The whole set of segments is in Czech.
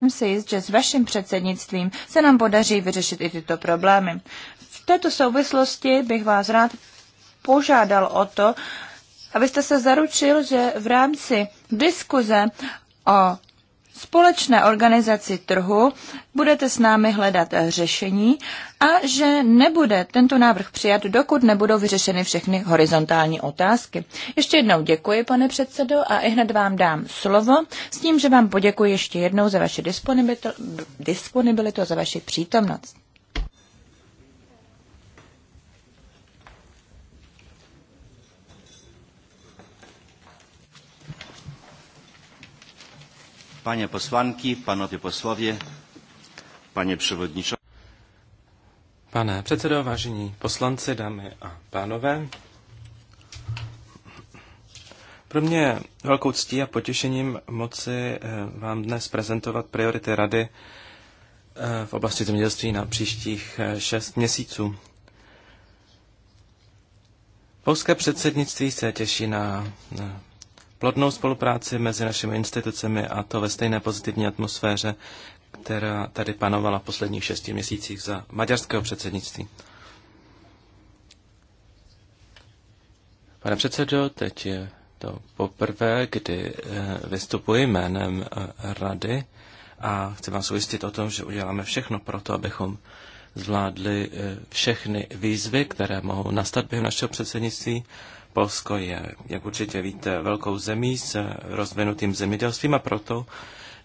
Jsem si jist, že s vaším předsednictvím se nám podaří vyřešit i tyto problémy. V této souvislosti bych vás rád požádal o to, abyste se zaručil, že v rámci diskuze o společné organizaci trhu budete s námi hledat eh, řešení a že nebude tento návrh přijat, dokud nebudou vyřešeny všechny horizontální otázky. Ještě jednou děkuji, pane předsedo, a i hned vám dám slovo s tím, že vám poděkuji ještě jednou za vaši disponibilitu a za vaši přítomnost. Panie posłanki, panowie posłowie, panie przewodniczący. Pane předsedo, vážení poslanci, dámy a pánové, pro mě je velkou ctí a potěšením moci eh, vám dnes prezentovat priority Rady eh, v oblasti zemědělství na příštích eh, šest měsíců. Polské předsednictví se těší na plodnou spolupráci mezi našimi institucemi a to ve stejné pozitivní atmosféře, která tady panovala v posledních šesti měsících za maďarského předsednictví. Pane předsedo, teď je to poprvé, kdy eh, vystupuji jménem eh, Rady a chci vás ujistit o tom, že uděláme všechno pro to, abychom zvládli eh, všechny výzvy, které mohou nastat během našeho předsednictví Polsko je, jak určitě víte, velkou zemí s rozvinutým zemědělstvím a proto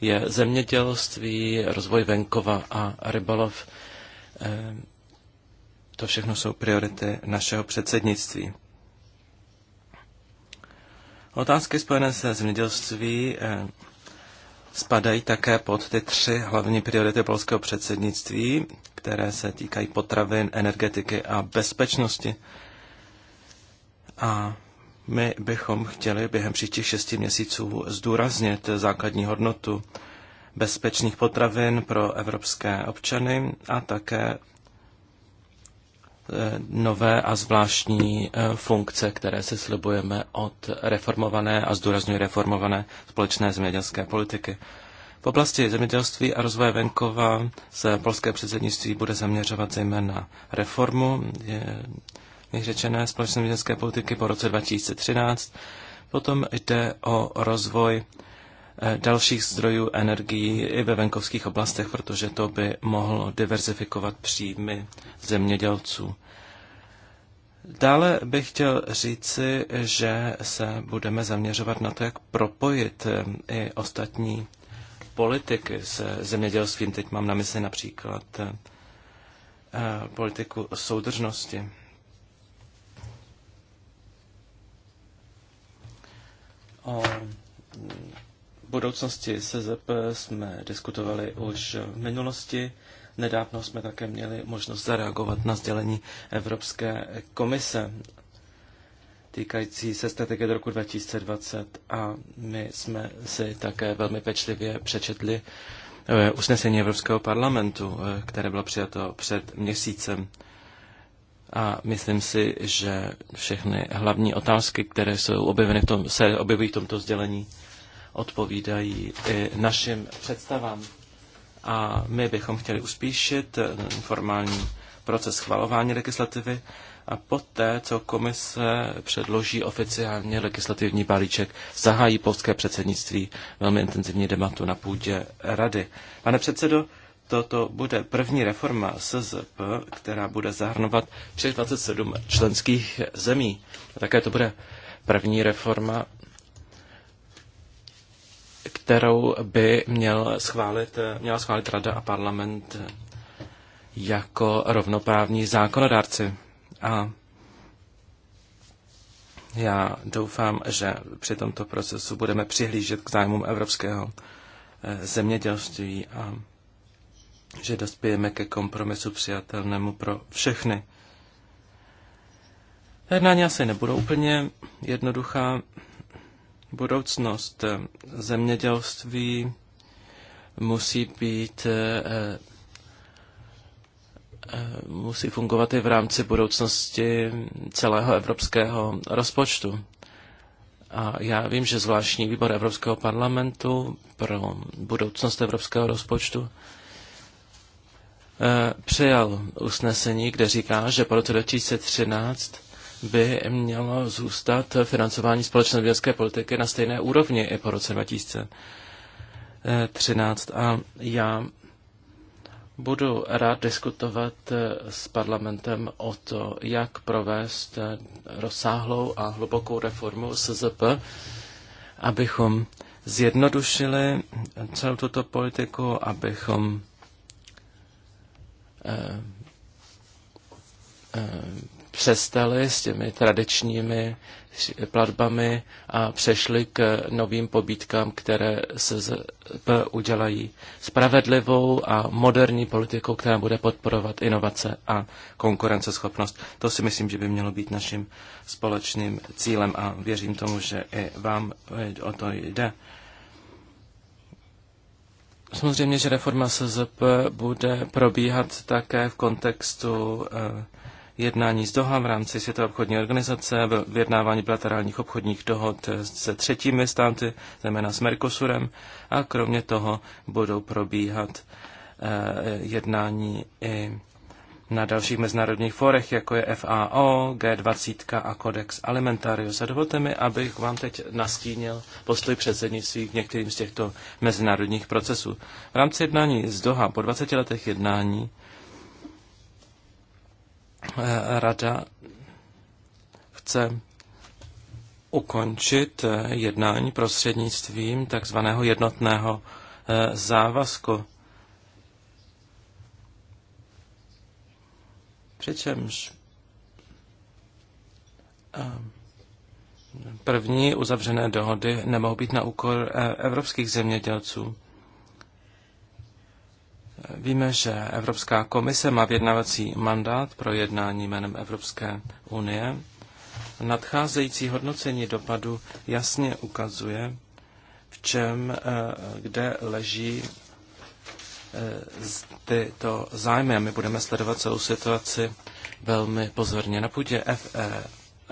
je zemědělství, rozvoj venkova a rybolov. Eh, to všechno jsou priority našeho předsednictví. Otázky spojené se zemědělství eh, spadají také pod ty tři hlavní priority polského předsednictví, které se týkají potravin, energetiky a bezpečnosti. A my bychom chtěli během příštích šesti měsíců zdůraznit základní hodnotu bezpečných potravin pro evropské občany a také eh, nové a zvláštní eh, funkce, které se slibujeme od reformované a zdůrazňuji reformované společné zemědělské politiky. V oblasti zemědělství a rozvoje venkova se polské předsednictví bude zaměřovat zejména reformu vyřečené společné zemědělské politiky po roce 2013. Potom jde o rozvoj eh, dalších zdrojů energií i ve venkovských oblastech, protože to by mohlo diverzifikovat příjmy zemědělců. Dále bych chtěl říci, že se budeme zaměřovat na to, jak propojit eh, i ostatní politiky se zemědělstvím. Teď mám na mysli například eh, politiku soudržnosti. O mm, budoucnosti SZP jsme diskutovali už v minulosti. Nedávno jsme také měli možnost zareagovat na sdělení Evropské komise týkající se strategie do roku 2020 a my jsme si také velmi pečlivě přečetli eh, usnesení Evropského parlamentu, eh, které bylo přijato před měsícem a myslím si, že všechny hlavní otázky, které jsou objeveny v tom, se objevují v tomto sdělení, odpovídají i našim představám. A my bychom chtěli uspíšit formální proces schvalování legislativy a poté, co komise předloží oficiálně legislativní balíček, zahájí polské předsednictví velmi intenzivní debatu na půdě rady. Pane předsedo, toto bude první reforma SZP, která bude zahrnovat všech 27 členských zemí. A také to bude první reforma, kterou by měl schválit, měla schválit Rada a parlament jako rovnoprávní zákonodárci. A já doufám, že při tomto procesu budeme přihlížet k zájmům evropského eh, zemědělství a že dospějeme ke kompromisu přijatelnému pro všechny. Jednání asi nebudou úplně jednoduchá. Budoucnost zemědělství musí být eh, eh, musí fungovat i v rámci budoucnosti celého evropského rozpočtu. A já vím, že zvláštní výbor Evropského parlamentu pro budoucnost evropského rozpočtu Eh, přijal usnesení, kde říká, že po roce 2013 by mělo zůstat financování společné vědecké politiky na stejné úrovni i po roce 2013. A já budu rád diskutovat eh, s parlamentem o to, jak provést eh, rozsáhlou a hlubokou reformu SZP, abychom zjednodušili celou tuto politiku, abychom Eh, eh, přestali s těmi tradičními platbami a přešli k novým pobítkám, které p, udělají spravedlivou a moderní politikou, která bude podporovat inovace a konkurenceschopnost. To si myslím, že by mělo být naším společným cílem a věřím tomu, že i vám o to jde. Samozřejmě, že reforma SZP bude probíhat také v kontextu eh, jednání z Doha v rámci Světové obchodní organizace, vyjednávání bilaterálních obchodních dohod eh, se třetími státy, zejména s Mercosurem, a kromě toho budou probíhat eh, jednání i na dalších mezinárodních fórech, jako je FAO, G20 a Codex Alimentarius. A dovolte mi, abych vám teď nastínil postoj předsednictví k některým z těchto mezinárodních procesů. V rámci jednání z Doha po 20 letech jednání eh, Rada chce ukončit eh, jednání prostřednictvím takzvaného jednotného eh, závazku. Přičemž eh, první uzavřené dohody nemohou být na úkor eh, evropských zemědělců. Víme, že Evropská komise má vyjednavací mandát pro jednání jménem Evropské unie. Nadcházející hodnocení dopadu jasně ukazuje, v čem, eh, kde leží Eh, tyto zájmy. A my budeme sledovat celou situaci velmi pozorně. Na půdě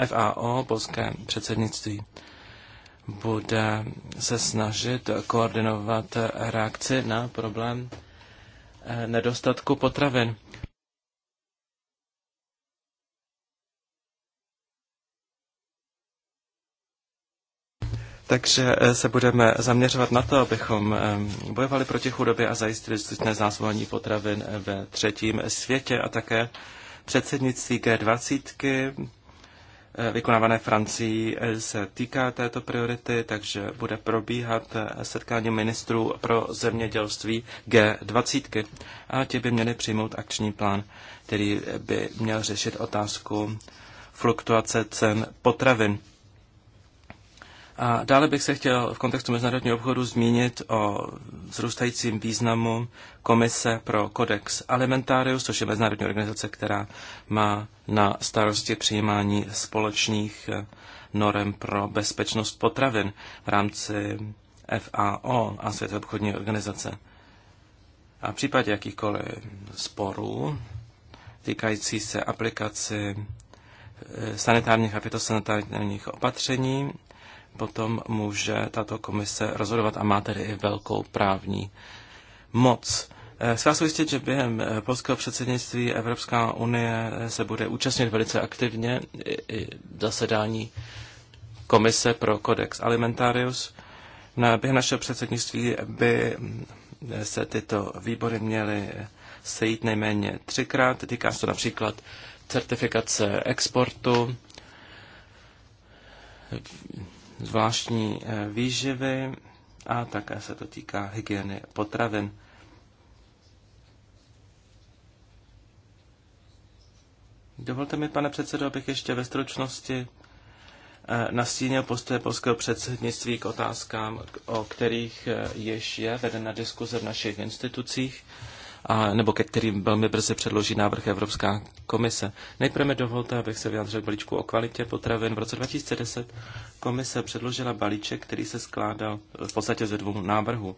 FAO, eh, polské předsednictví, bude se snažit koordinovat reakci na problém eh, nedostatku potravin. Takže eh, se budeme zaměřovat na to, abychom eh, bojovali proti chudobě a zajistili dostatečné zásobování potravin eh, ve třetím světě a také předsednictví G20 vykonávané Francii se týká této priority, takže bude probíhat setkání ministrů pro zemědělství G20 a ti by měli přijmout akční plán, který by měl řešit otázku fluktuace cen potravin. A dále bych se chtěl v kontextu mezinárodního obchodu zmínit o vzrůstajícím významu Komise pro kodex Alimentarius, což je mezinárodní organizace, která má na starosti přijímání společných eh, norem pro bezpečnost potravin v rámci FAO a Světové obchodní organizace. A v případě jakýchkoliv sporů týkající se aplikaci eh, sanitárních a fitosanitárních opatření potom může tato komise rozhodovat a má tedy i velkou právní moc. Eh, chci vás ujistit, že během eh, polského předsednictví Evropská unie eh, se bude účastnit velice aktivně i zasedání komise pro kodex Alimentarius. Na, během našeho předsednictví by se tyto výbory měly sejít nejméně třikrát. Týká se to například certifikace exportu, zvláštní eh, výživy a také se to týká hygieny potravin. Dovolte mi, pane předsedo, abych ještě ve stručnosti eh, nastínil postoje polského předsednictví k otázkám, o kterých eh, již je vedena diskuze v našich institucích, a, nebo ke kterým velmi brzy předloží návrh Evropská komise. Nejprve mi dovolte, abych se vyjádřil k balíčku o kvalitě potravin. V roce 2010 Komise předložila balíček, který se skládal v podstatě ze dvou návrhů.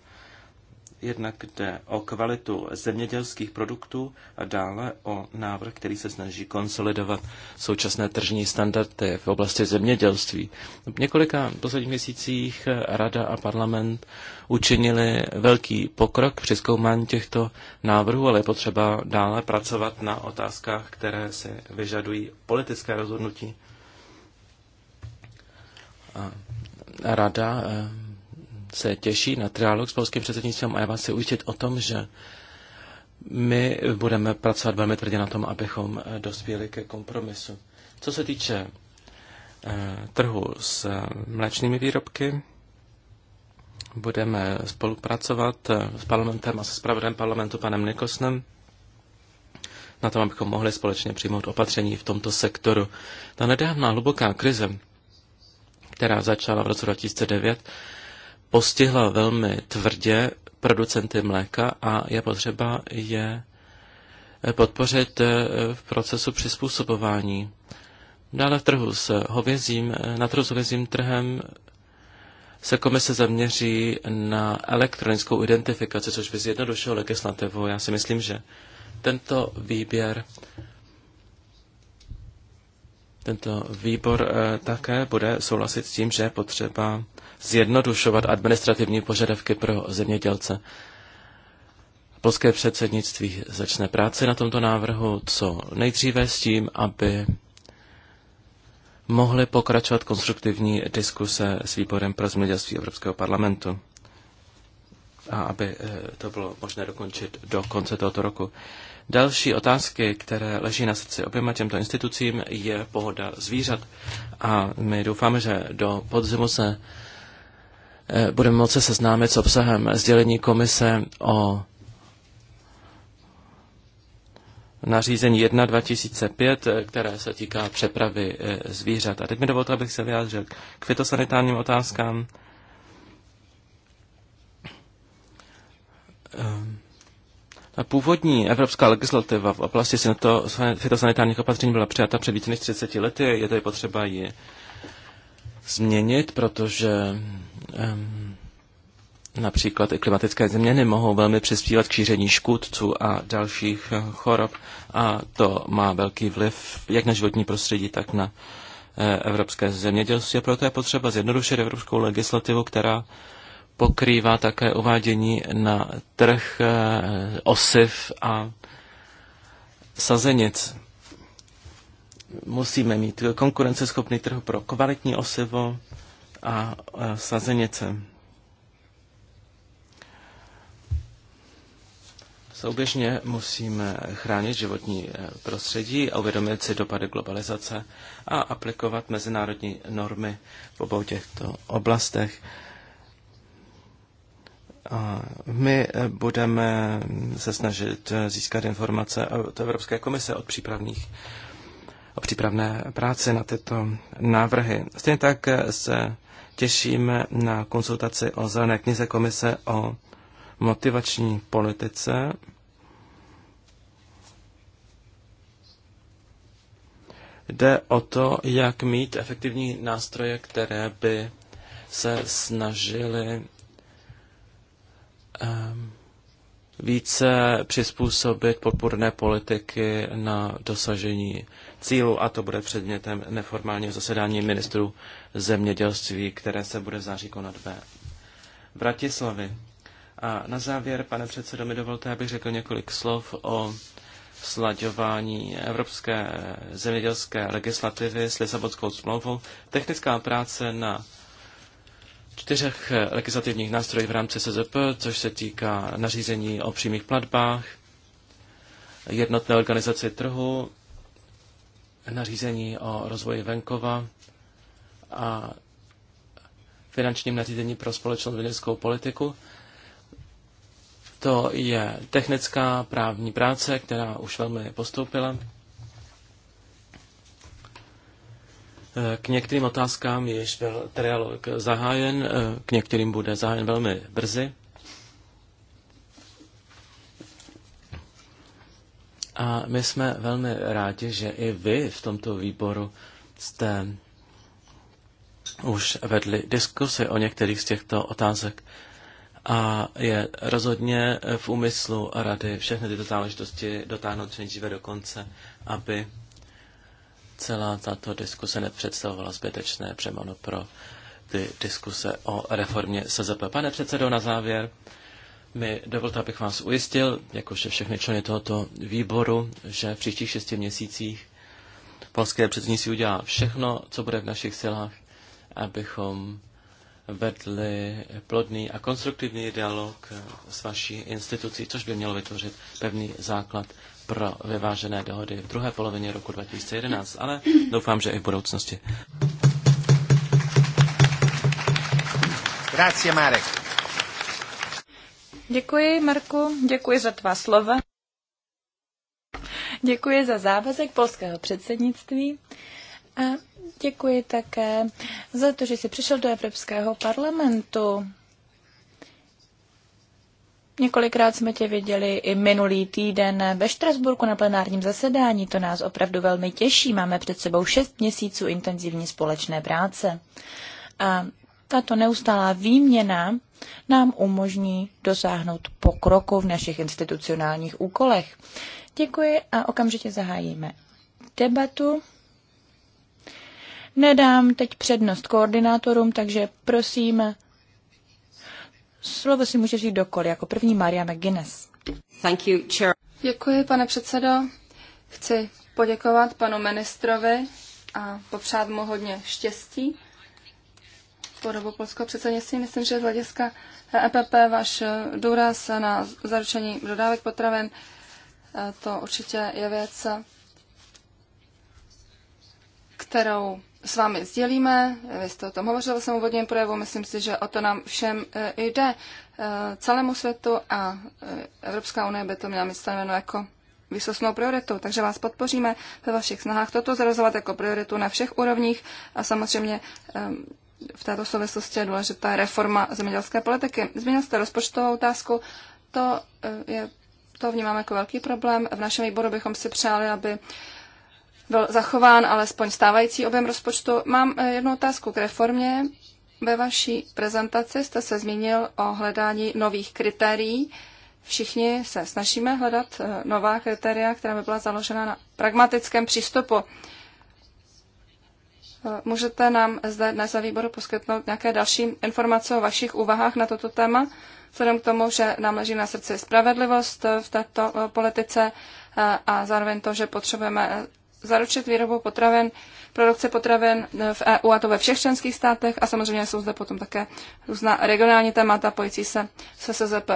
Jednak jde o kvalitu zemědělských produktů a dále o návrh, který se snaží konsolidovat současné tržní standardy v oblasti zemědělství. V několika posledních měsících Rada a parlament učinili velký pokrok při zkoumání těchto návrhů, ale je potřeba dále pracovat na otázkách, které si vyžadují politické rozhodnutí rada eh, se těší na trialog s polským předsednictvím a já vás chci ujistit o tom, že my budeme pracovat velmi tvrdě na tom, abychom eh, dospěli ke kompromisu. Co se týče eh, trhu s mléčnými výrobky, budeme spolupracovat s parlamentem a se zpravodem parlamentu panem Nikosnem na tom, abychom mohli společně přijmout opatření v tomto sektoru. Ta nedávná hluboká krize která začala v roce 2009, postihla velmi tvrdě producenty mléka a je potřeba je podpořit v procesu přizpůsobování. Dále v trhu s hovězím, na trhu s hovězím trhem se komise zaměří na elektronickou identifikaci, což by zjednodušilo legislativu. Já si myslím, že tento výběr tento výbor eh, také bude souhlasit s tím, že je potřeba zjednodušovat administrativní požadavky pro zemědělce. Polské předsednictví začne práci na tomto návrhu co nejdříve s tím, aby mohly pokračovat konstruktivní diskuse s výborem pro zemědělství Evropského parlamentu a aby eh, to bylo možné dokončit do konce tohoto roku. Další otázky, které leží na srdci oběma těmto institucím, je pohoda zvířat. A my doufáme, že do podzimu se eh, budeme moci seznámit s obsahem sdělení komise o nařízení 1 2005, eh, které se týká přepravy eh, zvířat. A teď mi dovolte, abych se vyjádřil k fitosanitárním otázkám. Ehm, ta původní evropská legislativa v oblasti fitosanitárních opatření byla přijata před více než 30 lety. Je tady potřeba ji změnit, protože um, například i klimatické změny mohou velmi přispívat k šíření škůdců a dalších eh, chorob a to má velký vliv jak na životní prostředí, tak na eh, evropské zemědělství. A proto je potřeba zjednodušit evropskou legislativu, která pokrývá také uvádění na trh eh, osiv a sazenic. Musíme mít konkurenceschopný trh pro kvalitní osivo a eh, sazenice. Souběžně musíme chránit životní eh, prostředí a uvědomit si dopady globalizace a aplikovat mezinárodní normy v obou těchto oblastech my eh, budeme eh, se snažit eh, získat informace od Evropské komise, od přípravných o přípravné práci na tyto návrhy. Stejně tak se těšíme na konzultaci o zelené knize komise o motivační politice. Jde o to, jak mít efektivní nástroje, které by se snažili Ehm, více přizpůsobit podporné politiky na dosažení cílu a to bude předmětem neformálního zasedání ministrů zemědělství, které se bude v září konat ve Bratislavy. A na závěr, pane předsedo, mi dovolte, abych řekl několik slov o slaďování evropské zemědělské legislativy s Lisabonskou smlouvou. Technická práce na čtyřech eh, legislativních nástrojích v rámci SZP, což se týká nařízení o přímých platbách, jednotné organizaci trhu, nařízení o rozvoji venkova a finančním nařízení pro společnou zemědělskou politiku. To je technická právní práce, která už velmi postoupila. K některým otázkám již byl trialog zahájen, k některým bude zahájen velmi brzy. A my jsme velmi rádi, že i vy v tomto výboru jste už vedli diskusy o některých z těchto otázek. A je rozhodně v úmyslu rady všechny tyto záležitosti dotáhnout nejdříve do konce, aby celá tato diskuse nepředstavovala zbytečné přemano pro ty diskuse o reformě SZP. Pane předsedo, na závěr mi dovolte, abych vás ujistil, jakože všechny členy tohoto výboru, že v příštích šesti měsících polské předsednictví udělá všechno, co bude v našich silách, abychom vedli plodný a konstruktivní dialog s vaší institucí, což by mělo vytvořit pevný základ pro vyvážené dohody v druhé polovině roku 2011, ale doufám, že i v budoucnosti. Grazie, Marek. Děkuji, Marku, děkuji za tvá slova. Děkuji za závazek polského předsednictví a děkuji také za to, že jsi přišel do Evropského parlamentu Několikrát jsme tě viděli i minulý týden ve Štrasburku na plenárním zasedání. To nás opravdu velmi těší. Máme před sebou šest měsíců intenzivní společné práce. A tato neustálá výměna nám umožní dosáhnout pokroku v našich institucionálních úkolech. Děkuji a okamžitě zahájíme debatu. Nedám teď přednost koordinátorům, takže prosím, Slovo si může říct dokoliv, Jako první Maria McGuinness. Thank you, chair. Děkuji, pane předsedo. Chci poděkovat panu ministrovi a popřát mu hodně štěstí po dobu polského předsednictví. Myslím, že z hlediska EPP váš důraz na zaručení dodávek potravin, eh, to určitě je věc, kterou s vámi sdělíme. Vy jste o tom hovořil v úvodním projevu. Myslím si, že o to nám všem e, jde, e, celému světu a e, Evropská unie by to měla mít stanoveno jako vysosnou prioritou. Takže vás podpoříme ve vašich snahách toto zarazovat jako prioritu na všech úrovních a samozřejmě v této souvislosti je důležitá reforma zemědělské politiky. Zmínil jste rozpočtovou otázku. To, je, to vnímám jako velký problém. V našem výboru bychom si přáli, aby byl zachován alespoň stávající objem rozpočtu. Mám eh, jednu otázku k reformě. Ve vaší prezentaci jste se zmínil o hledání nových kritérií. Všichni se snažíme hledat eh, nová kritéria, která by byla založena na pragmatickém přístupu. Eh, můžete nám zde dnes na výboru poskytnout nějaké další informace o vašich úvahách na toto téma, vzhledem k tomu, že nám leží na srdci spravedlivost v této politice a zároveň to, že potřebujeme zaručit výrobu potravin, produkce potravin eh, v EU a to ve všech členských státech a samozřejmě jsou zde potom také různá regionální témata pojící se se SZP.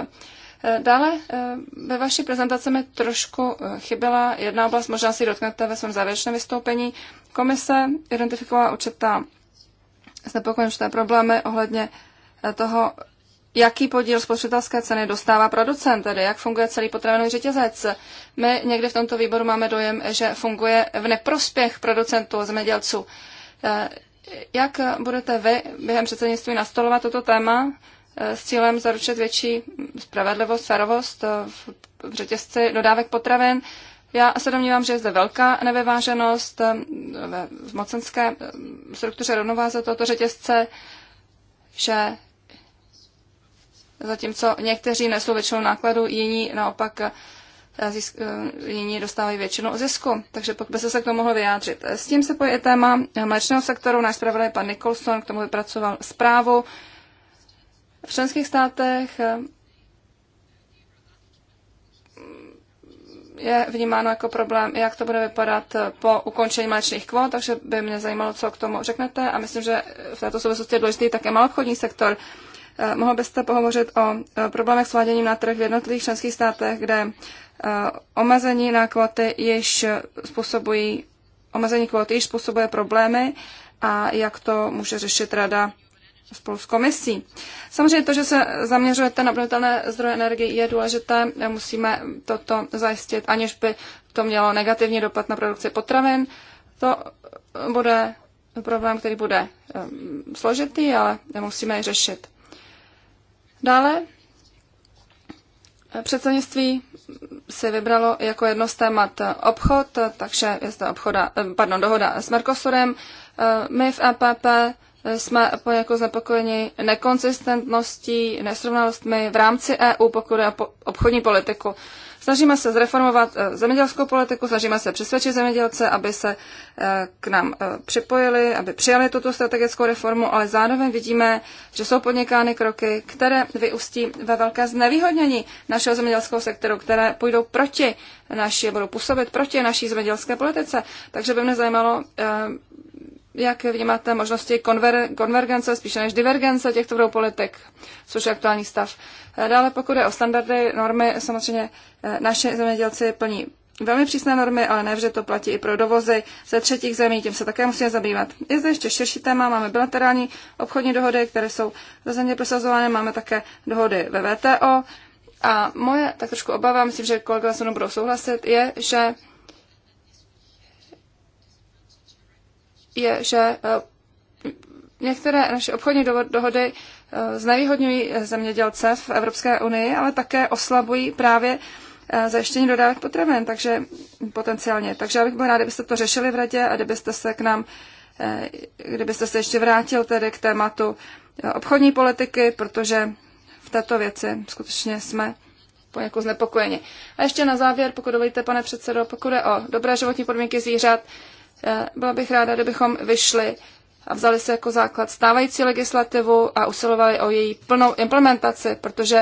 Eh, dále eh, ve vaší prezentaci mi trošku chyběla jedna oblast, možná si dotknete ve svém závěrečném vystoupení. Komise identifikovala určitá znepokojení problémy ohledně toho, jaký podíl spotřebitelské ceny dostává producent, tedy jak funguje celý potravinový řetězec. My někde v tomto výboru máme dojem, že funguje v neprospěch producentů a zemědělců. Eh, jak budete vy během předsednictví nastolovat toto téma eh, s cílem zaručit větší spravedlivost, férovost eh, v řetězci dodávek potravin? Já se domnívám, že je zde velká nevyváženost v mocenské struktuře rovnováze tohoto řetězce, že zatímco někteří nesou většinu nákladu, jiní naopak eh, zisk, eh, jiní dostávají většinu zisku. Takže pokud by se, k tomu mohl vyjádřit. S tím se pojí téma mléčného sektoru. Náš zpravodaj pan Nicholson k tomu vypracoval zprávu. V členských státech eh, je vnímáno jako problém, jak to bude vypadat po ukončení mléčných kvót, takže by mě zajímalo, co k tomu řeknete. A myslím, že v této souvislosti je důležitý také malobchodní sektor. Eh, mohl byste pohovořit o eh, problémech s váděním na trh v jednotlivých členských státech, kde eh, omezení na kvoty již způsobují, omezení kvoty již způsobuje problémy a jak to může řešit rada spolu s komisí. Samozřejmě to, že se zaměřujete na obnovitelné zdroje energie, je důležité. Musíme toto zajistit, aniž by to mělo negativní dopad na produkci potravin. To bude problém, který bude složitý, ale musíme ji řešit. Dále eh, předsednictví si vybralo jako jedno z témat eh, obchod, eh, takže je zde obchoda, pardon, dohoda s Mercosurem. My v EPP jsme poněkud jako znepokojeni nekonzistentností, nesrovnalostmi v rámci EU, pokud je obchodní politiku. Snažíme se zreformovat eh, zemědělskou politiku, snažíme se přesvědčit zemědělce, aby se eh, k nám eh, připojili, aby přijali tuto strategickou reformu, ale zároveň vidíme, že jsou podnikány kroky, které vyústí ve velké znevýhodnění našeho zemědělského sektoru, které půjdou proti naší, budou působit proti naší zemědělské politice. Takže by mě zajímalo, jak vnímáte možnosti konver, konvergence, spíše než divergence těchto dvou politik, což je aktuální stav. Eh, dále, pokud je o standardy, normy, samozřejmě eh, naše zemědělci plní velmi přísné normy, ale ne vždy to platí i pro dovozy ze třetích zemí, tím se také musíme zabývat. Je zde ještě širší téma, máme bilaterální obchodní dohody, které jsou rozhodně prosazovány, máme také dohody ve VTO. A moje, tak trošku obava, myslím, že kolegové se mnou budou souhlasit, je, že je, že eh, některé naše obchodní dohody eh, znevýhodňují eh, zemědělce v Evropské unii, ale také oslabují právě zajištění dodávek potravin, takže potenciálně. Takže já bych byl rád, kdybyste to řešili v radě a kdybyste se k nám, kdybyste se ještě vrátil tedy k tématu obchodní politiky, protože v této věci skutečně jsme poněkud znepokojeni. A ještě na závěr, pokud dovolíte, pane předsedo, pokud je o dobré životní podmínky zvířat, Eh, byla bych ráda, kdybychom vyšli a vzali se jako základ stávající legislativu a usilovali o její plnou implementaci, protože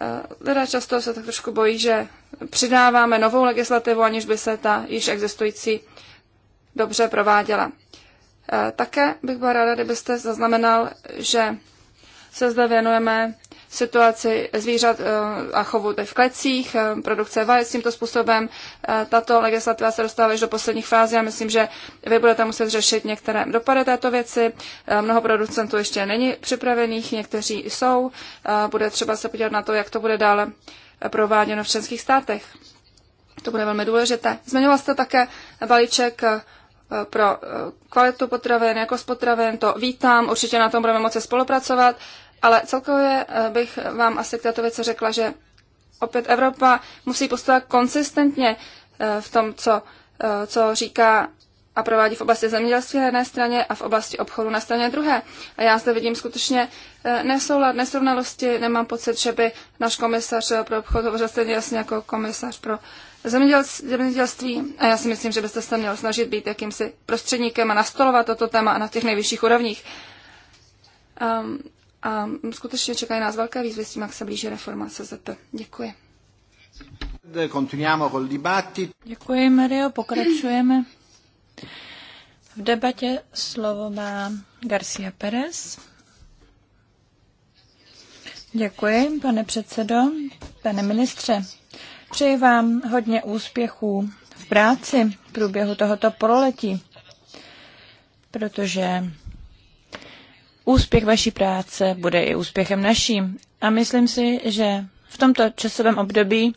eh, lidé často se tak trošku bojí, že přidáváme novou legislativu, aniž by se ta již existující dobře prováděla. Eh, také bych byla ráda, kdybyste zaznamenal, že se zde věnujeme situaci zvířat eh, a chovu v klecích, eh, produkce vajec tímto způsobem. Eh, tato legislativa se dostává až do posledních fází a myslím, že vy budete muset řešit některé dopady této věci. Mnoho producentů ještě není připravených, někteří jsou. Bude třeba se podívat na to, jak to bude dále prováděno v členských státech. To bude velmi důležité. Zmiňoval jste také balíček pro kvalitu potravin, jakost potravin, to vítám, určitě na tom budeme moci spolupracovat. Ale celkově eh, bych vám asi k této věci řekla, že opět Evropa musí postupovat konsistentně eh, v tom, co, eh, co říká a provádí v oblasti zemědělství na jedné straně a v oblasti obchodu na straně druhé. A já zde vidím skutečně nesoulad, nesrovnalosti. Nemám pocit, že by náš komisař pro obchod hovořil stejně jasně jako komisař pro zemědělství. A já si myslím, že byste se měl snažit být jakýmsi prostředníkem a nastolovat toto téma na těch nejvyšších úrovních. Um, a skutečně čekají nás velké výzvy s tím, jak se blíží reforma SZP. Děkuji. Děkuji, Mario. Pokračujeme. V debatě slovo má Garcia Perez. Děkuji, pane předsedo, pane ministře. Přeji vám hodně úspěchů v práci v průběhu tohoto pololetí, protože úspěch vaší práce bude i úspěchem naším. A myslím si, že v tomto časovém období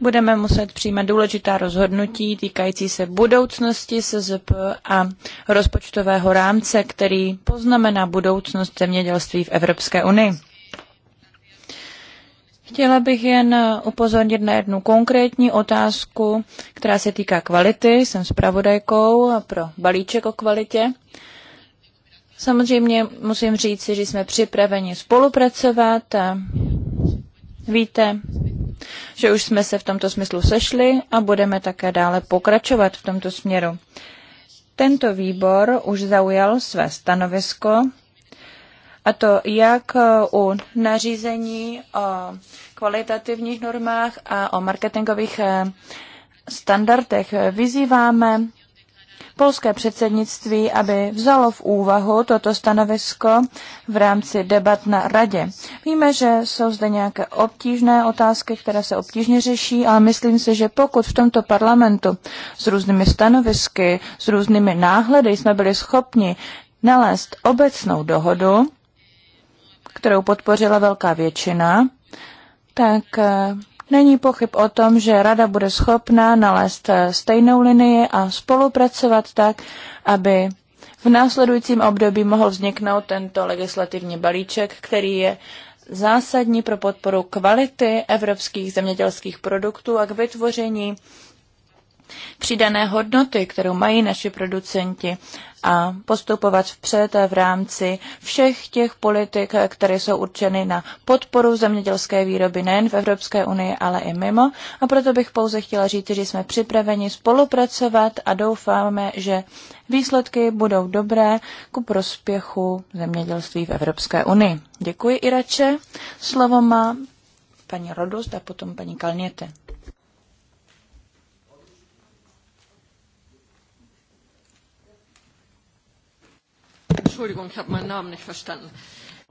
budeme muset přijímat důležitá rozhodnutí týkající se budoucnosti SZP a rozpočtového rámce, který poznamená budoucnost zemědělství v Evropské unii. Chtěla bych jen upozornit na jednu konkrétní otázku, která se týká kvality. Jsem zpravodajkou pro balíček o kvalitě. Samozřejmě musím říci, že jsme připraveni spolupracovat a víte, že už jsme se v tomto smyslu sešli a budeme také dále pokračovat v tomto směru. Tento výbor už zaujal své stanovisko, a to jak u nařízení o kvalitativních normách a o marketingových standardech. Vyzýváme polské předsednictví, aby vzalo v úvahu toto stanovisko v rámci debat na radě. Víme, že jsou zde nějaké obtížné otázky, které se obtížně řeší, ale myslím si, že pokud v tomto parlamentu s různými stanovisky, s různými náhledy jsme byli schopni nalézt obecnou dohodu, kterou podpořila velká většina, tak eh, Není pochyb o tom, že Rada bude schopná nalézt eh, stejnou linii a spolupracovat tak, aby v následujícím období mohl vzniknout tento legislativní balíček, který je zásadní pro podporu kvality evropských zemědělských produktů a k vytvoření přidané hodnoty, kterou mají naši producenti a postupovat vpřed v rámci všech těch politik, které jsou určeny na podporu zemědělské výroby nejen v Evropské unii, ale i mimo. A proto bych pouze chtěla říct, že jsme připraveni spolupracovat a doufáme, že výsledky budou dobré ku prospěchu zemědělství v Evropské unii. Děkuji, Irače. Slovo má paní Rodost a potom paní Kalněte.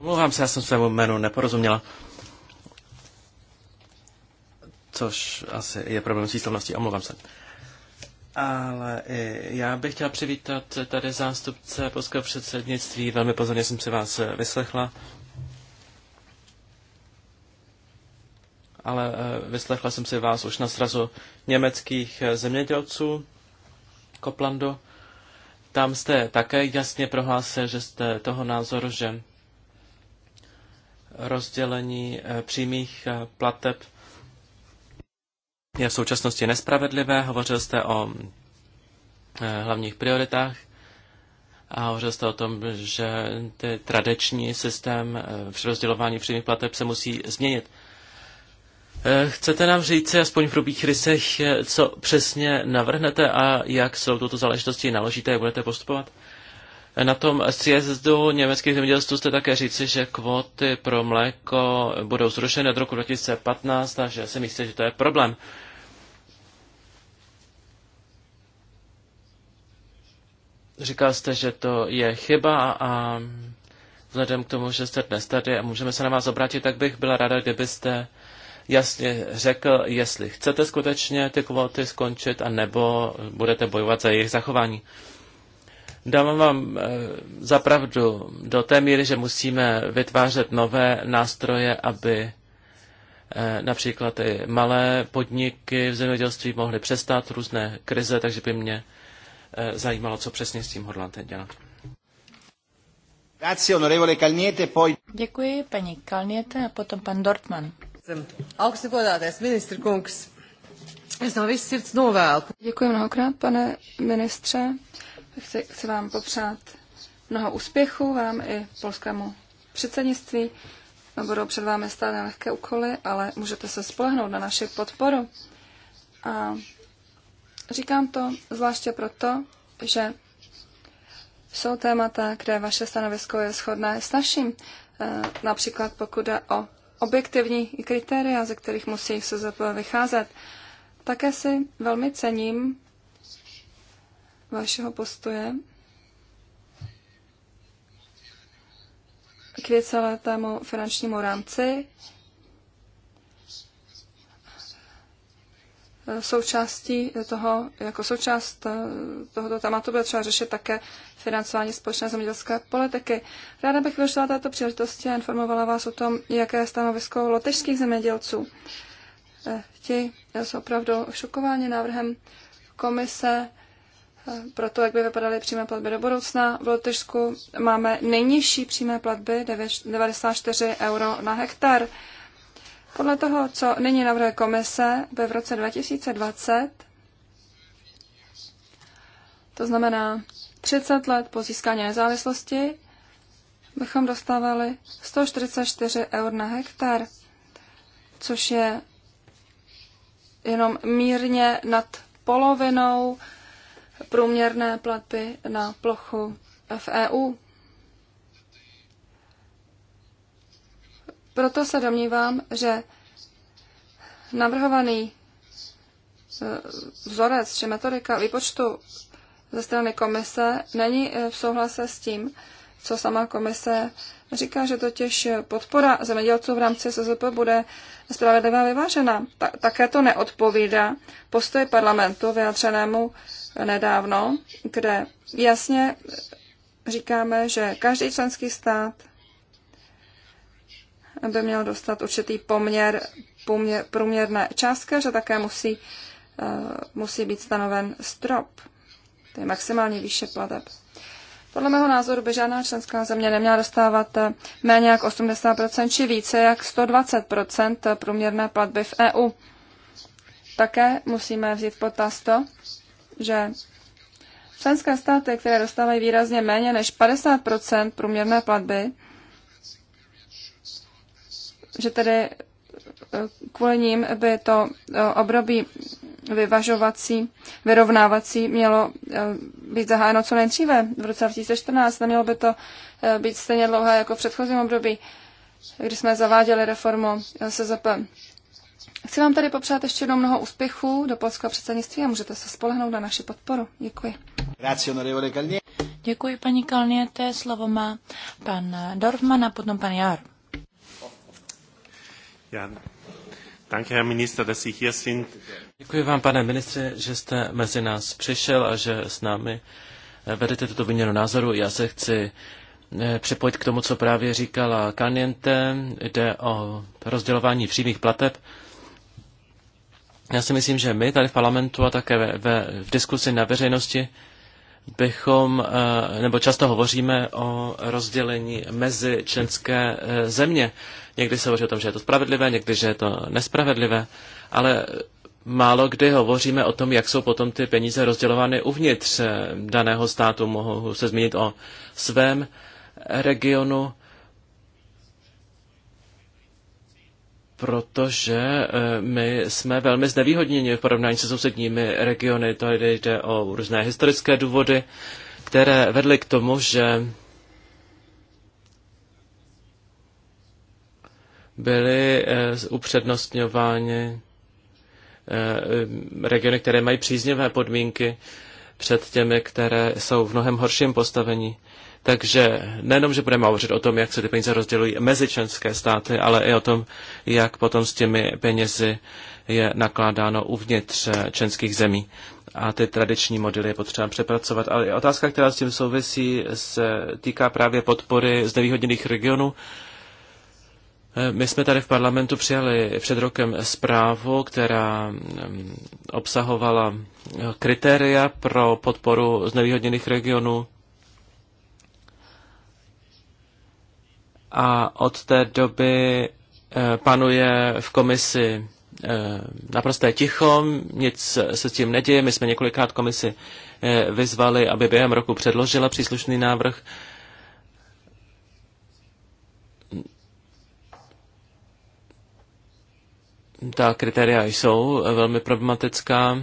Omlouvám se, já jsem svému jménu neporozuměla. Což asi je problém s výslovností, omlouvám se. Ale já bych chtěla přivítat tady zástupce polského předsednictví. Velmi pozorně jsem si vás vyslechla. Ale eh, vyslechla jsem si vás už na srazu německých eh, zemědělců Koplando. Tam jste také jasně prohlásil, že jste toho názoru, že rozdělení eh, přímých eh, plateb je v současnosti nespravedlivé. Hovořil jste o eh, hlavních prioritách a hovořil jste o tom, že ty tradiční systém rozdělování přímých plateb se musí změnit. Eh, chcete nám říct, aspoň v hrubých rysech, eh, co přesně navrhnete a jak s touto záležitostí naložíte a budete postupovat? Eh, na tom sjezdu německých zemědělství jste také říci, že kvóty pro mléko budou zrušeny od roku 2015, že si myslíte, že to je problém. Říkal jste, že to je chyba a vzhledem k tomu, že jste dnes tady a můžeme se na vás obrátit, tak bych byla ráda, kdybyste jasně řekl, jestli chcete skutečně ty kvóty skončit, anebo budete bojovat za jejich zachování. Dávám vám eh, zapravdu do té míry, že musíme vytvářet nové nástroje, aby eh, například ty malé podniky v zemědělství mohly přestat různé krize, takže by mě eh, zajímalo, co přesně s tím hodláte dělat. Děkuji, paní Kalniete a potom pan Dortman. Augstu godātais ministra kungs, es no viss sirds novēlu. Děkuji mnohokrát, pane ministře. Chci, chci vám popřát mnoho úspěchů, vám i polskému předsednictví. Budou před vámi stát lehké úkoly, ale můžete se spolehnout na naši podporu. A říkám to zvláště proto, že jsou témata, kde vaše stanovisko je shodné s naším. E, například pokud jde o objektivní kritéria, ze kterých musí SZP vycházet. Také si velmi cením vašeho postoje k věceletému finančnímu rámci součástí toho, jako součást eh, tohoto tématu bude třeba řešit také financování společné zemědělské politiky. Ráda bych využila této příležitosti a informovala vás o tom, jaké je stanovisko lotežských zemědělců. Eh, ti jsou opravdu šokováni návrhem komise eh, pro to, jak by vypadaly přímé platby do budoucna. V Lotyšsku máme nejnižší přímé platby 94 euro na hektar. Podle toho, co nyní navrhuje komise, by v roce 2020, to znamená 30 let po získání nezávislosti, bychom dostávali 144 eur na hektar, což je jenom mírně nad polovinou průměrné platby na plochu v EU. Proto se domnívám, že navrhovaný eh, vzorec či metodika výpočtu ze strany komise není eh, v souhlase s tím, co sama komise říká, že totiž podpora zemědělců v rámci SZP bude spravedlivá vyvážena. Ta, také to neodpovídá postoji parlamentu vyjadřenému nedávno, kde jasně říkáme, že každý členský stát by měl dostat určitý poměr, poměr průměrné částky, že také musí, eh, musí být stanoven strop, tedy maximální výše plateb. Podle mého názoru by žádná členská země neměla dostávat eh, méně jak 80% či více jak 120% průměrné platby v EU. Také musíme vzít potaz to, že členské státy, které dostávají výrazně méně než 50% průměrné platby, že tedy eh, kvůli ním by to eh, období vyvažovací, vyrovnávací mělo eh, být zahájeno co nejdříve v roce 2014. Nemělo by to být stejně dlouhé jako v předchozím období, kdy jsme zaváděli reformu SZP. Chci vám tady popřát ještě jednou mnoho úspěchů do polského předsednictví a můžete se spolehnout na naši podporu. Děkuji. Děkuji paní Kalniete, slovo má pan Dorfman a potom pan Jar. Danke, Herr Minister, dass Sie hier sind. Děkuji vám, pane ministře, že jste mezi nás přišel a že s námi eh, vedete tuto výměnu názoru. Já se chci eh, připojit k tomu, co právě říkala Kaniente. Jde o rozdělování přímých plateb. Já si myslím, že my tady v parlamentu a také ve, ve, v diskusi na veřejnosti bychom, eh, nebo často hovoříme o rozdělení mezi členské země. Někdy se hovoří o tom, že je to spravedlivé, někdy, že je to nespravedlivé, ale málo kdy hovoříme o tom, jak jsou potom ty peníze rozdělovány uvnitř eh, daného státu. Mohu se zmínit o svém regionu, protože eh, my jsme velmi znevýhodněni v porovnání se sousedními regiony. Tady jde o různé historické důvody, které vedly k tomu, že byly eh, upřednostňovány eh, regiony, které mají příznivé podmínky před těmi, které jsou v mnohem horším postavení. Takže nejenom, že budeme hovořit o tom, jak se ty peníze rozdělují mezi členské státy, ale i o tom, jak potom s těmi penězi je nakládáno uvnitř eh, členských zemí. A ty tradiční modely je potřeba přepracovat. Ale otázka, která s tím souvisí, se týká právě podpory z nevýhodněných regionů. Eh, my jsme tady v parlamentu přijali před rokem zprávu, která mm, obsahovala eh, kritéria pro podporu znevýhodněných regionů. A od té doby eh, panuje v komisi naprosté ticho, nic se s tím neděje. My jsme několikrát komisi vyzvali, aby během roku předložila příslušný návrh ta kritéria jsou velmi problematická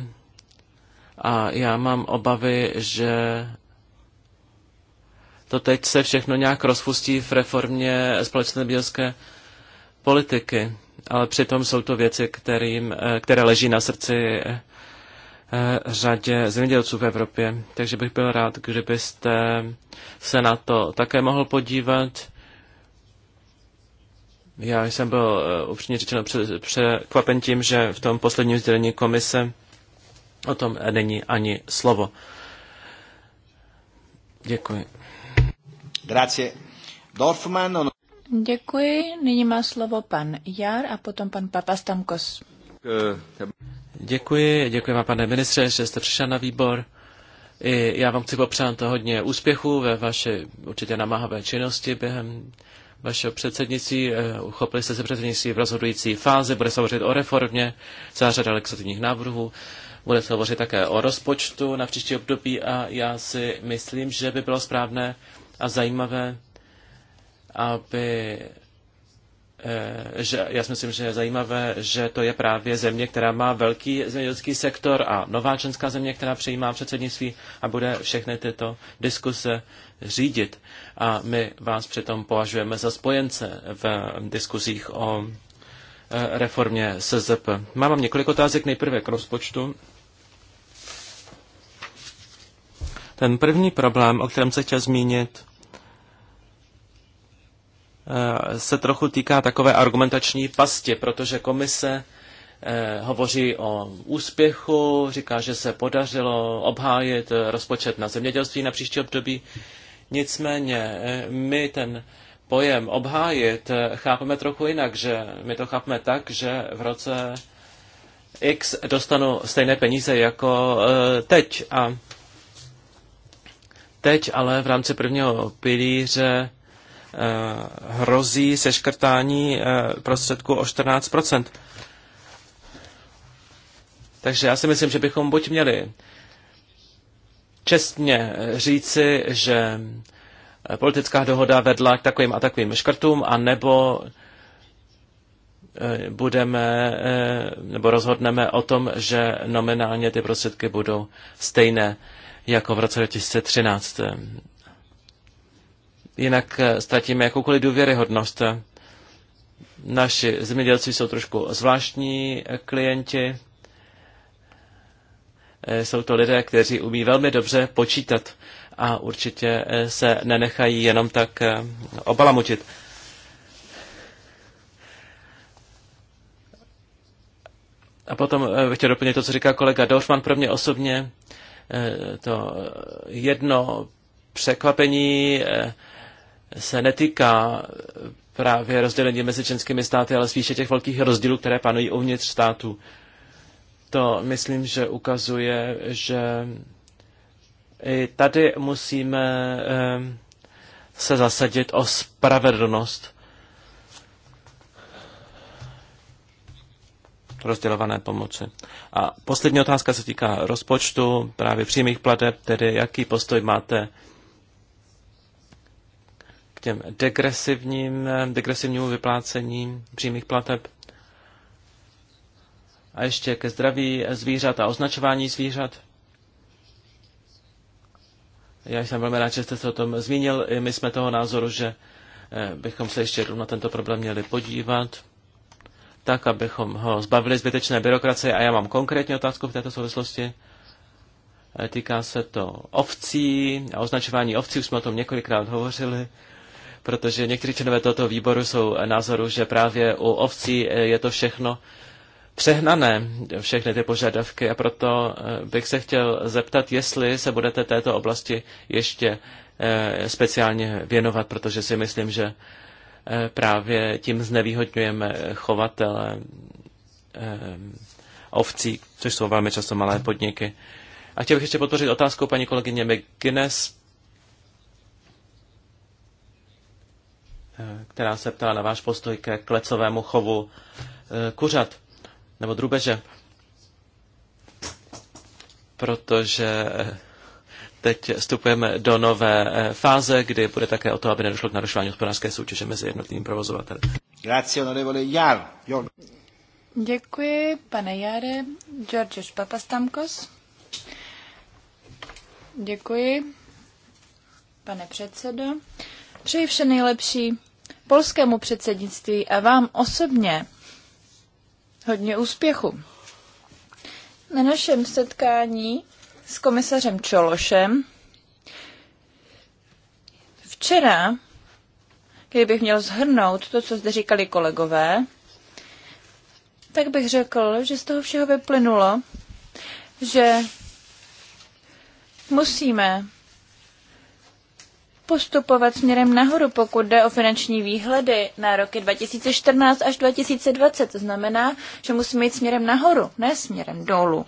a já mám obavy, že to teď se všechno nějak rozpustí v reformě společné bělské politiky, ale přitom jsou to věci, kterým, eh, které leží na srdci eh, řadě zemědělců v Evropě. Takže bych byl rád, kdybyste se na to také mohl podívat. Já jsem byl eh, upřímně řečeno překvapen tím, že v tom posledním sdělení komise o tom není ani slovo. Děkuji. Grazie. Dorfman. Děkuji. Nyní má slovo pan Jar a potom pan Papastamkos. Děkuji, děkuji vám, pane ministře, že jste přišel na výbor. I já vám chci popřát hodně úspěchů ve vaší určitě namáhavé činnosti během vašeho předsednictví. Eh, uchopili jste se předsednictví v rozhodující fázi, bude se hovořit o reformě, celá řada legislativních návrhů, bude se hovořit také o rozpočtu na příští období a já si myslím, že by bylo správné a zajímavé, aby eh, že, já si myslím, že je zajímavé, že to je právě země, která má velký zemědělský sektor a nová členská země, která přijímá předsednictví a bude všechny tyto diskuse řídit. A my vás přitom považujeme za spojence v diskuzích o e, reformě SZP. Mám vám několik otázek nejprve k rozpočtu. Ten první problém, o kterém se chtěl zmínit, e, se trochu týká takové argumentační pasti, protože komise e, hovoří o úspěchu, říká, že se podařilo obhájit rozpočet na zemědělství na příští období. Nicméně eh, my ten pojem obhájit eh, chápeme trochu jinak, že my to chápeme tak, že v roce X dostanu stejné peníze jako eh, teď. A teď ale v rámci prvního pilíře hrozí seškrtání prostředků o 14 takže já si myslím, že bychom buď měli čestně říci, že politická dohoda vedla k takovým a takovým škrtům, a nebo eh, budeme eh, nebo rozhodneme o tom, že nominálně ty prostředky budou stejné jako v roce 2013. Jinak eh, ztratíme jakoukoliv důvěryhodnost. Naši zemědělci jsou trošku zvláštní klienti, Eh, jsou to lidé, kteří umí velmi dobře počítat a určitě eh, se nenechají jenom tak eh, obalamučit. A potom bych chtěl doplnit to, co říká kolega Dorfman pro mě osobně. To jedno překvapení se netýká právě rozdělení mezi členskými státy, ale spíše těch velkých rozdílů, které panují uvnitř států to myslím, že ukazuje, že i tady musíme ehm, se zasadit o spravedlnost. rozdělované pomoci. A poslední otázka se týká rozpočtu, právě přímých plateb, tedy jaký postoj máte k těm degresivním, eh, degresivnímu vyplácení přímých plateb. A ještě ke zdraví zvířat a označování zvířat. Já jsem velmi rád, že jste se o tom zmínil. I my jsme toho názoru, že eh, bychom se ještě jednou na tento problém měli podívat, tak, abychom ho zbavili zbytečné byrokracie. A já mám konkrétní otázku v této souvislosti. Eh, týká se to ovcí a označování ovcí, už jsme o tom několikrát hovořili, protože někteří členové tohoto výboru jsou názoru, že právě u ovcí eh, je to všechno přehnané všechny ty požadavky a proto eh, bych se chtěl zeptat, jestli se budete této oblasti ještě eh, speciálně věnovat, protože si myslím, že eh, právě tím znevýhodňujeme chovatele ovcí, což jsou velmi často malé podniky. A chtěl bych ještě podpořit otázku paní kolegyně McGuinness, která se ptala na váš postoj ke klecovému chovu kuřat nebo drubeže. Protože teď vstupujeme do nové eh, fáze, kdy bude také o to, aby nedošlo k narušování hospodářské soutěže mezi jednotlivými provozovateli. Jar. Děkuji, pane Jare. Georgios Papastamkos. Děkuji, pane předsedo. Přeji vše nejlepší polskému předsednictví a vám osobně hodně úspěchu. Na našem setkání s komisařem Čološem včera, kdybych měl zhrnout to, co zde říkali kolegové, tak bych řekl, že z toho všeho vyplynulo, že musíme postupovat směrem nahoru, pokud jde o finanční výhledy na roky 2014 až 2020. To znamená, že musíme jít směrem nahoru, ne směrem dolů.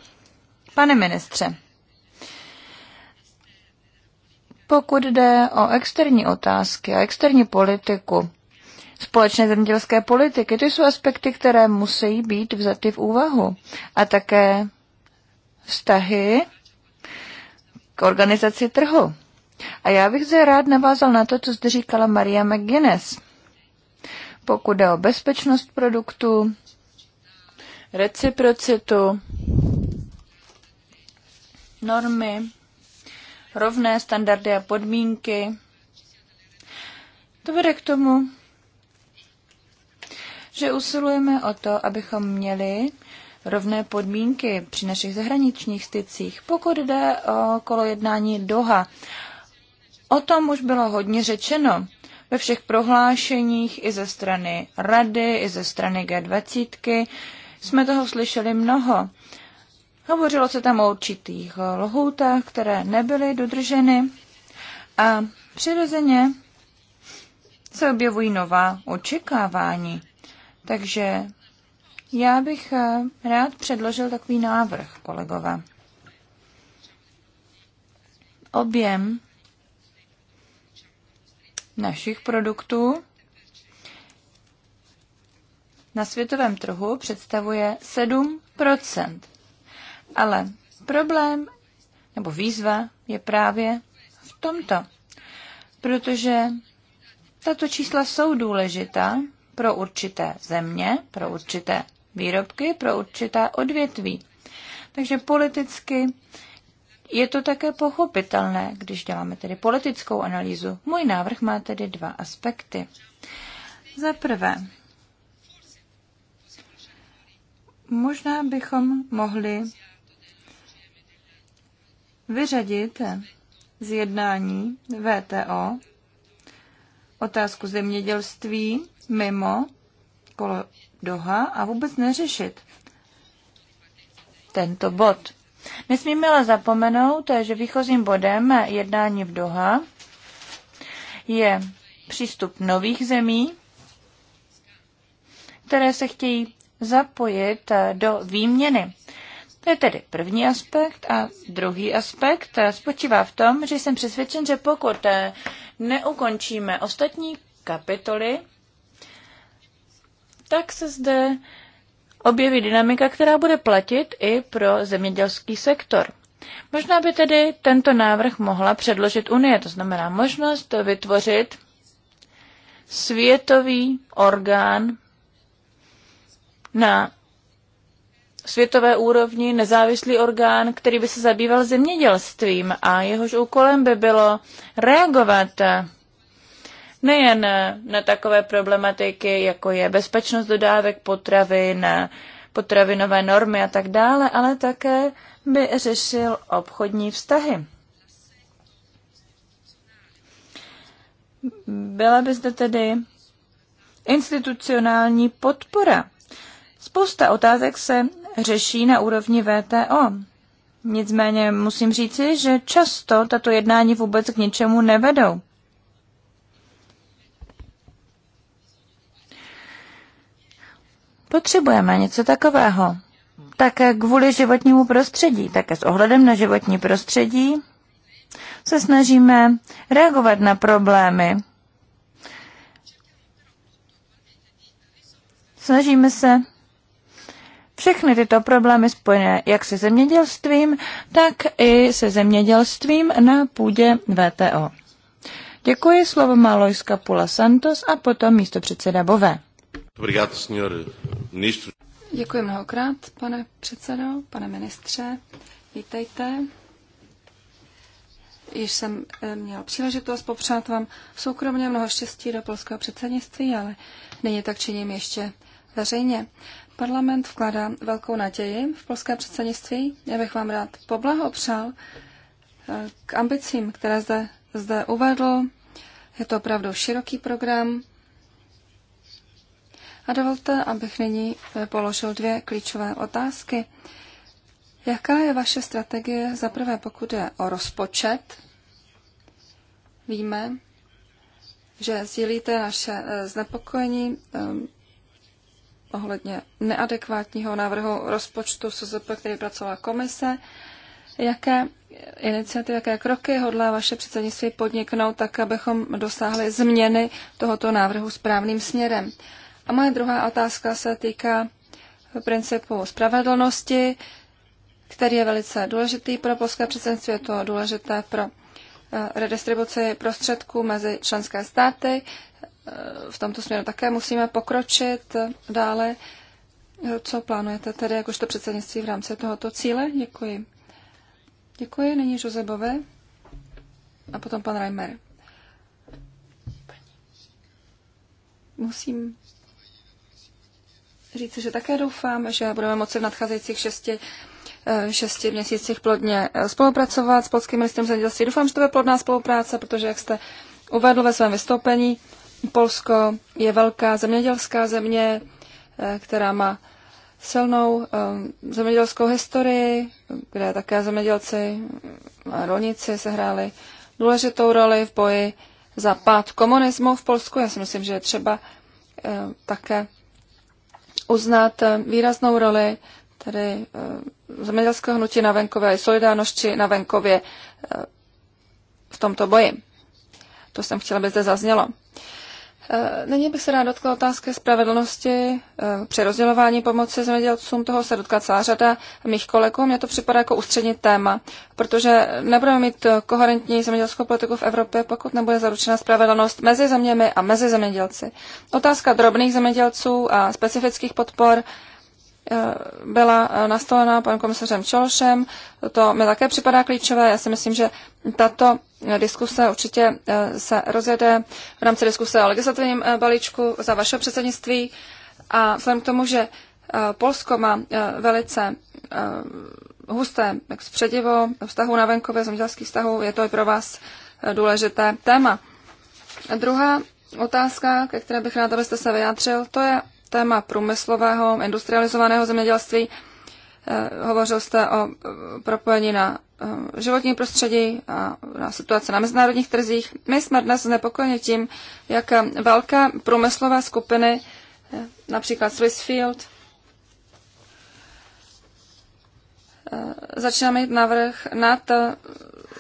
Pane ministře, pokud jde o externí otázky a externí politiku, společné zemědělské politiky, to jsou aspekty, které musí být vzaty v úvahu. A také vztahy k organizaci trhu. A já bych zde rád navázal na to, co zde říkala Maria McGuinness. Pokud jde o bezpečnost produktu, reciprocitu, normy, rovné standardy a podmínky, to vede k tomu, že usilujeme o to, abychom měli rovné podmínky při našich zahraničních stycích, pokud jde o kolo jednání Doha. O tom už bylo hodně řečeno ve všech prohlášeních i ze strany Rady, i ze strany G20. Jsme toho slyšeli mnoho. Hovořilo se tam o určitých lhůtách, které nebyly dodrženy a přirozeně se objevují nová očekávání. Takže já bych eh, rád předložil takový návrh, kolegové. Objem našich produktů na světovém trhu představuje 7 Ale problém nebo výzva je právě v tomto, protože tato čísla jsou důležitá pro určité země, pro určité výrobky, pro určitá odvětví. Takže politicky je to také pochopitelné, když děláme tedy politickou analýzu. Můj návrh má tedy dva aspekty. Za prvé, možná bychom mohli vyřadit z jednání VTO otázku zemědělství mimo kolo Doha a vůbec neřešit tento bod. Nesmíme ale zapomenout, že výchozím bodem jednání v Doha je přístup nových zemí, které se chtějí zapojit do výměny. To je tedy první aspekt a druhý aspekt spočívá v tom, že jsem přesvědčen, že pokud neukončíme ostatní kapitoly, tak se zde objeví dynamika, která bude platit i pro zemědělský sektor. Možná by tedy tento návrh mohla předložit Unie, to znamená možnost vytvořit světový orgán na světové úrovni, nezávislý orgán, který by se zabýval zemědělstvím a jehož úkolem by bylo reagovat nejen na takové problematiky, jako je bezpečnost dodávek potravin, potravinové normy a tak dále, ale také by řešil obchodní vztahy. Byla by zde tedy institucionální podpora. Spousta otázek se řeší na úrovni VTO. Nicméně musím říci, že často tato jednání vůbec k ničemu nevedou. Potřebujeme něco takového. Také kvůli životnímu prostředí, také s ohledem na životní prostředí se snažíme reagovat na problémy. Snažíme se všechny tyto problémy spojené jak se zemědělstvím, tak i se zemědělstvím na půdě VTO. Děkuji, slovo má Lojska Pula Santos a potom místo předseda Bové. Obrigado, senhor Děkuji mnohokrát, pane předsedo, pane ministře. Vítejte. Již jsem eh, měla příležitost popřát vám soukromně mnoho štěstí do polského předsednictví, ale nyní tak činím ještě veřejně. Parlament vkládá velkou naději v polské předsednictví. Já bych vám rád poblahopřál eh, k ambicím, které zde, zde uvedl. Je to opravdu široký program, a dovolte, abych nyní eh, položil dvě klíčové otázky. Jaká je vaše strategie za prvé, pokud je o rozpočet? Víme, že sdílíte naše eh, znepokojení eh, ohledně neadekvátního návrhu rozpočtu SZP, který pracovala komise. Jaké iniciativy, jaké kroky hodlá vaše předsednictví podniknout, tak abychom dosáhli změny tohoto návrhu správným směrem? A moje druhá otázka se týká principu spravedlnosti, který je velice důležitý pro polské předsednictví, je to důležité pro eh, redistribuci prostředků mezi členské státy. Eh, v tomto směru také musíme pokročit eh, dále. Co plánujete tedy jakožto předsednictví v rámci tohoto cíle? Děkuji. Děkuji, nyní Josebové a potom pan Reimer. Musím říci, že také doufám, že budeme moci v nadcházejících šesti eh, šesti měsících plodně eh, spolupracovat s polským ministrem zemědělství. Doufám, že to bude plodná spolupráce, protože, jak jste uvedl ve svém vystoupení, Polsko je velká zemědělská země, eh, která má silnou zemědělskou historii, kde také zemědělci a rolníci sehráli důležitou roli v boji za pád komunismu v Polsku. Já si myslím, že je třeba také uznat výraznou roli tedy eh, zemědělského hnutí na venkově a solidárnosti na venkově eh, v tomto boji. To jsem chtěla, aby zde zaznělo. Eh, nyní bych se rád dotkla otázky spravedlnosti eh, při rozdělování pomoci zemědělcům. Toho se dotká celá řada mých kolegů. Mně to připadá jako ústřední téma, protože nebudeme mít koherentní zemědělskou politiku v Evropě, pokud nebude zaručena spravedlnost mezi zeměmi a mezi zemědělci. Otázka drobných zemědělců a specifických podpor Eh, byla eh, nastolena panem komisařem Čološem. To mi také připadá klíčové. Já si myslím, že tato diskuse určitě eh, se rozjede v rámci diskuse o legislativním balíčku za vaše předsednictví. A vzhledem k tomu, že Polsko má velice husté předivo vztahu na venkově, zemědělských vztahů, je to i pro vás důležité téma. Druhá otázka, ke které bych ráda, abyste se vyjádřil, to je téma průmyslového, industrializovaného zemědělství. Eh, hovořil jste o eh, propojení na eh, životní prostředí a na situace na mezinárodních trzích. My jsme dnes znepokojeni tím, jak velké průmyslové skupiny, například Swissfield, začíná mít návrh nad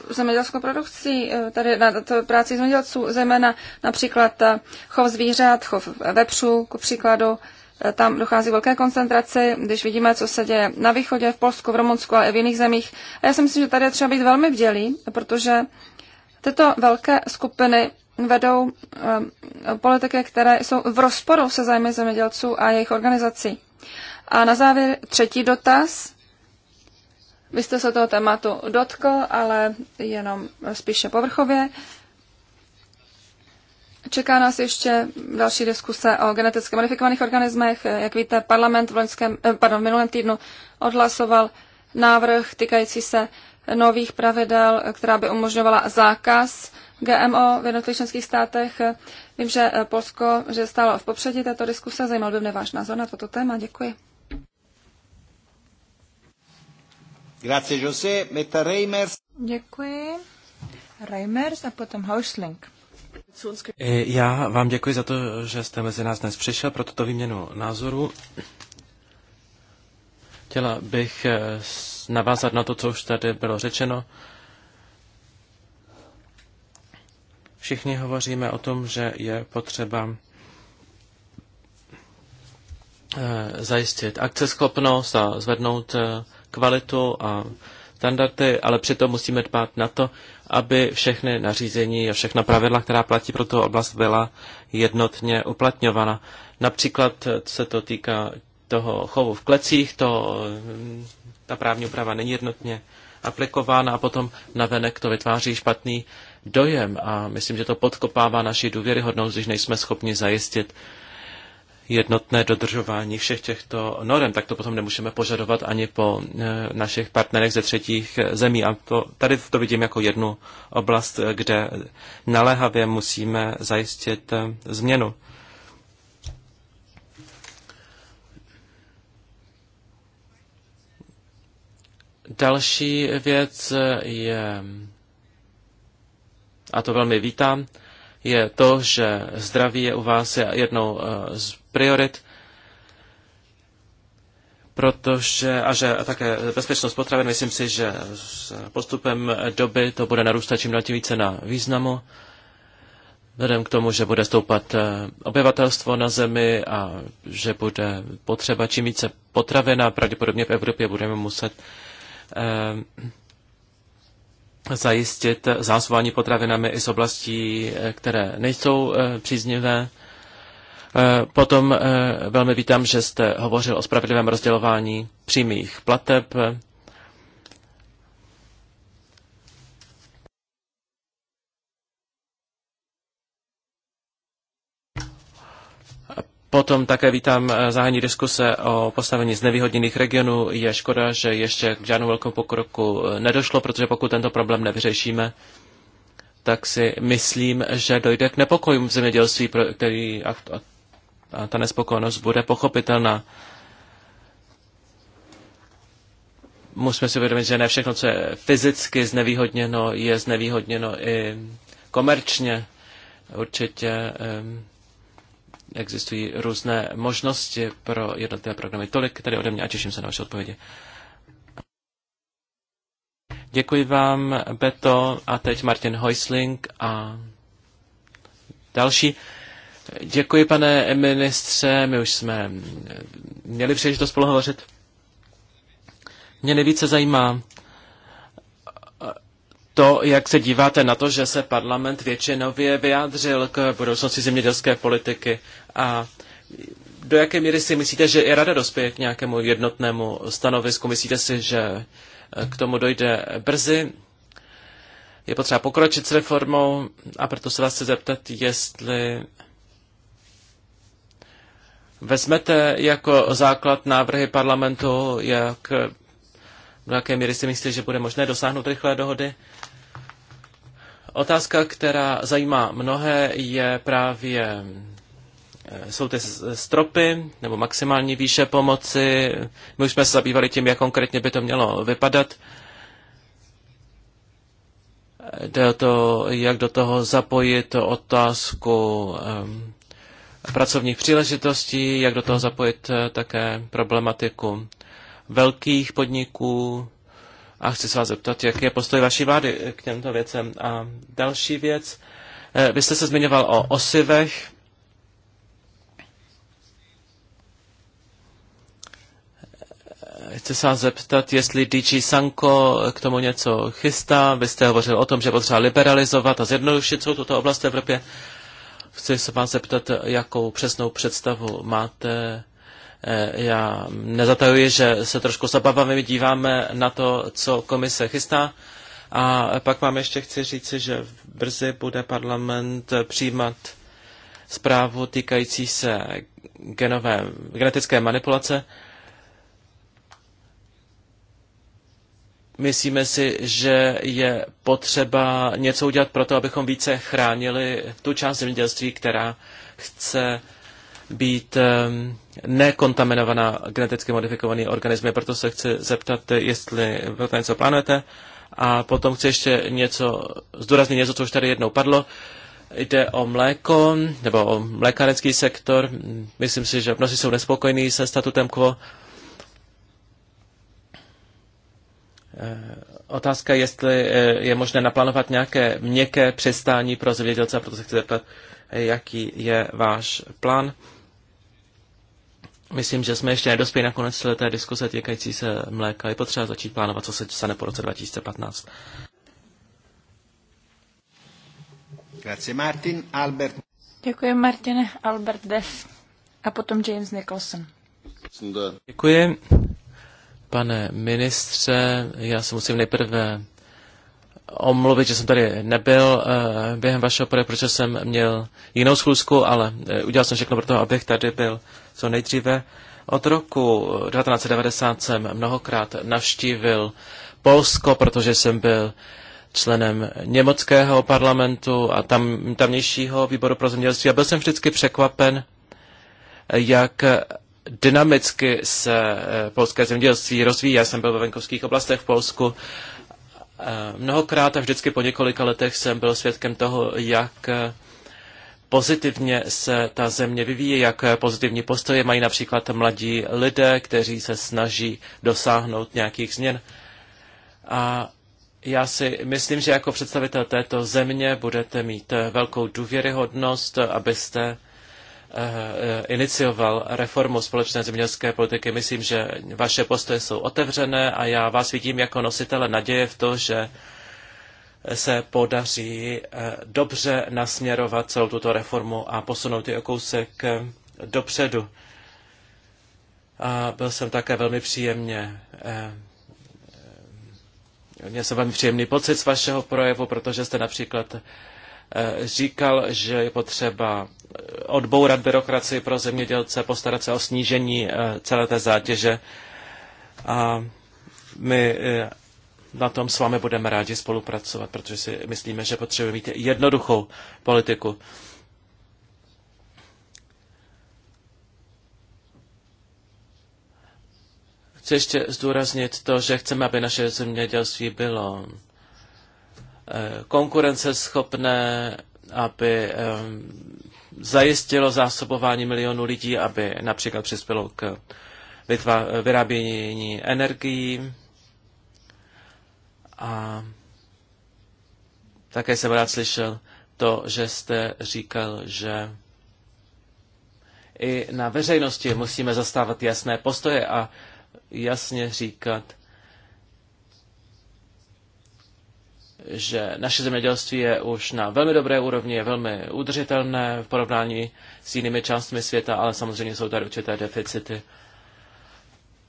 zemědělskou produkcí, eh, tady na to práci zemědělců, zejména například eh, chov zvířat, chov vepřů, ku příkladu, eh, tam dochází velké koncentraci, když vidíme, co se děje na východě, v Polsku, v Rumunsku, ale i v jiných zemích. A já si myslím, že tady je třeba být velmi vdělý, protože tyto velké skupiny vedou politiky, které jsou v rozporu se zájmy zemědělců a jejich organizací. A na závěr třetí dotaz. Vy jste se toho tématu dotkl, ale jenom spíše povrchově. Čeká nás ještě další diskuse o geneticky modifikovaných organismech. Jak víte, parlament v, loňském, eh, pardon, v minulém týdnu odhlasoval návrh týkající se nových pravidel, která by umožňovala zákaz GMO v jednotlivých členských státech. Vím, že Polsko že stálo v popředí této diskuse. Zajímal by mě váš názor na toto téma. Děkuji. Grazie, José. Meta Reimers. Děkuji. Reimers a potom Hausling. Eh, já vám děkuji za to, že jste mezi nás dnes přišel pro tuto výměnu názoru. Chtěla bych eh, navázat na to, co už tady bylo řečeno. Všichni hovoříme o tom, že je potřeba eh, zajistit akceschopnost a zvednout kvalitu a standardy, ale přitom musíme dbát na to, aby všechny nařízení a všechna pravidla, která platí pro tu oblast, byla jednotně uplatňována. Například se to týká toho chovu v klecích, to, mm, ta právní úprava není jednotně aplikována a potom navenek to vytváří špatný dojem a myslím, že to podkopává naši důvěryhodnost, když nejsme schopni zajistit jednotné dodržování všech těchto norem, tak to potom nemůžeme požadovat ani po eh, našich partnerech ze třetích eh, zemí. A to, tady to vidím jako jednu oblast, eh, kde naléhavě musíme zajistit změnu. Další věc je, a to velmi vítám, je to, že zdraví je u vás jednou z priorit, protože, a že a také bezpečnost potravin, myslím si, že s postupem doby to bude narůstat čím dál tím více na významu, vzhledem k tomu, že bude stoupat eh, obyvatelstvo na zemi a že bude potřeba čím více potravin a pravděpodobně v Evropě budeme muset eh, zajistit zásobování potravinami i z oblastí, eh, které nejsou eh, příznivé Eh, potom eh, velmi vítám, že jste hovořil o spravedlivém rozdělování přímých plateb. Potom také vítám eh, zahájení diskuse o postavení znevýhodněných regionů. Je škoda, že ještě k žádnou velkou pokroku nedošlo, protože pokud tento problém nevyřešíme, tak si myslím, že dojde k nepokojům v zemědělství, který a ta nespokojenost bude pochopitelná. Musíme si uvědomit, že ne všechno, co je fyzicky znevýhodněno, je znevýhodněno i komerčně. Určitě existují různé možnosti pro jednotlivé programy. Tolik tady ode mě a těším se na vaše odpovědi. Děkuji vám, Beto, a teď Martin Heusling a další. Děkuji, pane ministře. My už jsme měli příležitost spolu hovořit. Mě nejvíce zajímá eh, to, jak se díváte na to, že se parlament většinově vyjádřil k budoucnosti zemědělské politiky a do jaké míry si myslíte, že i rada dospěje k nějakému jednotnému stanovisku? Myslíte si, že eh, k tomu dojde brzy? Je potřeba pokročit s reformou a proto se vás chci zeptat, jestli vezmete jako základ návrhy parlamentu, jak do jaké míry si myslíte, že bude možné dosáhnout rychlé dohody? Otázka, která zajímá mnohé, je právě eh, jsou ty stropy nebo maximální výše pomoci. My už jsme se zabývali tím, jak konkrétně by to mělo vypadat. Jde o to, jak do toho zapojit otázku um, pracovních příležitostí, jak do toho zapojit eh, také problematiku velkých podniků. A chci se vás zeptat, jak je postoj vaší vlády eh, k těmto věcem. A další věc, eh, vy jste se zmiňoval o osivech. Chci se vás zeptat, jestli DG Sanko k tomu něco chystá. Vy jste hovořil o tom, že potřeba liberalizovat a zjednodušit celou tuto oblast v Evropě. Chci se vás zeptat, jakou přesnou představu máte. Eh, já nezatajuji, že se trošku s díváme na to, co komise chystá. A pak vám ještě chci říci, že brzy bude parlament přijímat zprávu týkající se genové, genetické manipulace Myslíme si, že je potřeba něco udělat pro to, abychom více chránili tu část zemědělství, která chce být nekontaminovaná geneticky modifikovaný organismy. Proto se chci zeptat, jestli pro to něco plánujete. A potom chci ještě něco zdůraznit, něco, co už tady jednou padlo. Jde o mléko, nebo o mlékárenský sektor. Myslím si, že mnozí jsou nespokojení se statutem quo. Eh, otázka, jestli eh, je možné naplánovat nějaké měkké přistání pro zemědělce, proto se chci zeptat, eh, jaký je váš plán. Myslím, že jsme ještě nedospěli na konec té diskuse týkající se mléka. Je potřeba začít plánovat, co se stane po roce 2015. Grazie Martin, Albert. Děkuji Martine, Albert Def a potom James Nicholson. Děkuji. Pane ministře, já se musím nejprve omluvit, že jsem tady nebyl eh, během vašeho projevu, protože jsem měl jinou schůzku, ale eh, udělal jsem všechno pro to, abych tady byl co nejdříve. Od roku 1990 jsem mnohokrát navštívil Polsko, protože jsem byl členem německého parlamentu a tam, tamnějšího výboru pro zemědělství a byl jsem vždycky překvapen, jak dynamicky se eh, polské zemědělství rozvíjí. Já jsem byl ve venkovských oblastech v Polsku eh, mnohokrát a vždycky po několika letech jsem byl svědkem toho, jak eh, pozitivně se ta země vyvíjí, jak pozitivní postoje mají například mladí lidé, kteří se snaží dosáhnout nějakých změn. A já si myslím, že jako představitel této země budete mít velkou důvěryhodnost, abyste Eh, inicioval reformu společné zemědělské politiky. Myslím, že vaše postoje jsou otevřené a já vás vidím jako nositele naděje v to, že se podaří eh, dobře nasměrovat celou tuto reformu a posunout ji o kousek eh, dopředu. A byl jsem také velmi příjemně měl jsem velmi příjemný pocit z vašeho projevu, protože jste například Eh, říkal, že je potřeba eh, odbourat byrokracii pro zemědělce, postarat se o snížení eh, celé té zátěže. A my na tom s vámi budeme rádi spolupracovat, protože si myslíme, že potřebujeme mít jednoduchou politiku. Chci ještě zdůraznit to, že chceme, aby naše zemědělství bylo Eh, konkurenceschopné, aby eh, zajistilo zásobování milionů lidí, aby například přispělo k eh, vyrábění energií. A také jsem rád slyšel to, že jste říkal, že i na veřejnosti musíme zastávat jasné postoje a jasně říkat, že naše zemědělství je už na velmi dobré úrovni, je velmi udržitelné v porovnání s jinými částmi světa, ale samozřejmě jsou tady určité deficity,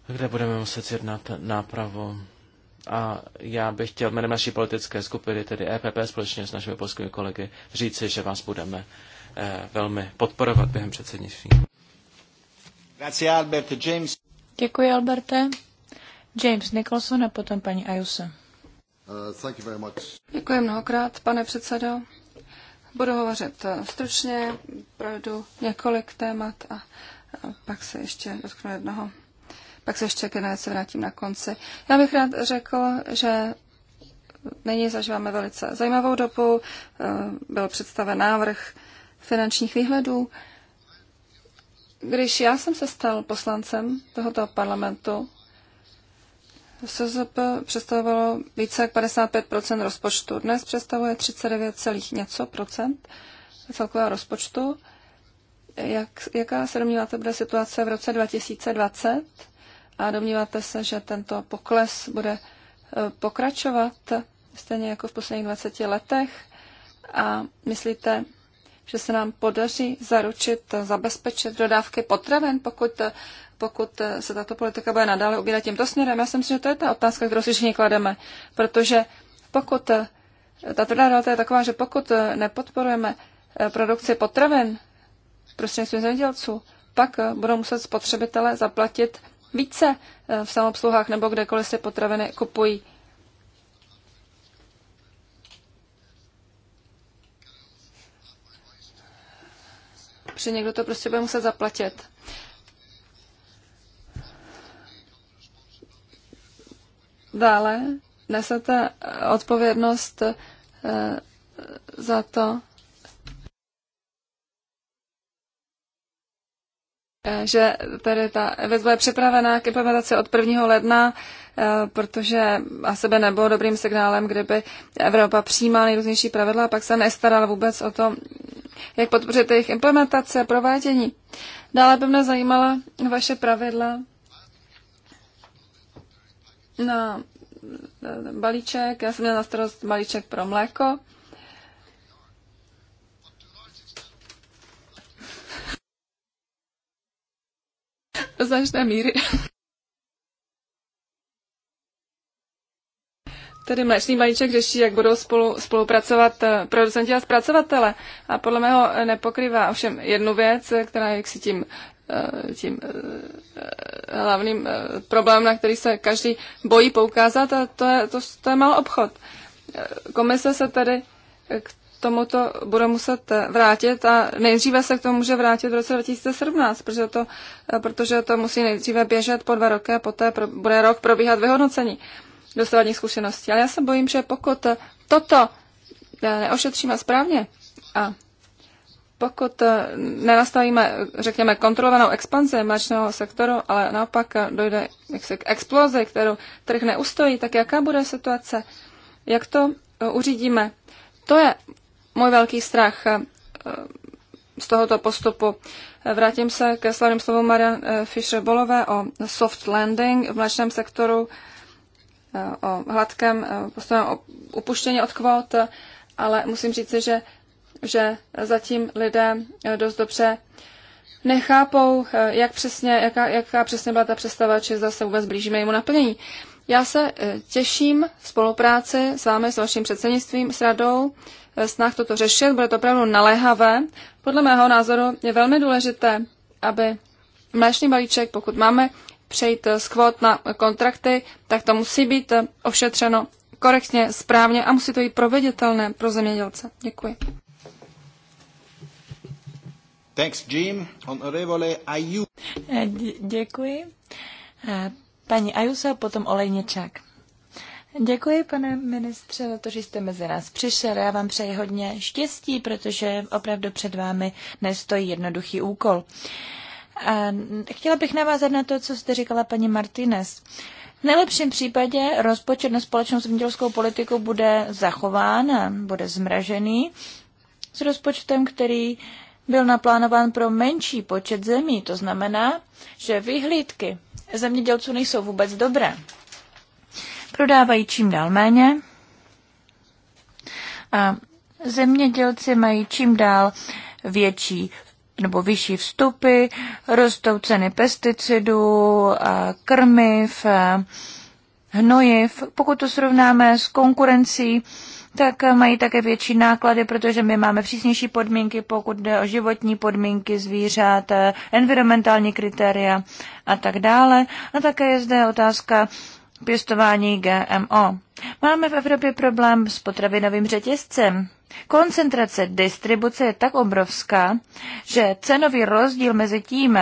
kde budeme muset jednat nápravu. A já bych chtěl jménem naší politické skupiny, tedy EPP, společně s našimi polskými kolegy, říci, že vás budeme eh, velmi podporovat během předsednictví. Děkuji, Alberte. James Nicholson a potom paní Ayuso. Thank you very much. Děkuji mnohokrát, pane předsedo. Budu hovořit stručně, projdu několik témat a pak se ještě dotknu jednoho. Pak se ještě k se vrátím na konci. Já bych rád řekl, že nyní zažíváme velice zajímavou dobu. E, byl představen návrh finančních výhledů. Když já jsem se stal poslancem tohoto parlamentu, SZP představovalo více jak 55 rozpočtu. Dnes představuje 39, něco procent celkového rozpočtu. Jak, jaká se domníváte bude situace v roce 2020? A domníváte se, že tento pokles bude eh, pokračovat stejně jako v posledních 20 letech? A myslíte, že se nám podaří zaručit, eh, zabezpečit dodávky potravin, pokud eh, pokud eh, se tato politika bude nadále ubírat tímto směrem. Já si myslím, že to je ta otázka, kterou si všichni klademe, protože pokud eh, ta tvrdá realita je taková, že pokud eh, nepodporujeme produkci potravin prostřednictvím zemědělců, pak budou muset spotřebitele zaplatit více v samobsluhách nebo kdekoliv si potraviny kupují. Že někdo to prostě bude muset zaplatit. Dále nesete eh, odpovědnost eh, za to, eh, že tady ta věc bude připravená k implementaci od 1. ledna, protože a sebe nebylo dobrým signálem, kdyby Evropa přijímala nejrůznější pravidla a pak se nestarala vůbec o to, jak podpořit jejich implementace a provádění. Dále by mě zajímala vaše pravidla na balíček, já jsem měla na starost balíček pro mléko. Do značné míry. Tedy mléčný balíček řeší, jak budou spolu, spolupracovat eh, producenti a zpracovatele. A podle mého nepokrývá ovšem jednu věc, eh, která je si tím Eh, tím eh, hlavním eh, problémem, na který se každý bojí poukázat, a to je, to, to je malý obchod. Komise se tedy k tomuto bude muset vrátit a nejdříve se k tomu může vrátit v roce 2017, protože to, protože to musí nejdříve běžet po dva roky a poté pro, bude rok probíhat vyhodnocení dosavadních zkušeností. Ale já se bojím, že pokud toto neošetříme správně a pokud eh, nenastavíme, řekněme, kontrolovanou expanzi mléčného sektoru, ale naopak dojde jaksi k explozi, kterou trh neustojí, tak jaká bude situace? Jak to eh, uřídíme? To je můj velký strach eh, z tohoto postupu. Vrátím se ke slavným slovům Marian Fischer-Bolové o soft landing v mléčném sektoru, o hladkém postavém upuštění od kvót, ale musím říct, že že zatím lidé eh, dost dobře nechápou, eh, jak přesně, jaká, jaká přesně byla ta představa, či zda se vůbec blížíme jemu naplnění. Já se eh, těším v spolupráci s vámi, s vaším předsednictvím, s radou, snah toto řešit. Bude to opravdu naléhavé. Podle mého názoru je velmi důležité, aby mléčný balíček, pokud máme přejít z kvot na kontrakty, tak to musí být ošetřeno korektně, správně a musí to být proveditelné pro zemědělce. Děkuji. Thanks, Jim. Ayu. Eh, děkuji. Eh, paní Ayuso, potom Olejničák. Děkuji, pane ministře, za to, že jste mezi nás přišel. Já vám přeji hodně štěstí, protože opravdu před vámi nestojí jednoduchý úkol. A chtěla bych navázat na to, co jste říkala paní Martinez. V nejlepším případě rozpočet na společnou zemědělskou politiku bude zachován a bude zmražený s rozpočtem, který byl naplánován pro menší počet zemí. To znamená, že vyhlídky zemědělců nejsou vůbec dobré. Prodávají čím dál méně a zemědělci mají čím dál větší nebo vyšší vstupy, rostou ceny pesticidů, a krmiv, a hnojiv. Pokud to srovnáme s konkurencí tak mají také větší náklady, protože my máme přísnější podmínky, pokud jde o životní podmínky zvířat, environmentální kritéria a tak dále. A také je zde otázka pěstování GMO. Máme v Evropě problém s potravinovým řetězcem. Koncentrace distribuce je tak obrovská, že cenový rozdíl mezi tím,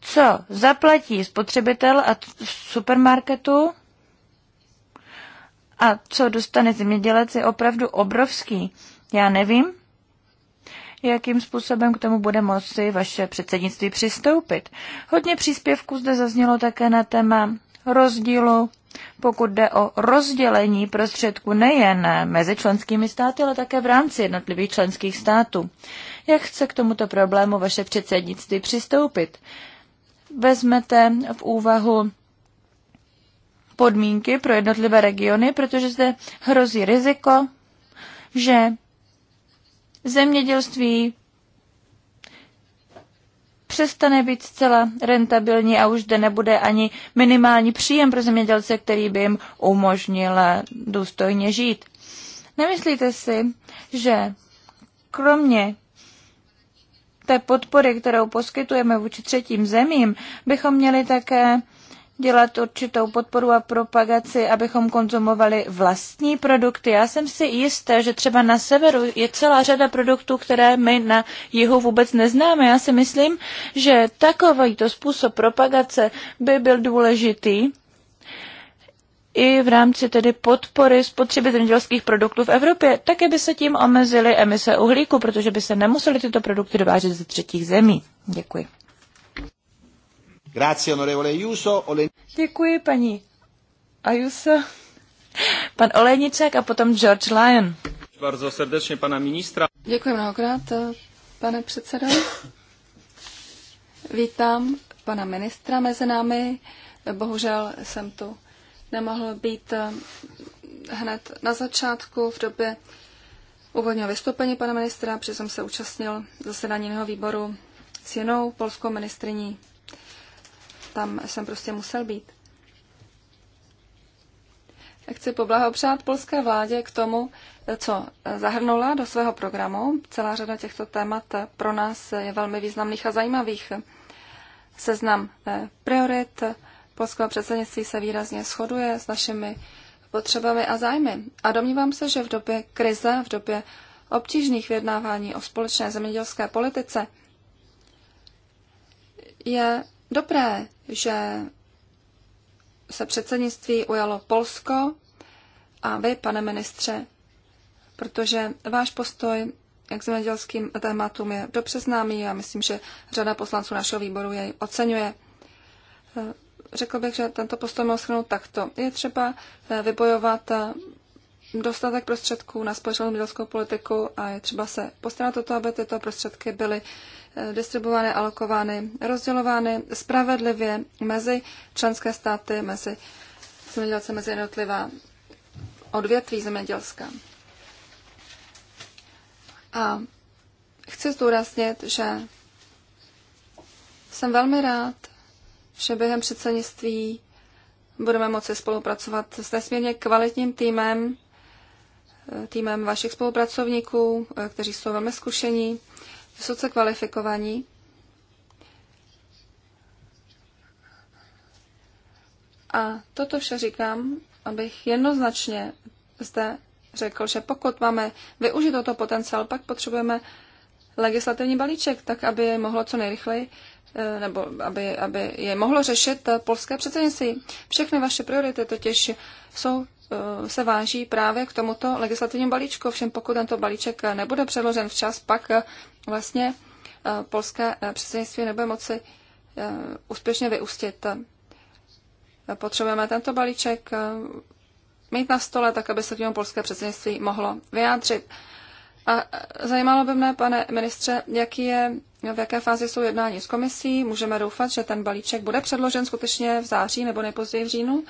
co zaplatí spotřebitel a v supermarketu, a co dostane zemědělec je opravdu obrovský. Já nevím, jakým způsobem k tomu bude moci vaše předsednictví přistoupit. Hodně příspěvků zde zaznělo také na téma rozdílu, pokud jde o rozdělení prostředků nejen mezi členskými státy, ale také v rámci jednotlivých členských států. Jak chce k tomuto problému vaše předsednictví přistoupit? Vezmete v úvahu podmínky pro jednotlivé regiony, protože zde hrozí riziko, že zemědělství přestane být zcela rentabilní a už zde nebude ani minimální příjem pro zemědělce, který by jim umožnil důstojně žít. Nemyslíte si, že kromě té podpory, kterou poskytujeme vůči třetím zemím, bychom měli také dělat určitou podporu a propagaci, abychom konzumovali vlastní produkty. Já jsem si jistá, že třeba na severu je celá řada produktů, které my na jihu vůbec neznáme. Já si myslím, že takovýto způsob propagace by byl důležitý i v rámci tedy podpory spotřeby zemědělských produktů v Evropě. Také by se tím omezily emise uhlíku, protože by se nemuseli tyto produkty dovážet ze třetích zemí. Děkuji. Grazie, onorevole Juso. Děkuji, paní Ajuso. Pan Olejniček a potom George Lyon. Bardzo srdečně pana ministra. Děkuji mnohokrát, pane předsedo. Vítám pana ministra mezi námi. Bohužel jsem tu nemohl být hned na začátku v době úvodního vystoupení pana ministra, protože jsem se účastnil zasedání jeho výboru s jinou polskou ministriní tam jsem prostě musel být. Chci poblahopřát polské vládě k tomu, co zahrnula do svého programu. Celá řada těchto témat pro nás je velmi významných a zajímavých. Seznam eh, priorit polského předsednictví se výrazně shoduje s našimi potřebami a zájmy. A domnívám se, že v době krize, v době obtížných vyjednávání o společné zemědělské politice je dobré, že se předsednictví ujalo Polsko a vy, pane ministře, protože váš postoj k zemědělským tématům je dobře známý a myslím, že řada poslanců našeho výboru jej oceňuje. Řekl bych, že tento postoj mohl schrnout takto. Je třeba vybojovat dostatek prostředků na společnou zemědělskou politiku a je třeba se postarat o to, aby tyto prostředky byly eh, distribuovány, alokovány, rozdělovány spravedlivě mezi členské státy, mezi zemědělce, mezi jednotlivá odvětví zemědělská. A chci zdůraznit, že jsem velmi rád, že během předsednictví budeme moci spolupracovat s nesmírně kvalitním týmem týmem vašich spolupracovníků, eh, kteří jsou velmi zkušení, vysoce kvalifikovaní. A toto vše říkám, abych jednoznačně zde řekl, že pokud máme využít toto potenciál, pak potřebujeme legislativní balíček, tak aby je mohlo co nejrychleji eh, nebo aby, aby je mohlo řešit eh, polské předsednictví. Všechny vaše priority totiž jsou Eh, se váží právě k tomuto legislativnímu balíčku. Všem pokud tento balíček nebude předložen včas, pak eh, vlastně eh, polské předsednictví nebude moci úspěšně vyústit. Potřebujeme tento balíček mít na stole, tak aby se k němu polské předsednictví mohlo vyjádřit. A zajímalo by mne, pane ministře, jaký je, v jaké fázi jsou jednání s komisí. Můžeme doufat, že ten balíček bude předložen skutečně v září nebo nejpozději v říjnu.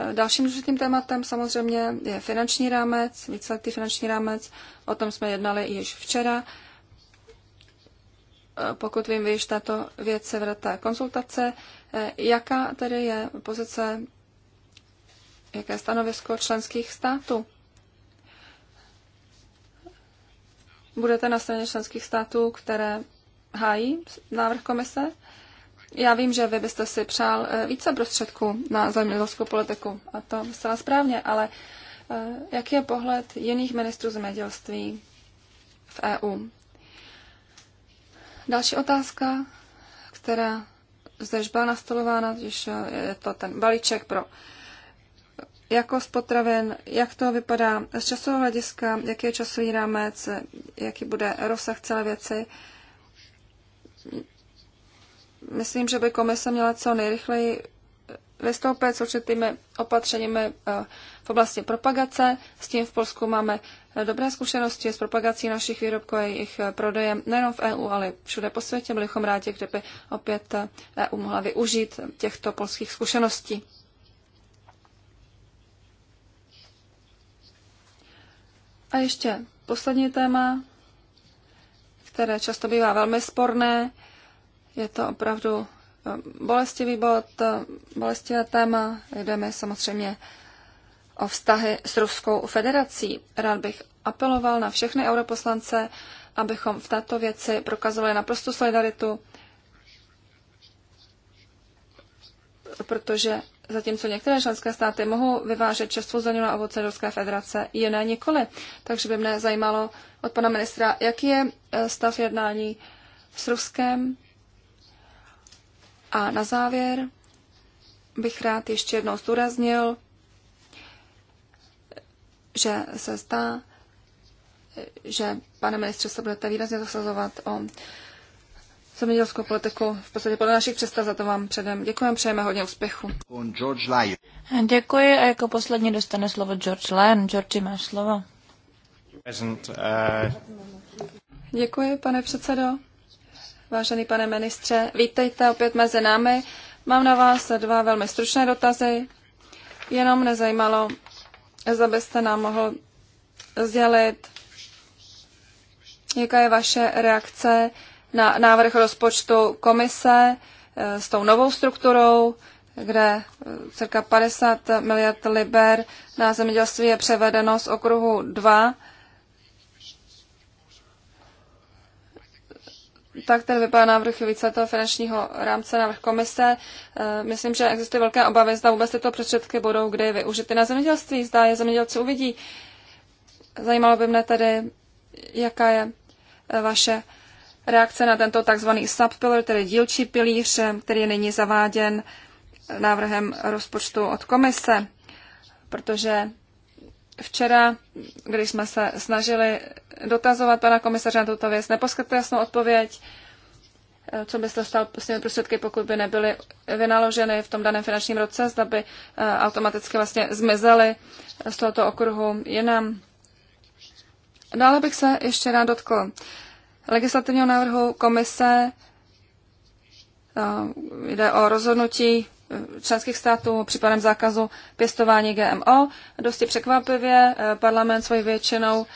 Eh, dalším důležitým tématem samozřejmě je finanční rámec, víceletý finanční rámec. O tom jsme jednali již včera. Eh, pokud vím, vy tato věc se vrátá konzultace. Eh, jaká tedy je pozice, jaké je stanovisko členských států? Budete na straně členských států, které hájí návrh komise? Já vím, že vy byste si přál eh, více prostředků na zemědělskou politiku a to zcela správně, ale eh, jaký je pohled jiných ministrů zemědělství v EU? Další otázka, která zde byla nastolována, když eh, je to ten balíček pro jakost potravin, jak to vypadá z časového hlediska, jaký je časový rámec, jaký bude rozsah celé věci. Myslím, že by komise měla co nejrychleji vystoupit s určitými opatřeními eh, v oblasti propagace. S tím v Polsku máme eh, dobré zkušenosti s propagací našich výrobků a jejich eh, prodejem nejen v EU, ale všude po světě. Byli bychom rádi, kdyby opět EU e mohla využít těchto polských zkušeností. A ještě poslední téma, které často bývá velmi sporné, je to opravdu eh, bolestivý bod, eh, bolestivé téma. Jde mi samozřejmě o vztahy s Ruskou federací. Rád bych apeloval na všechny europoslance, abychom v této věci prokazovali naprosto solidaritu, protože zatímco některé členské státy mohou vyvážet čerstvou zeleninu a ovoce Ruské federace, jiné nikoli. Takže by mě zajímalo od pana ministra, jaký je eh, stav jednání s Ruskem, a na závěr bych rád ještě jednou zdůraznil, že se zdá, že pane ministře se budete výrazně zasazovat o zemědělskou politiku. V podstatě podle našich představ za to vám předem děkujeme, přejeme hodně úspěchu. Děkuji a jako poslední dostane slovo George Lyon. George, máš slovo. Uh, Děkuji, pane předsedo. Vážený pane ministře, vítejte opět mezi námi. Mám na vás dva velmi stručné dotazy. Jenom nezajímalo, zda byste nám mohl sdělit, jaká je vaše reakce na návrh rozpočtu komise eh, s tou novou strukturou, kde eh, cirka 50 miliard liber na zemědělství je převedeno z okruhu 2 tak ten vypadá návrh víceletého finančního rámce, návrh komise. E, myslím, že existuje velké obavy, zda vůbec tyto prostředky budou kdy využity na zemědělství, zda je zemědělci uvidí. Zajímalo by mne tedy, jaká je e, vaše reakce na tento takzvaný subpillar, tedy dílčí pilíř, e, který nyní zaváděn návrhem rozpočtu od komise, protože Včera, když jsme se snažili dotazovat pana komisaře na tuto věc, neposkytl jasnou odpověď, eh, co by se stalo s těmi prostředky, pokud by nebyly vynaloženy v tom daném finančním roce, zda by eh, automaticky vlastně zmizely z tohoto okruhu jinam. Dále bych se ještě rád dotkl legislativního návrhu komise. Eh, jde o rozhodnutí členských států případem zákazu pěstování GMO. Dosti překvapivě eh, parlament svoji většinou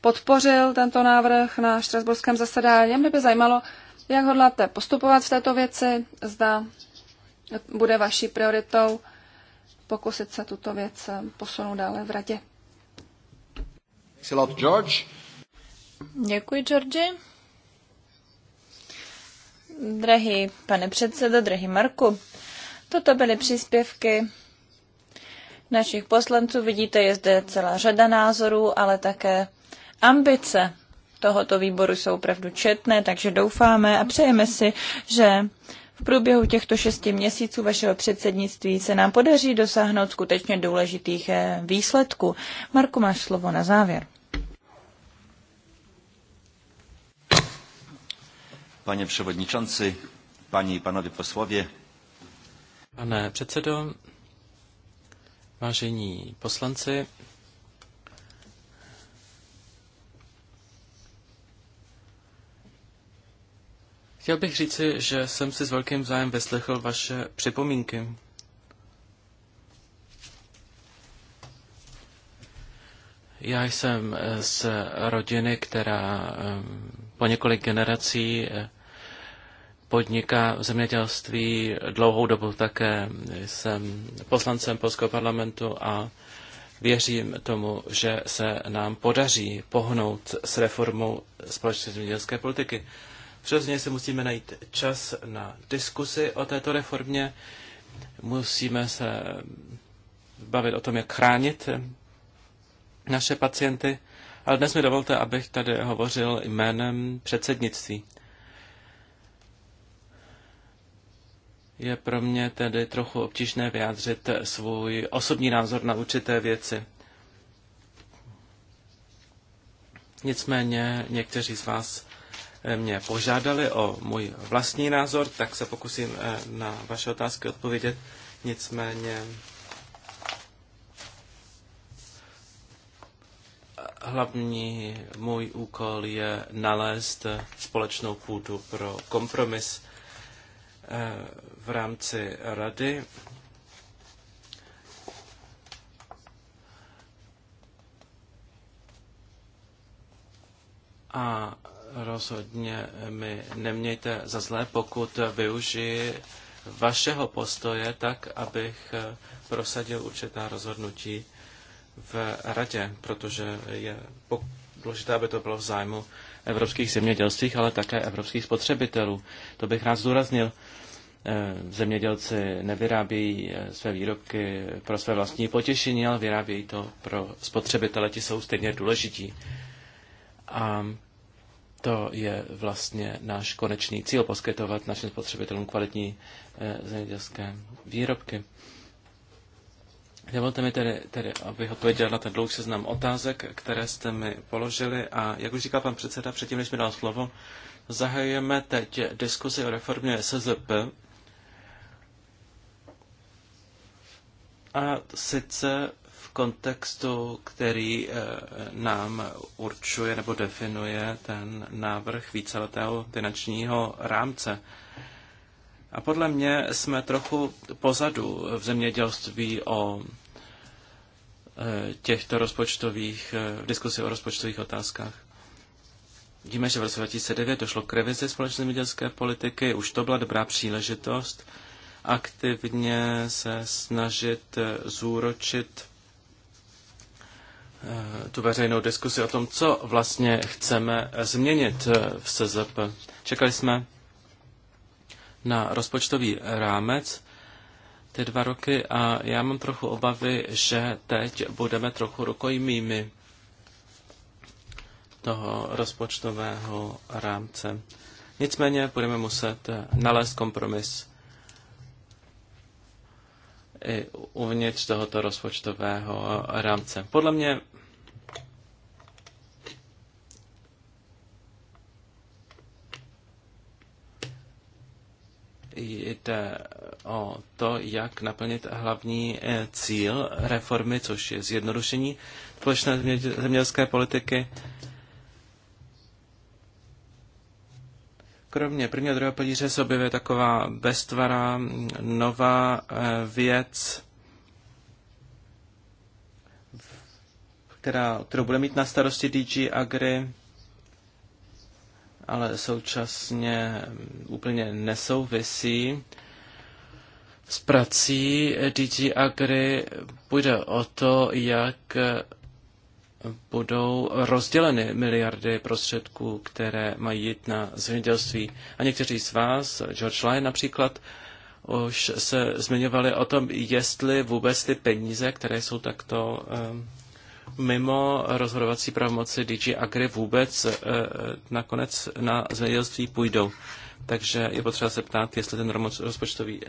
podpořil tento návrh na štrasburském zasedání. Mě by zajímalo, jak hodláte postupovat v této věci, zda bude vaší prioritou pokusit se tuto věc eh, posunout dále v radě. George. Děkuji, Georgi. Drahý pane předsedo, drahý Marku, Toto byly příspěvky našich poslanců. Vidíte, je zde celá řada názorů, ale také ambice tohoto výboru jsou opravdu četné, takže doufáme a přejeme si, že v průběhu těchto šesti měsíců vašeho předsednictví se nám podaří dosáhnout skutečně důležitých eh, výsledků. Marku, máš slovo na závěr. Panie przewodniczący, panie i panowie posłowie, Pane předsedo, vážení poslanci, Chtěl bych říci, že jsem si s velkým zájem vyslechl vaše připomínky. Já jsem z rodiny, která po několik generací podniká v zemědělství dlouhou dobu také. Jsem poslancem Polského parlamentu a věřím tomu, že se nám podaří pohnout s reformou společné zemědělské politiky. Přesně si musíme najít čas na diskusy o této reformě. Musíme se bavit o tom, jak chránit naše pacienty. Ale dnes mi dovolte, abych tady hovořil jménem předsednictví. je pro mě tedy trochu obtížné vyjádřit svůj osobní názor na určité věci. Nicméně někteří z vás eh, mě požádali o můj vlastní názor, tak se pokusím eh, na vaše otázky odpovědět. Nicméně hlavní můj úkol je nalézt společnou půdu pro kompromis eh, v rámci rady. A rozhodně mi nemějte za zlé, pokud využiji vašeho postoje tak, abych prosadil určitá rozhodnutí v radě, protože je důležité, aby to bylo v zájmu evropských zemědělství, ale také evropských spotřebitelů. To bych rád zdůraznil. Eh, zemědělci nevyrábějí eh, své výrobky pro své vlastní potěšení, ale vyrábějí to pro spotřebitele, ti jsou stejně důležití. A to je vlastně náš konečný cíl, poskytovat našim spotřebitelům kvalitní eh, zemědělské výrobky. Dovolte mi tedy, tedy, abych odpověděl na ten dlouhý seznam otázek, které jste mi položili. A jak už říkal pan předseda, předtím, než mi dal slovo, zahajujeme teď diskuzi o reformě SZP, a sice v kontextu, který eh, nám určuje nebo definuje ten návrh víceletého finančního rámce. A podle mě jsme trochu pozadu v zemědělství o eh, těchto rozpočtových, eh, v diskusi o rozpočtových otázkách. Víme, že v roce 2009 došlo k revizi společné zemědělské politiky, už to byla dobrá příležitost aktivně se snažit eh, zúročit eh, tu veřejnou diskusi o tom, co vlastně chceme eh, změnit v SZP. Čekali jsme na rozpočtový rámec ty dva roky a já mám trochu obavy, že teď budeme trochu rukojmými toho rozpočtového rámce. Nicméně budeme muset nalézt kompromis i uvnitř tohoto rozpočtového rámce. Podle mě jde o to, jak naplnit hlavní eh, cíl reformy, což je zjednodušení společné zemědělské politiky Kromě prvního a druhého pilíře se objevuje taková beztvará nová eh, věc, která, kterou bude mít na starosti DG Agri, ale současně mm, úplně nesouvisí s prací DG Agri. Půjde o to, jak eh, budou rozděleny miliardy prostředků, které mají jít na zemědělství. A někteří z vás, George Lyon například, už se zmiňovali o tom, jestli vůbec ty peníze, které jsou takto eh, mimo rozhodovací pravomoci DG Agri vůbec eh, nakonec na zemědělství půjdou. Takže je potřeba se ptát, jestli ten rozpočtový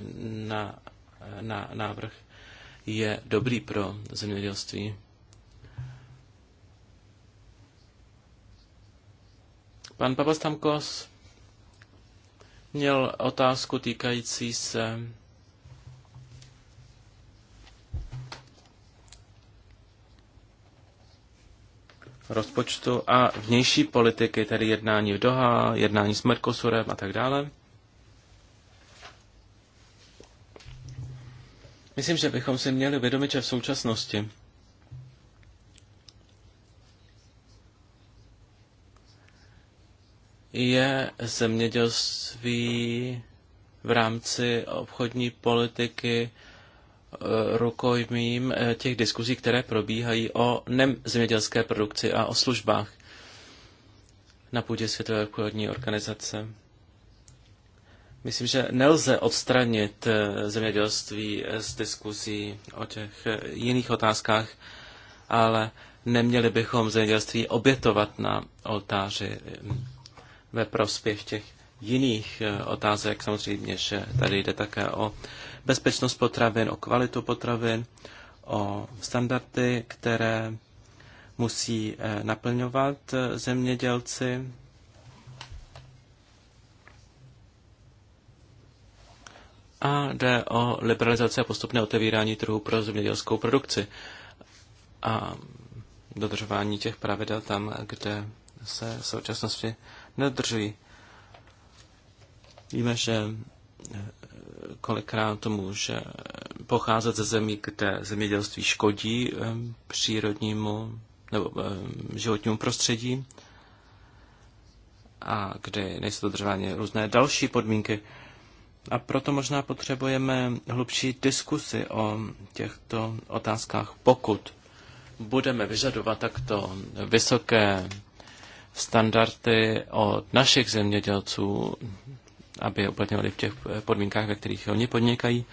na, na, návrh je dobrý pro zemědělství. Pan Papastamkos měl otázku týkající se rozpočtu a vnější politiky, tedy jednání v Doha, jednání s Merkosurem a tak dále. Myslím, že bychom si měli uvědomit, že v současnosti je zemědělství v rámci obchodní politiky eh, rukojmím eh, těch diskuzí, které probíhají o nemzemědělské produkci a o službách na půdě Světové obchodní organizace. Myslím, že nelze odstranit eh, zemědělství z diskuzí o těch jiných otázkách, ale neměli bychom zemědělství obětovat na oltáři ve prospěch těch jiných eh, otázek. Samozřejmě, že tady jde také o bezpečnost potravin, o kvalitu potravin, o standardy, které musí eh, naplňovat eh, zemědělci. A jde o liberalizaci a postupné otevírání trhu pro zemědělskou produkci a dodržování těch pravidel tam, kde se v současnosti nedrží. Víme, že eh, kolikrát to může pocházet ze zemí, kde zemědělství škodí eh, přírodnímu nebo eh, životnímu prostředí a kde nejsou dodržovány různé další podmínky. A proto možná potřebujeme hlubší diskusy o těchto otázkách, pokud budeme vyžadovat takto vysoké standardy od našich zemědělců, aby je uplatňovali v těch eh, podmínkách, ve kterých oni podnikají.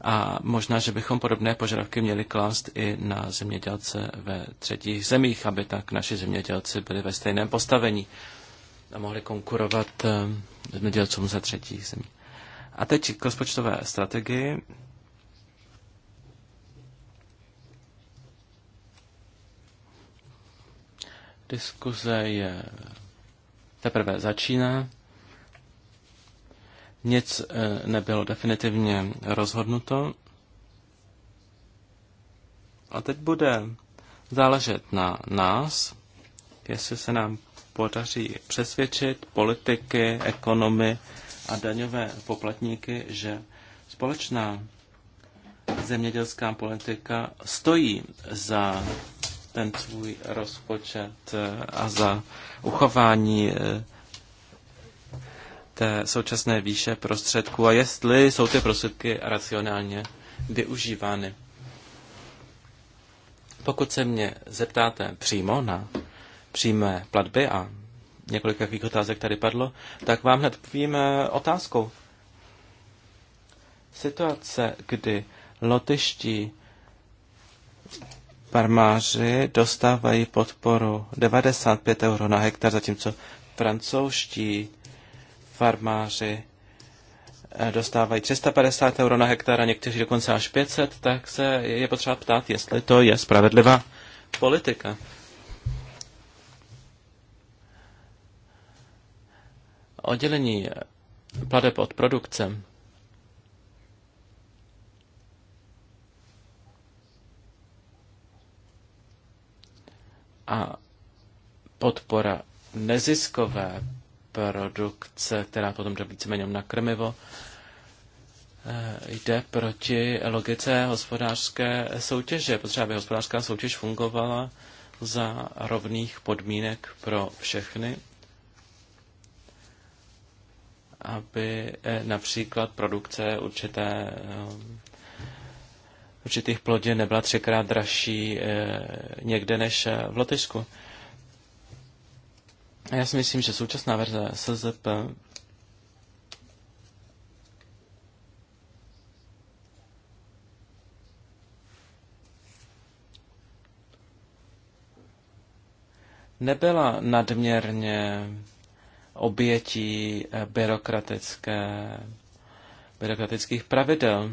A možná, že bychom podobné požadavky měli klást i na zemědělce ve třetích zemích, aby tak naši zemědělci byli ve stejném postavení a mohli konkurovat eh, zemědělcům ze třetích zemí. A teď k rozpočtové strategii. Diskuze je teprve začíná. Nic eh, nebylo definitivně rozhodnuto. A teď bude záležet na nás, jestli se nám podaří přesvědčit politiky, ekonomy a daňové poplatníky, že společná zemědělská politika stojí za ten svůj rozpočet eh, a za uchování eh, té současné výše prostředků a jestli jsou ty prostředky racionálně využívány. Pokud se mě zeptáte přímo na přímé platby a několik takových otázek tady padlo, tak vám hned povím eh, otázkou. Situace, kdy lotyští farmáři dostávají podporu 95 euro na hektar, zatímco francouzští farmáři eh, dostávají 350 euro na hektar a někteří dokonce až 500, tak se je potřeba ptát, jestli to je spravedlivá politika. Oddělení eh, plateb od produkce a podpora neziskové produkce, která potom jde víceméně na krmivo, eh, jde proti logice hospodářské soutěže. Potřeba, aby hospodářská soutěž fungovala za rovných podmínek pro všechny, aby eh, například produkce určité eh, určitých plodin nebyla třikrát dražší eh, někde než eh, v Lotyšsku. já si myslím, že současná verze SZP nebyla nadměrně obětí eh, byrokratické, byrokratických pravidel.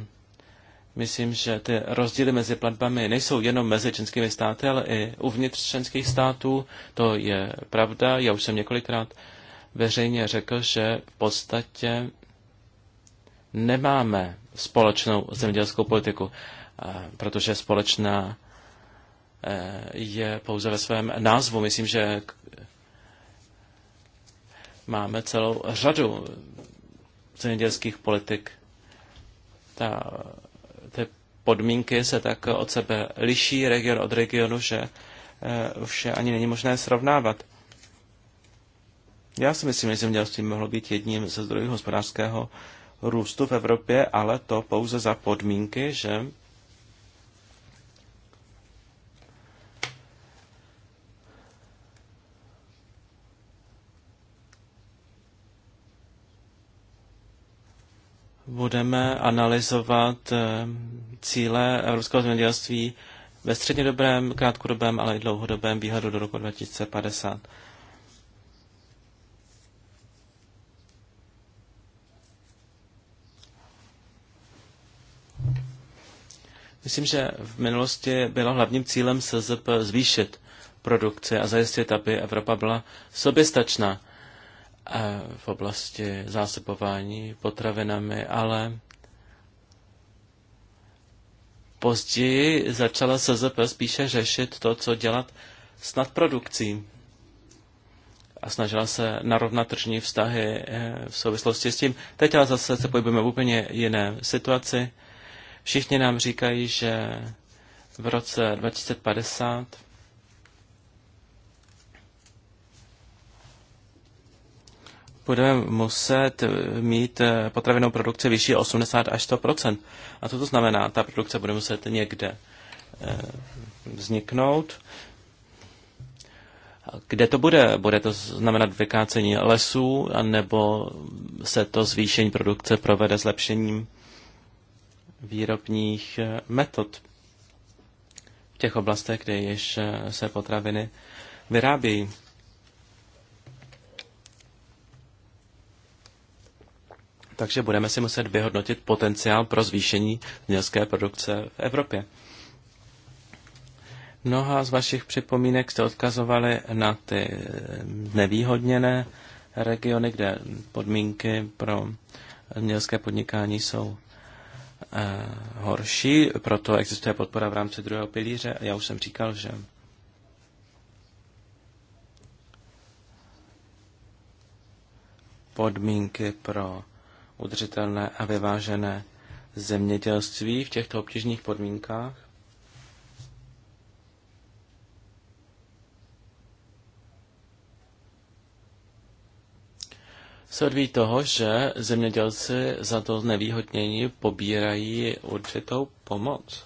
Myslím, že ty rozdíly mezi platbami nejsou jenom mezi členskými státy, ale i uvnitř členských států. To je pravda. Já už jsem několikrát veřejně řekl, že v podstatě nemáme společnou zemědělskou politiku, protože společná eh, je pouze ve svém názvu. Myslím, že máme celou řadu zemědělských politik. Ta podmínky se tak od sebe liší region od regionu, že už eh, je ani není možné srovnávat. Já si myslím, že zemědělství mohlo být jedním ze zdrojů hospodářského růstu v Evropě, ale to pouze za podmínky, že budeme analyzovat eh, cíle evropského zemědělství ve střednědobém, krátkodobém, ale i dlouhodobém výhledu do roku 2050. Myslím, že v minulosti bylo hlavním cílem SZP zvýšit produkci a zajistit, aby Evropa byla soběstačná eh, v oblasti zásobování potravinami, ale Později začala SZP spíše řešit to, co dělat s nadprodukcí a snažila se narovnat tržní vztahy eh, v souvislosti s tím. Teď ale zase se pohybujeme v úplně jiné situaci. Všichni nám říkají, že v roce 2050 budeme muset eh, mít eh, potravinou produkci vyšší 80 až 100 A co to znamená? Ta produkce bude muset někde eh, vzniknout. Kde to bude? Bude to znamenat vykácení lesů, nebo se to zvýšení produkce provede zlepšením výrobních metod v těch oblastech, kde již se potraviny vyrábějí? takže budeme si muset vyhodnotit potenciál pro zvýšení mělské produkce v Evropě. Mnoha z vašich připomínek jste odkazovali na ty eh, nevýhodněné regiony, kde podmínky pro mělské podnikání jsou eh, horší, proto existuje podpora v rámci druhého pilíře. Já už jsem říkal, že podmínky pro udržitelné a vyvážené zemědělství v těchto obtížných podmínkách. se odvíjí toho, že zemědělci za to znevýhodnění pobírají určitou pomoc.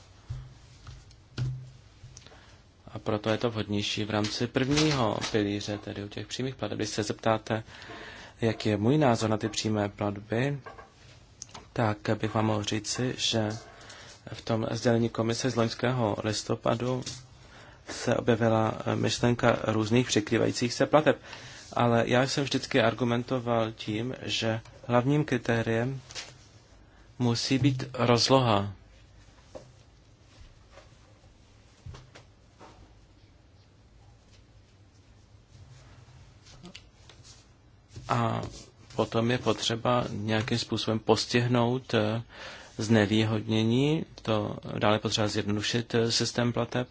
A proto je to vhodnější v rámci prvního pilíře, tedy u těch přímých plateb. Když se zeptáte jak je můj názor na ty přímé platby, tak bych vám mohl říci, že v tom sdělení komise z loňského listopadu se objevila myšlenka různých překrývajících se plateb. Ale já jsem vždycky argumentoval tím, že hlavním kritériem musí být rozloha A potom je potřeba nějakým způsobem postihnout eh, znevýhodnění, to dále potřeba zjednodušit eh, systém plateb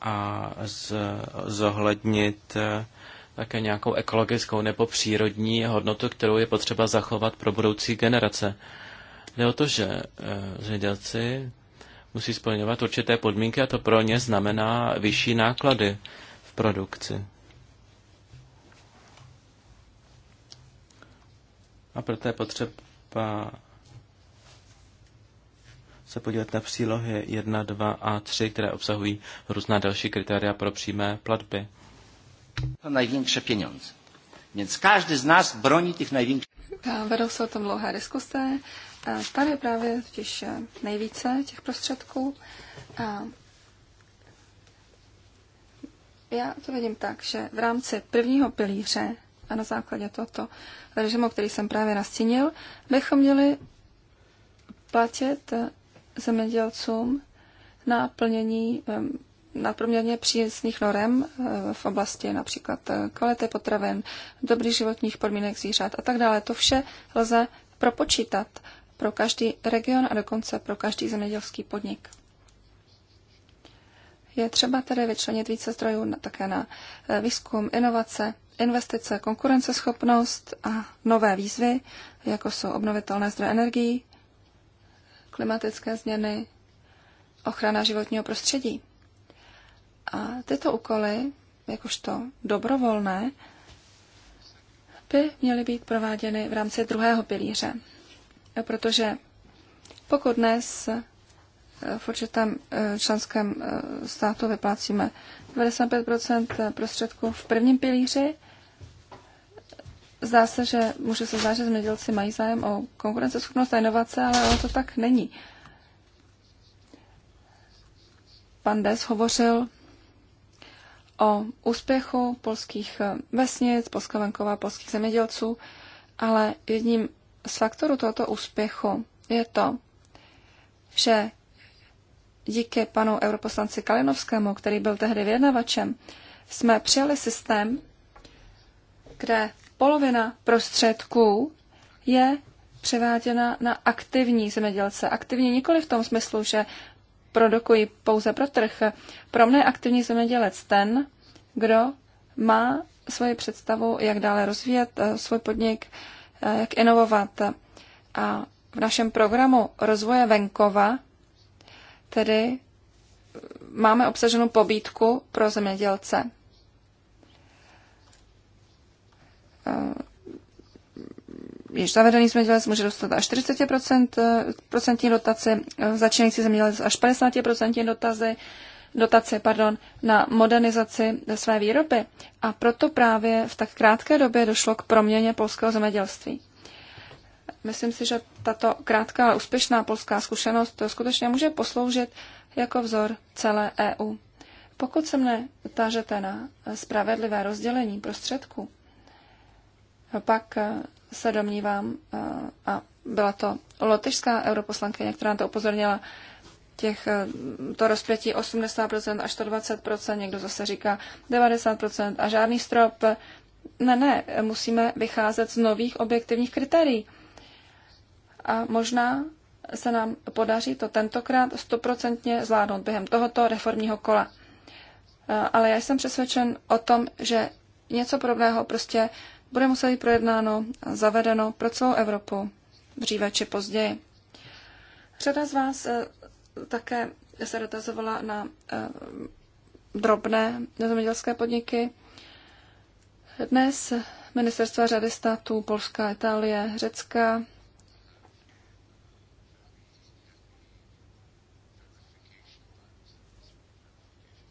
a z, zohlednit eh, také nějakou ekologickou nebo přírodní hodnotu, kterou je potřeba zachovat pro budoucí generace. Jde o to, že zemědělci musí splňovat určité podmínky a to pro ně znamená vyšší náklady v produkci. A proto je potřeba se podívat na přílohy 1, 2 a 3, které obsahují různá další kritéria pro přímé platby. To největší peníze. Więc každý z nás broní těch největších. Vedou se o tom dlouhé diskuse. Tady právě totiž eh, nejvíce těch prostředků. Já to vidím tak, že v rámci prvního pilíře a na základě tohoto režimu, který jsem právě nastínil, bychom měli platit eh, zemědělcům na plnění nadprůměrně příjemných norem eh, v oblasti například eh, kvality potravin, dobrých životních podmínek zvířat a tak dále. To vše lze propočítat pro každý region a dokonce pro každý zemědělský podnik. Je třeba tedy vyčlenit více zdrojů na, také na výzkum, inovace, investice, konkurenceschopnost a nové výzvy, jako jsou obnovitelné zdroje energií, klimatické změny, ochrana životního prostředí. A tyto úkoly, jakožto dobrovolné, by měly být prováděny v rámci druhého pilíře. Protože pokud dnes eh, v určitém eh, členském eh, státu vyplácíme 95 prostředků v prvním pilíři Zdá se, že může se zdá, že zemědělci mají zájem o konkurenceschopnost a inovace, ale ono to tak není. Pan Des hovořil o úspěchu polských vesnic, polská venkova, polských zemědělců, ale jedním z faktorů tohoto úspěchu je to, že díky panu europoslanci Kalinovskému, který byl tehdy vyjednavačem, jsme přijali systém, kde polovina prostředků je převáděna na aktivní zemědělce. Aktivní nikoli v tom smyslu, že produkují pouze pro trh. Pro mne je aktivní zemědělec ten, kdo má svoji představu, jak dále rozvíjet eh, svůj podnik, eh, jak inovovat. A v našem programu rozvoje venkova tedy eh, máme obsaženou pobídku pro zemědělce. Eh, již zavedený zemědělec může dostat až 40% eh, procentní dotace, eh, začínající zemědělec až 50% dotazy, dotace pardon, na modernizaci své výroby. A proto právě v tak krátké době došlo k proměně polského zemědělství. Myslím si, že tato krátká, ale úspěšná polská zkušenost to skutečně může posloužit jako vzor celé EU. Pokud se mne tážete na spravedlivé rozdělení prostředků, pak eh, se domnívám, eh, a byla to lotyšská europoslankyně, která to upozornila, těch, eh, to rozpětí 80% až 120%, někdo zase říká 90% a žádný strop. Ne, ne, musíme vycházet z nových objektivních kritérií. A možná se nám podaří to tentokrát stoprocentně zvládnout během tohoto reformního kola. Ale já jsem přesvědčen o tom, že něco podobného prostě bude muset být projednáno a zavedeno pro celou Evropu dříve či později. Řada z vás eh, také se dotazovala na eh, drobné zemědělské podniky. Dnes ministerstva řady států Polska, Itálie, Řecka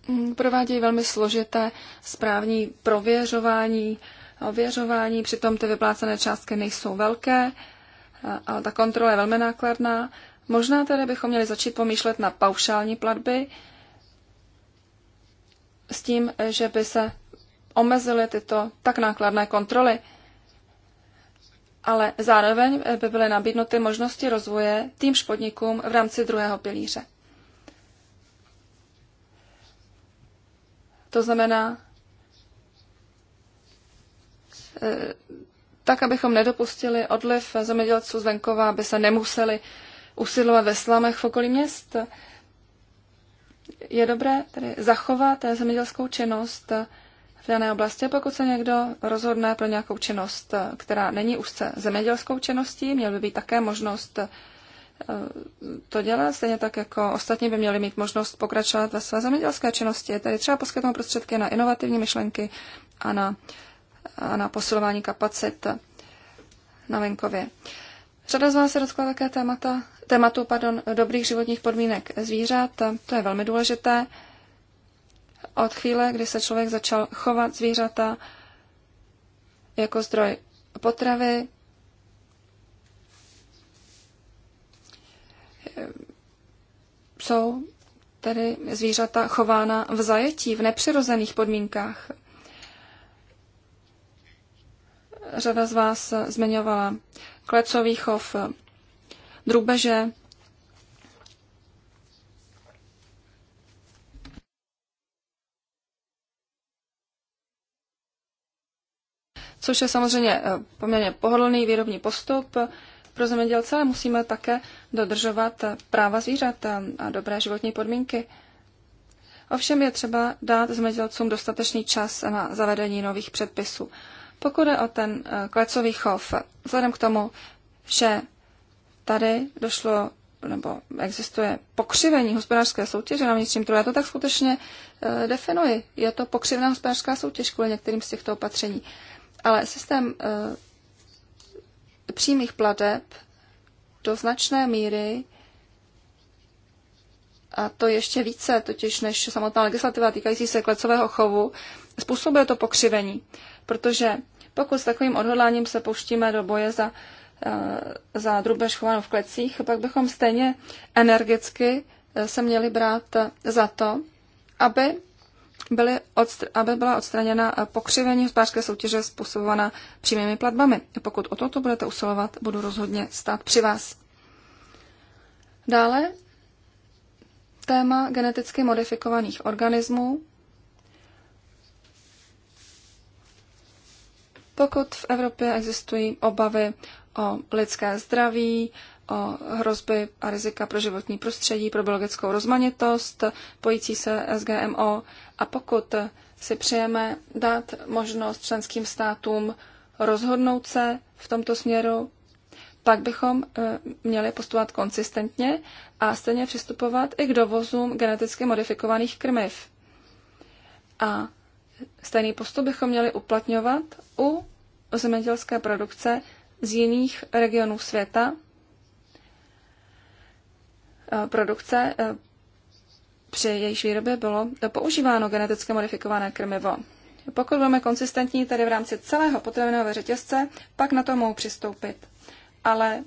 hm, provádějí velmi složité správní prověřování ověřování, přitom ty vyplácené částky nejsou velké, ale ta kontrola je velmi nákladná. Možná tedy bychom měli začít pomýšlet na paušální platby s tím, že by se omezily tyto tak nákladné kontroly, ale zároveň by byly nabídnuty možnosti rozvoje tým podnikům v rámci druhého pilíře. To znamená, Eh, tak, abychom nedopustili odliv zemědělců z venkova, aby se nemuseli usilovat ve slamech v okolí měst. Je dobré tedy zachovat zemědělskou činnost v dané oblasti, pokud se někdo rozhodne pro nějakou činnost, která není úzce zemědělskou činností, měl by být také možnost eh, to dělat, stejně tak jako ostatní by měli mít možnost pokračovat ve své zemědělské činnosti. Tady třeba poskytnout prostředky na inovativní myšlenky a na uh, a na posilování kapacit na venkově. Řada z vás se dotkla také témata, tématu pardon, dobrých životních podmínek zvířat. To je velmi důležité. Od chvíle, kdy se člověk začal chovat zvířata jako zdroj potravy, jsou tedy zvířata chována v zajetí, v nepřirozených podmínkách. Řada z vás zmiňovala klecový chov drubeže. Což je samozřejmě eh, poměrně pohodlný výrobní postup pro zemědělce, ale musíme také dodržovat práva zvířat a dobré životní podmínky. Ovšem je třeba dát zemědělcům dostatečný čas na zavedení nových předpisů. Pokud je o ten eh, klecový chov, vzhledem k tomu, že tady došlo nebo existuje pokřivení hospodářské soutěže na vnitřním trhu, já to tak skutečně eh, definuji. Je to pokřivená hospodářská soutěž kvůli některým z těchto opatření. Ale systém eh, přímých plateb do značné míry a to ještě více, totiž než samotná legislativa týkající se klecového chovu, způsobuje to pokřivení protože pokud s takovým odhodláním se pouštíme do boje za, eh, za drubež chovanou v klecích, pak bychom stejně energicky eh, se měli brát eh, za to, aby, byly odstr- aby byla odstraněna pokřivení hospodářské soutěže způsobovaná přímými platbami. Pokud o toto budete usilovat, budu rozhodně stát při vás. Dále téma geneticky modifikovaných organismů Pokud v Evropě existují obavy o lidské zdraví, o hrozby a rizika pro životní prostředí, pro biologickou rozmanitost, pojící se SGMO a pokud si přejeme dát možnost členským státům rozhodnout se v tomto směru, pak bychom eh, měli postupovat konsistentně a stejně přistupovat i k dovozům geneticky modifikovaných krmiv. A Stejný postup bychom měli uplatňovat u zemědělské produkce z jiných regionů světa, eh, produkce, eh, při jejíž výrobě bylo používáno geneticky modifikované krmivo. Pokud budeme konsistentní tedy v rámci celého potravinového řetězce, pak na to mohou přistoupit. Ale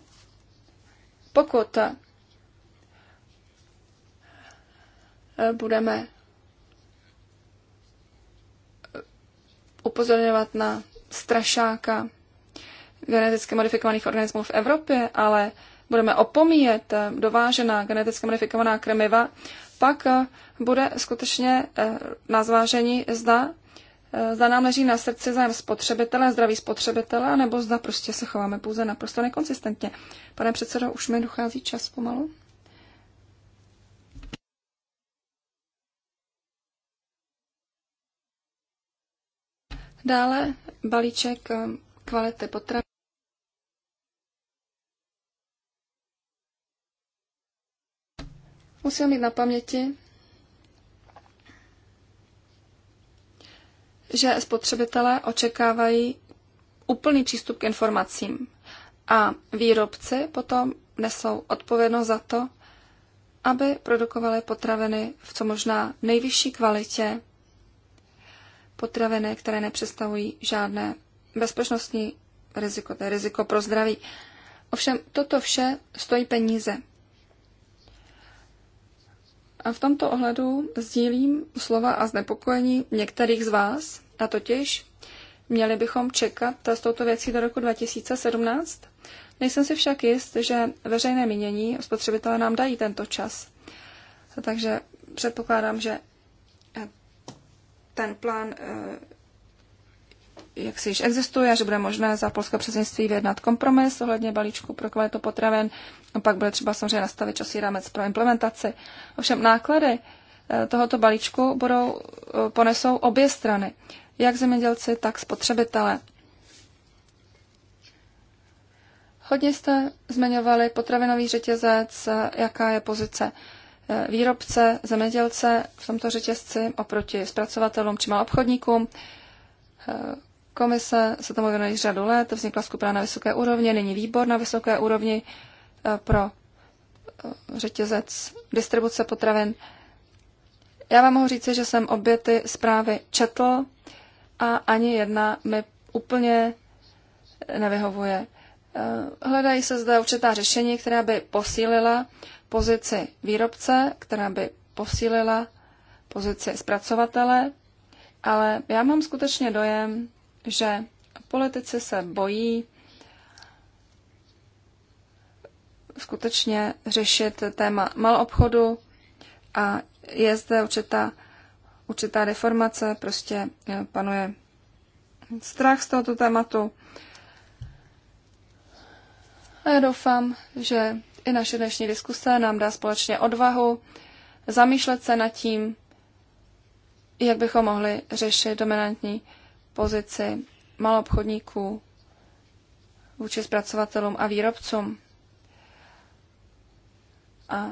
pokud eh, budeme upozorňovat na strašáka geneticky modifikovaných organismů v Evropě, ale budeme opomíjet eh, dovážená geneticky modifikovaná krmiva, pak eh, bude skutečně eh, na zvážení, zda, zda nám leží na srdci zájem spotřebitele, zdraví spotřebitele, nebo zda prostě se chováme pouze naprosto nekonsistentně. Pane předsedo, už mi dochází čas pomalu. Dále balíček eh, kvality potravin. Musíme mít na paměti, že spotřebitelé očekávají úplný přístup k informacím a výrobci potom nesou odpovědnost za to, aby produkovali potraviny v co možná nejvyšší kvalitě potraviny, které nepředstavují žádné bezpečnostní riziko, to je riziko pro zdraví. Ovšem, toto vše stojí peníze. A v tomto ohledu sdílím slova a znepokojení některých z vás, a totiž měli bychom čekat s touto věcí do roku 2017. Nejsem si však jist, že veřejné mínění spotřebitelé nám dají tento čas. Takže předpokládám, že ten plán eh, jak si již existuje, že bude možné za polské předsednictví vyjednat kompromis ohledně balíčku pro kvalitu potravin. A pak bude třeba samozřejmě nastavit časový rámec pro implementaci. Ovšem náklady eh, tohoto balíčku budou, eh, ponesou obě strany, jak zemědělci, tak spotřebitele. Hodně jste zmiňovali potravinový řetězec, jaká je pozice Eh, výrobce, zemědělce v tomto řetězci oproti zpracovatelům či malobchodníkům. Eh, komise se tomu věnuje řadu let, vznikla skupina na vysoké úrovni, nyní výbor na vysoké úrovni eh, pro řetězec distribuce potravin. Já vám mohu říci, že jsem obě ty zprávy četl a ani jedna mi úplně nevyhovuje. Hledají se zde určitá řešení, která by posílila pozici výrobce, která by posílila pozici zpracovatele, ale já mám skutečně dojem, že politici se bojí skutečně řešit téma malobchodu a je zde určitá, určitá deformace, prostě eh, panuje strach z tohoto tématu. A já doufám, že i naše dnešní diskuse nám dá společně odvahu zamýšlet se nad tím, jak bychom mohli řešit dominantní pozici malobchodníků vůči zpracovatelům a výrobcům. A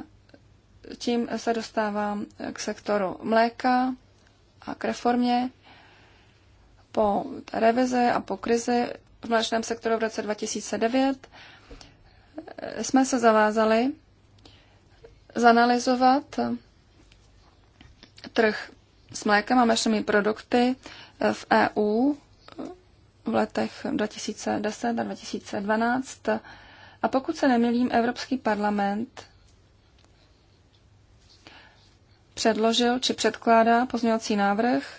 tím se dostávám k sektoru mléka a k reformě. Po revizi a po krizi v mléčném sektoru v roce 2009 jsme se zavázali zanalizovat trh s mlékem a mešnými produkty v EU v letech 2010 a 2012. A pokud se nemilím, Evropský parlament předložil či předkládá pozměňovací návrh,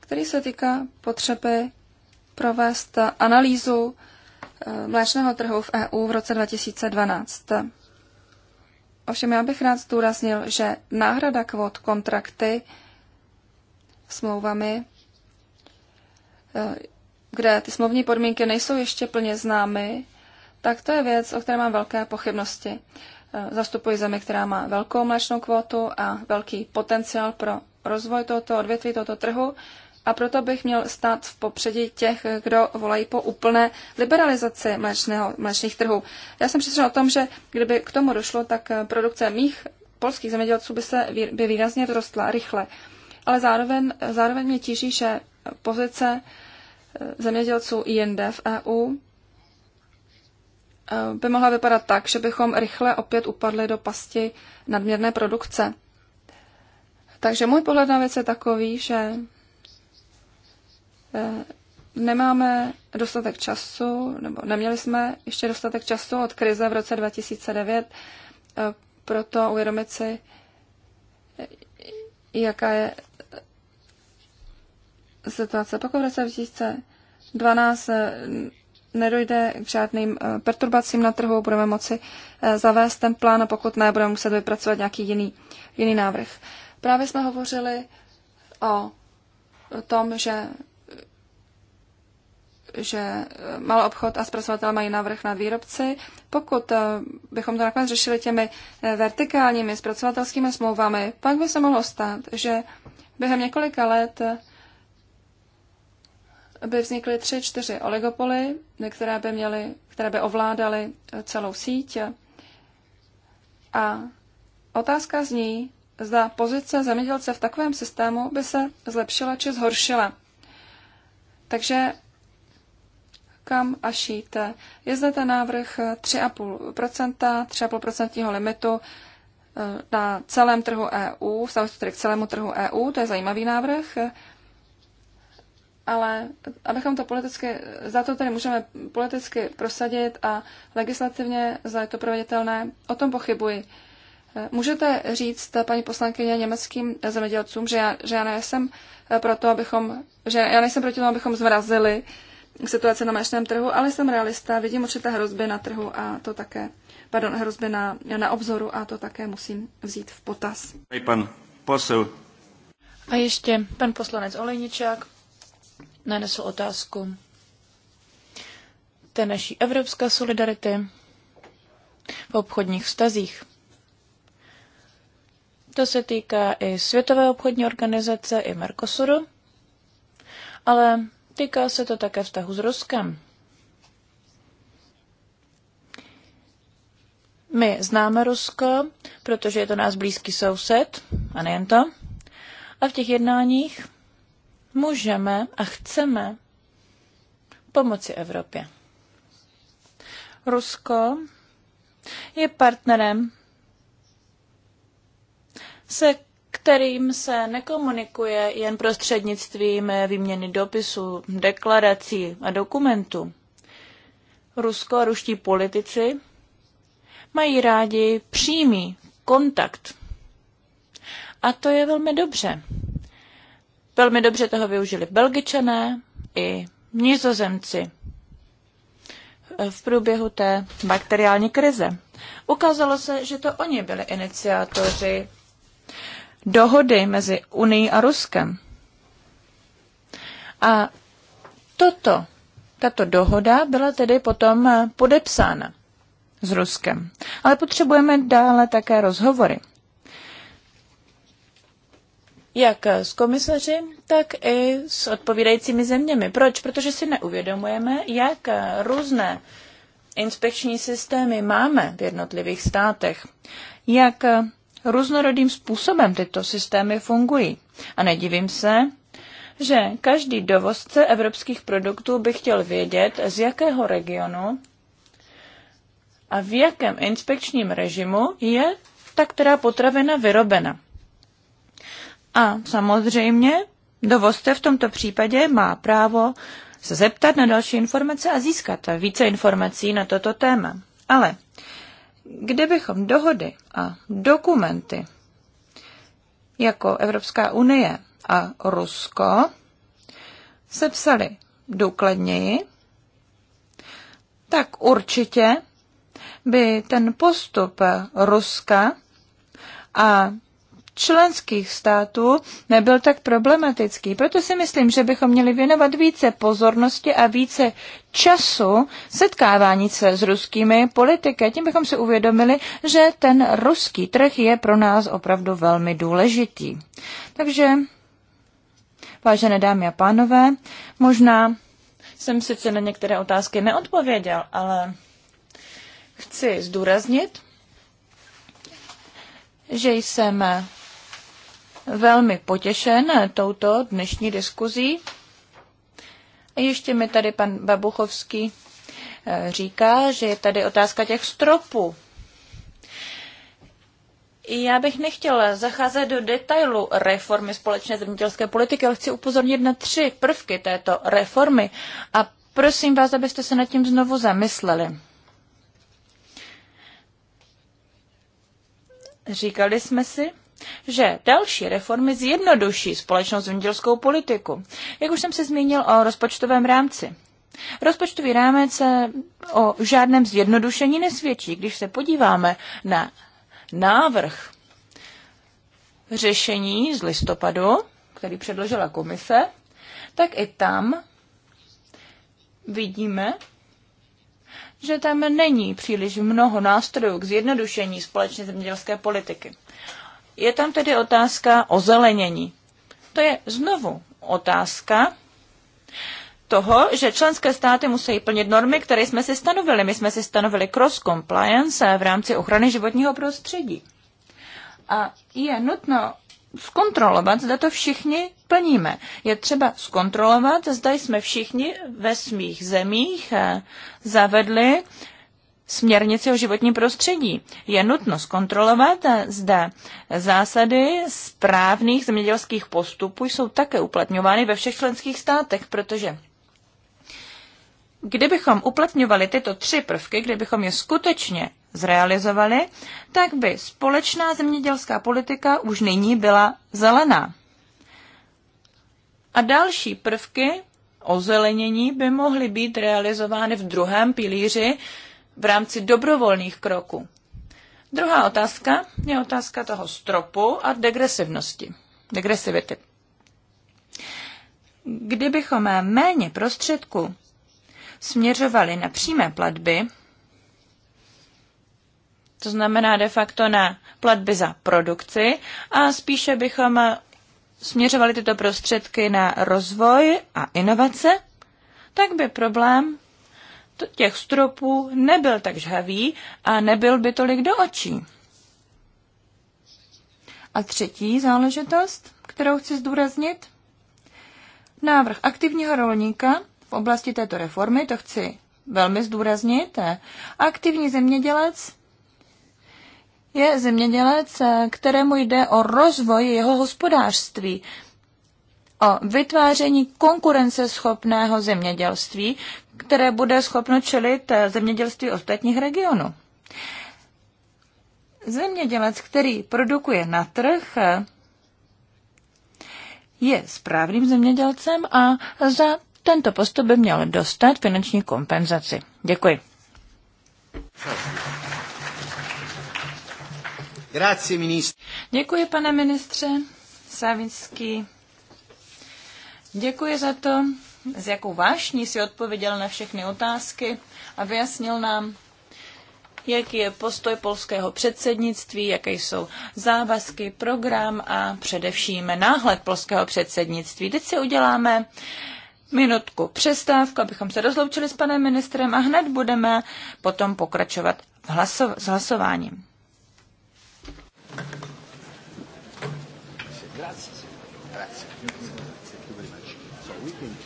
který se týká potřeby provést analýzu mléčného eh, trhu v EU v roce 2012. Ovšem já bych rád zdůraznil, že náhrada kvot kontrakty smlouvami, eh, kde ty smluvní podmínky nejsou ještě plně známy, tak to je věc, o které mám velké pochybnosti. Eh, zastupuji zemi, která má velkou mléčnou kvotu a velký potenciál pro rozvoj tohoto odvětví, tohoto trhu, a proto bych měl stát v popředí těch, kdo volají po úplné liberalizaci mléčného, mléčných trhů. Já jsem přesvědčen o tom, že kdyby k tomu došlo, tak eh, produkce mých polských zemědělců by se by výrazně vzrostla rychle. Ale zároveň, zároveň mě těší, že pozice eh, zemědělců jinde v EU eh, by mohla vypadat tak, že bychom rychle opět upadli do pasti nadměrné produkce. Takže můj pohled na věc je takový, že Eh, nemáme dostatek času, nebo neměli jsme ještě dostatek času od krize v roce 2009, eh, proto uvědomit si, eh, jaká je situace. Pokud v roce 2012 nedojde k žádným perturbacím na trhu, budeme moci zavést ten plán a pokud ne, budeme muset vypracovat nějaký jiný, jiný návrh. Právě jsme hovořili o tom, že že eh, malý obchod a zpracovatel mají návrh na výrobci. Pokud eh, bychom to nakonec řešili těmi eh, vertikálními zpracovatelskými smlouvami, pak by se mohlo stát, že během několika let by vznikly tři, čtyři oligopoly, které by, měly, které by ovládaly celou síť. A otázka zní, zda pozice zemědělce v takovém systému by se zlepšila či zhoršila. Takže kam a jíte. Je zde ten návrh 3,5%, 3,5% limitu eh, na celém trhu EU, vztahuje tedy k celému trhu EU, to je zajímavý návrh, ale abychom to politicky, za to tedy můžeme politicky prosadit a legislativně za to proveditelné, o tom pochybuji. Eh, můžete říct, paní poslankyně, německým zemědělcům, že já, že já nejsem eh, proto, abychom, že já nejsem proti tomu, abychom zmrazili uh, situace na mléčném trhu, ale jsem realista, vidím určité hrozby na trhu a to také, pardon, hrozby na, na obzoru a to také musím vzít v potaz. Hey, pan posel. A ještě pan poslanec Olejničák nanesl otázku té naší evropské solidarity v obchodních vztazích. To se týká i Světové obchodní organizace, i Mercosuru, ale Týká se to také vztahu s Ruskem. My známe Rusko, protože je to nás blízký soused, a nejen to. A v těch jednáních můžeme a chceme pomoci Evropě. Rusko je partnerem, se kterým se nekomunikuje jen prostřednictvím výměny dopisů, deklarací a dokumentů. Rusko a ruští politici mají rádi přímý kontakt. A to je velmi dobře. Velmi dobře toho využili Belgičané i Nizozemci v průběhu té bakteriální krize. Ukázalo se, že to oni byli iniciátoři dohody mezi Unii a Ruskem. A toto, tato dohoda byla tedy potom eh, podepsána s Ruskem. Ale potřebujeme dále také rozhovory. Jak eh, s komisaři, tak i s odpovídajícími zeměmi. Proč? Protože si neuvědomujeme, jak eh, různé inspekční systémy máme v jednotlivých státech. Jak různorodým způsobem tyto systémy fungují. A nedivím se, že každý dovozce evropských produktů by chtěl vědět, z jakého regionu a v jakém inspekčním režimu je ta která potravina vyrobena. A samozřejmě dovozce v tomto případě má právo se zeptat na další informace a získat více informací na toto téma. Ale kde bychom dohody a dokumenty jako Evropská unie a Rusko sepsali důkladněji, tak určitě by ten postup Ruska a členských států nebyl tak problematický. Proto si myslím, že bychom měli věnovat více pozornosti a více času setkávání se s ruskými politiky. Tím bychom si uvědomili, že ten ruský trh je pro nás opravdu velmi důležitý. Takže, vážené dámy a pánové, možná jsem sice na některé otázky neodpověděl, ale chci zdůraznit, že jsem velmi potěšen touto dnešní diskuzí. A ještě mi tady pan Babuchovský eh, říká, že je tady otázka těch stropů. Já bych nechtěla zacházet do detailu reformy společné zemědělské politiky, ale chci upozornit na tři prvky této reformy a prosím vás, abyste se nad tím znovu zamysleli. Říkali jsme si, že další reformy zjednoduší společnou zemědělskou politiku. Jak už jsem se zmínil o rozpočtovém rámci. Rozpočtový rámec eh, o žádném zjednodušení nesvědčí. Když se podíváme na návrh řešení z listopadu, který předložila komise, tak i tam vidíme, že tam není příliš mnoho nástrojů k zjednodušení společné zemědělské politiky. Je tam tedy otázka o zelenění. To je znovu otázka toho, že členské státy musí plnit normy, které jsme si stanovili. My jsme si stanovili cross-compliance v rámci ochrany životního prostředí. A je nutno zkontrolovat, zda to všichni plníme. Je třeba zkontrolovat, zda jsme všichni ve svých zemích eh, zavedli směrnici o životním prostředí. Je nutno zkontrolovat, eh, zda zásady správných zemědělských postupů jsou také uplatňovány ve všech členských státech, protože kdybychom uplatňovali tyto tři prvky, kdybychom je skutečně zrealizovali, tak by společná zemědělská politika už nyní byla zelená. A další prvky ozelenění by mohly být realizovány v druhém pilíři v rámci dobrovolných kroků. Druhá otázka je otázka toho stropu a degresivnosti, degresivity. Kdybychom méně prostředků směřovali na přímé platby, to znamená de facto na platby za produkci, a spíše bychom směřovali tyto prostředky na rozvoj a inovace, tak by problém těch stropů nebyl tak žhavý a nebyl by tolik do očí. A třetí záležitost, kterou chci zdůraznit, návrh aktivního rolníka v oblasti této reformy, to chci velmi zdůraznit, aktivní zemědělec je zemědělec, kterému jde o rozvoj jeho hospodářství, o vytváření konkurenceschopného zemědělství, které bude schopno čelit eh, zemědělství ostatních regionů. Zemědělec, který produkuje na trh, eh, je správným zemědělcem a za tento postup by měl dostat finanční kompenzaci. Děkuji. Děkuji, pane ministře Savický. Děkuji za to, s jakou vášní si odpověděl na všechny otázky a vyjasnil nám, jaký je postoj polského předsednictví, jaké jsou závazky, program a především náhled polského předsednictví. Teď si uděláme minutku přestávku, abychom se rozloučili s panem ministrem a hned budeme potom pokračovat v hlaso- s hlasováním. Gracias. Gracias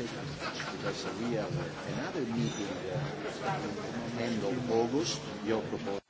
check because we have another meeting uh, end of August. Your proposal.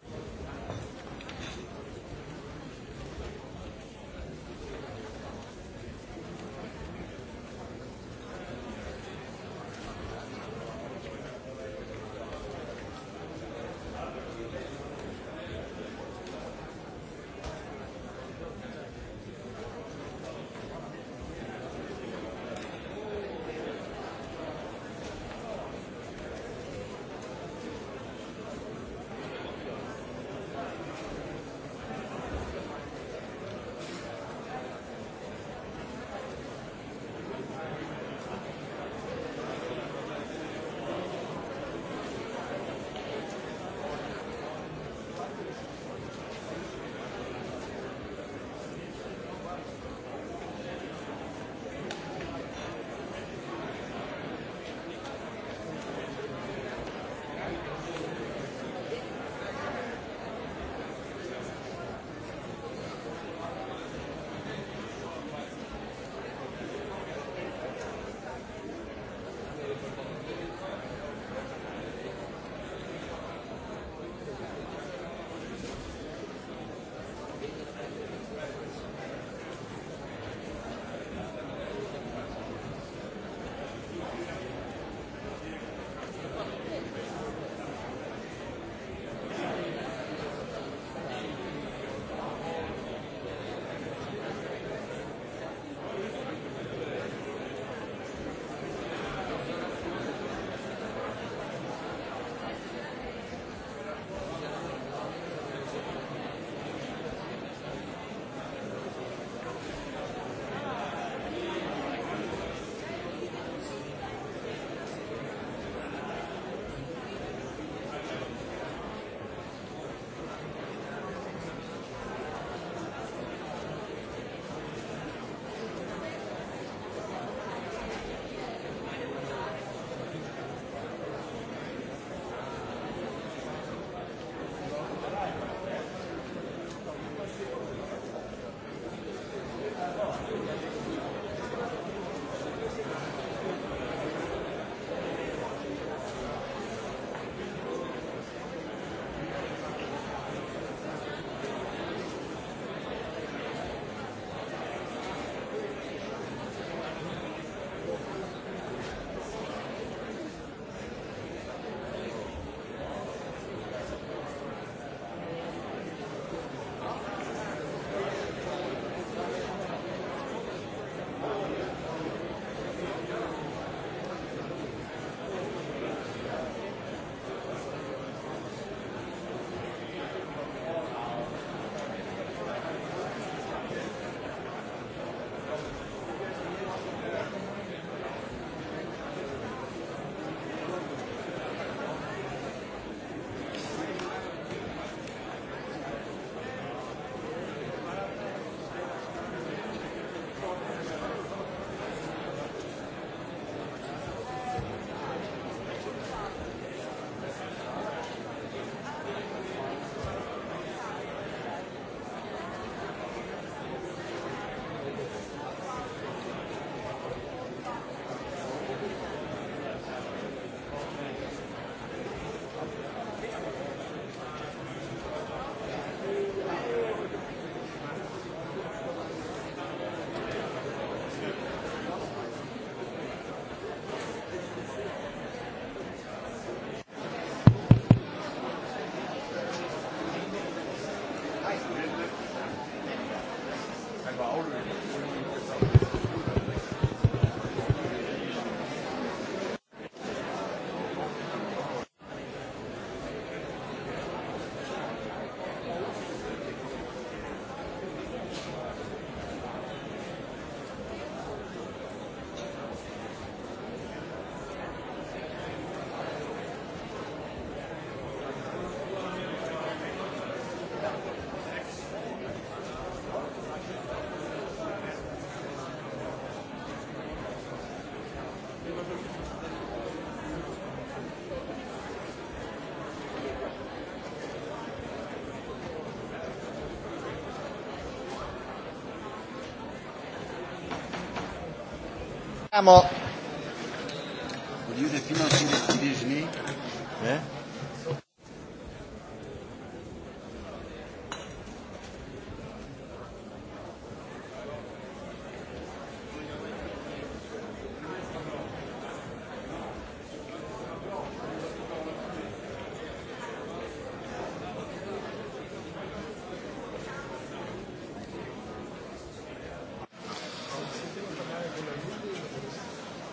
Siamo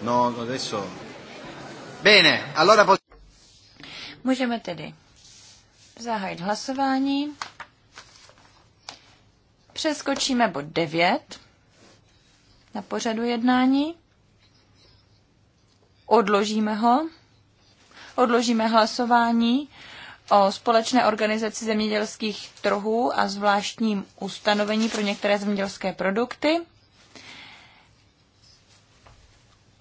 No, adesso. Bene, allora Můžeme tedy zahájit hlasování. Přeskočíme bod 9 na pořadu jednání. Odložíme ho. Odložíme hlasování o společné organizaci zemědělských trhů a zvláštním ustanovení pro některé zemědělské produkty.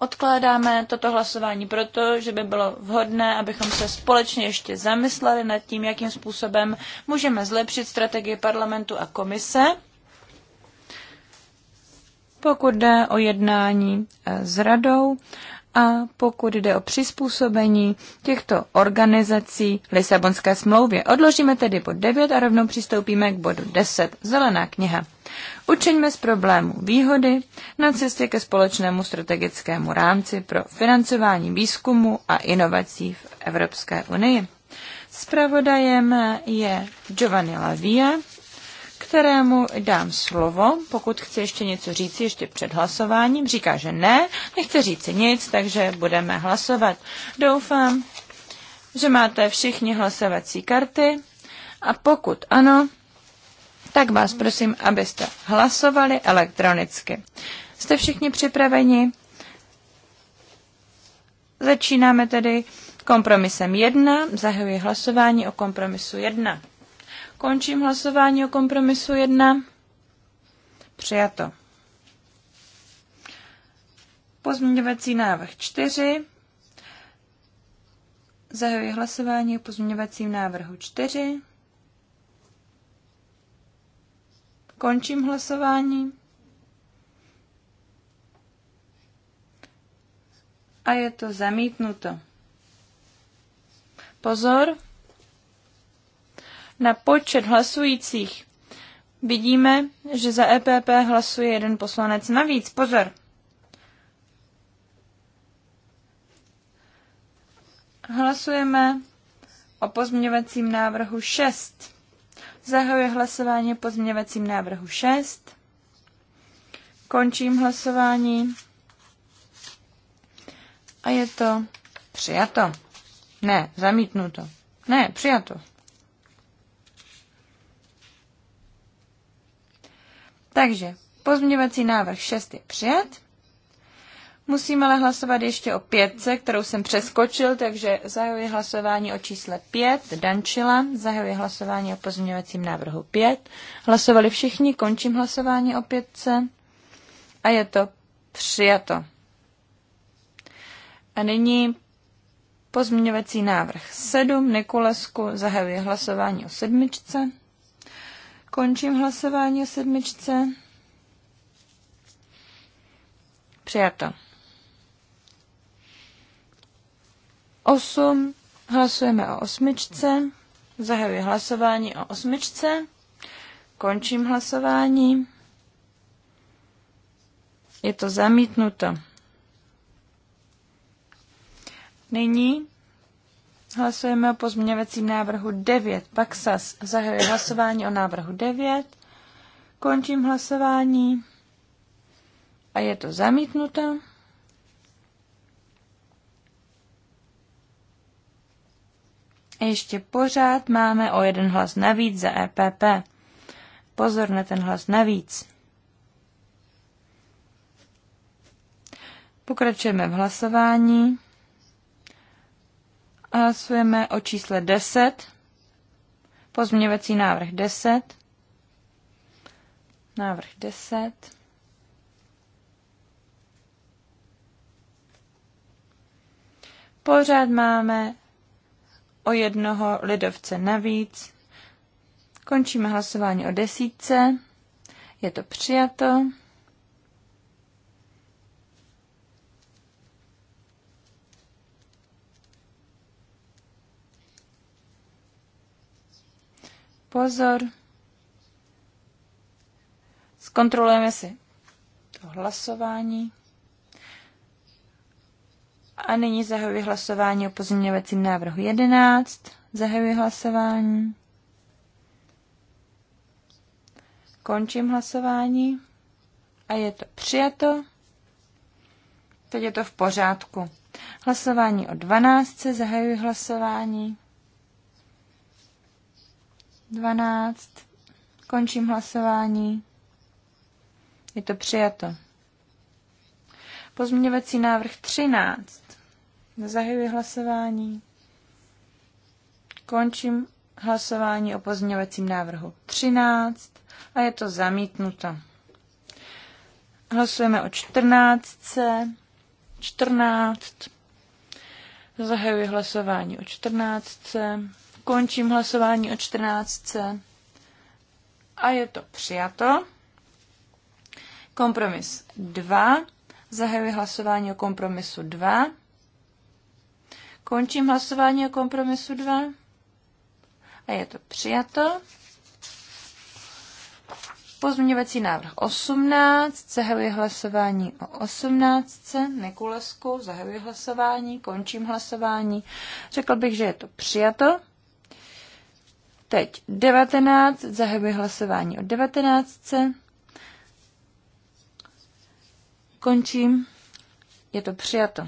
Odkládáme toto hlasování proto, že by bylo vhodné, abychom se společně ještě zamysleli nad tím, jakým způsobem můžeme zlepšit strategii parlamentu a komise, pokud jde o jednání eh, s radou a pokud jde o přizpůsobení těchto organizací Lisabonské smlouvě. Odložíme tedy bod 9 a rovnou přistoupíme k bodu 10. Zelená kniha. Učiňme z problému výhody na cestě ke společnému strategickému rámci pro financování výzkumu a inovací v Evropské unii. Spravodajem je Giovanni Lavia, kterému dám slovo, pokud chce ještě něco říct ještě před hlasováním. Říká, že ne, nechce říct nic, takže budeme hlasovat. Doufám, že máte všichni hlasovací karty a pokud ano, tak vás prosím, abyste hlasovali elektronicky. Jste všichni připraveni? Začínáme tedy kompromisem 1. Zahajuji hlasování o kompromisu 1. Končím hlasování o kompromisu 1. Přijato. Pozměňovací návrh 4. Zahajuji hlasování o pozměňovacím návrhu 4. Končím hlasování. A je to zamítnuto. Pozor! Na počet hlasujících vidíme, že za EPP hlasuje jeden poslanec navíc. Pozor! Hlasujeme o pozměňovacím návrhu 6. Zahajuji hlasování o pozměňovacím návrhu 6. Končím hlasování. A je to přijato. Ne, zamítnuto. Ne, přijato. Takže pozměňovací návrh 6 je přijat. Musím ale hlasovat ještě o pětce, kterou jsem přeskočil, takže zahajuji hlasování o čísle 5, Dančila, zahajuji hlasování o pozměňovacím návrhu 5. Hlasovali všichni, končím hlasování o pětce a je to přijato. A nyní pozměňovací návrh 7, Nikulesku, zahajuji hlasování o sedmičce. Končím hlasování o sedmičce. Přijato. 8. Hlasujeme o osmičce. Zahajuji hlasování o osmičce. Končím hlasování. Je to zamítnuto. Nyní hlasujeme o pozměňovacím návrhu 9. Paxas zahajuje hlasování o návrhu 9. Končím hlasování. A je to zamítnuto. Ještě pořád máme o jeden hlas navíc za EPP. Pozor na ten hlas navíc. Pokračujeme v hlasování. Hlasujeme o čísle 10. Pozměňovací návrh 10. Návrh 10. Pořád máme o jednoho lidovce navíc. Končíme hlasování o desítce. Je to přijato. Pozor. Zkontrolujeme si to hlasování. A nyní zahajuji hlasování o pozměňovacím návrhu 11. Zahajuji hlasování. Končím hlasování. A je to přijato. Teď je to v pořádku. Hlasování o 12. Zahajuji hlasování. 12. Končím hlasování. Je to přijato. Pozměňovací návrh 13. Zahajuji hlasování. Končím hlasování o pozměňovacím návrhu 13 a je to zamítnuto. Hlasujeme o 14. 14. Zahajuji hlasování o 14. Končím hlasování o 14. A je to přijato. Kompromis 2. Zahajuji hlasování o kompromisu 2. Končím hlasování o kompromisu 2. A je to přijato. Pozměňovací návrh 18. Zahajuji hlasování o 18. Nekulesku. Zahajuji hlasování. Končím hlasování. Řekl bych, že je to přijato. Teď 19. Zahajuji hlasování o 19. Končím. Je to přijato.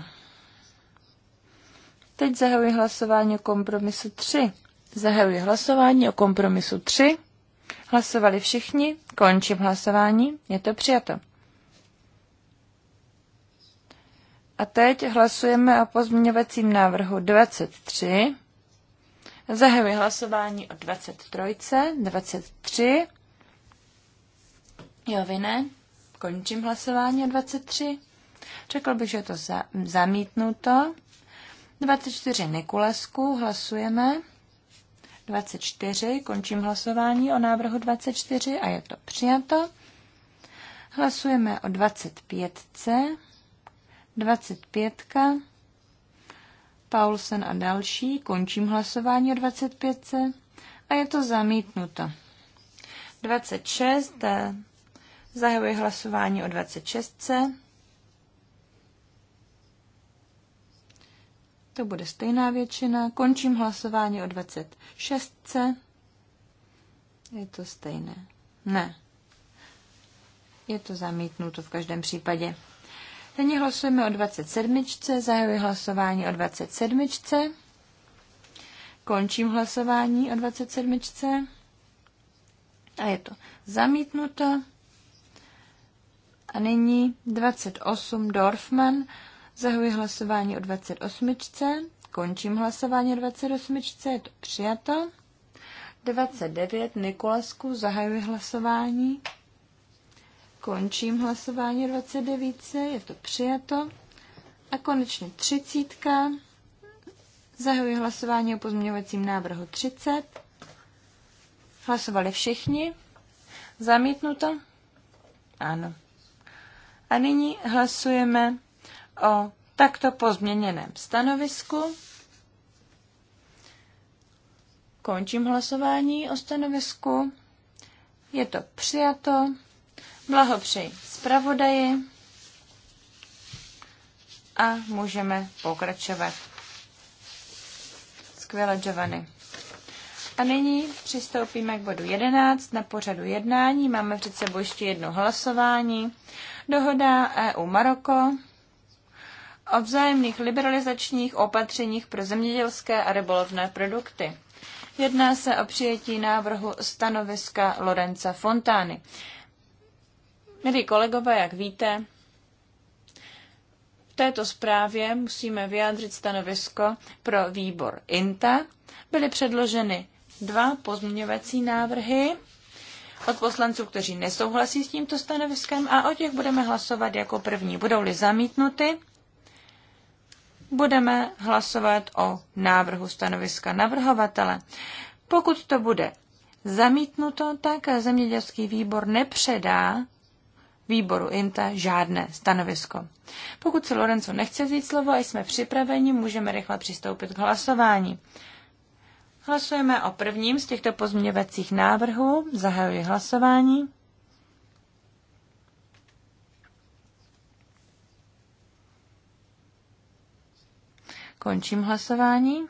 Teď zahajuji hlasování o kompromisu 3. Zahajuji hlasování o kompromisu 3. Hlasovali všichni, končím hlasování, je to přijato. A teď hlasujeme o pozměňovacím návrhu 23. Zahajuji hlasování o 23. 23. Jo, vy ne? Končím hlasování o 23. Řekl bych, že je to za, zamítnuto. 24 Nikulesku, hlasujeme. 24, končím hlasování o návrhu 24 a je to přijato. Hlasujeme o 25. 25. Paulsen a další, končím hlasování o 25. A je to zamítnuto. 26. Eh, zahajuji hlasování o 26. to bude stejná většina. Končím hlasování o 26. Je to stejné. Ne. Je to zamítnuto v každém případě. Nyní hlasujeme o 27. Zahajuji hlasování o 27. Končím hlasování o 27. A je to zamítnuto. A nyní 28 Dorfman. Zahuji hlasování o 28. Končím hlasování o 28. Je to přijato. 29. Nikolasku. Zahajuji hlasování. Končím hlasování o 29, je to přijato. A konečně 30. Zahajuji hlasování o pozměňovacím návrhu 30. Hlasovali všichni. Zamítnuto? Ano. A nyní hlasujeme o takto pozměněném stanovisku. Končím hlasování o stanovisku. Je to přijato. Blahopřeji zpravodaji a můžeme pokračovat. Skvěle, Giovanni. A nyní přistoupíme k bodu 11. Na pořadu jednání máme před sebou ještě jedno hlasování. Dohoda EU Maroko o vzájemných liberalizačních opatřeních pro zemědělské a rybolovné produkty. Jedná se o přijetí návrhu stanoviska Lorenza Fontány. Milí kolegové, jak víte, v této zprávě musíme vyjádřit stanovisko pro výbor INTA. Byly předloženy dva pozměňovací návrhy od poslanců, kteří nesouhlasí s tímto stanoviskem a o těch budeme hlasovat jako první. Budou-li zamítnuty, budeme hlasovat o návrhu stanoviska navrhovatele. Pokud to bude zamítnuto, tak zemědělský výbor nepředá výboru INTA žádné stanovisko. Pokud se Lorenzo nechce vzít slovo a jsme připraveni, můžeme rychle přistoupit k hlasování. Hlasujeme o prvním z těchto pozměňovacích návrhů. Zahajuji hlasování. Končím hlasování.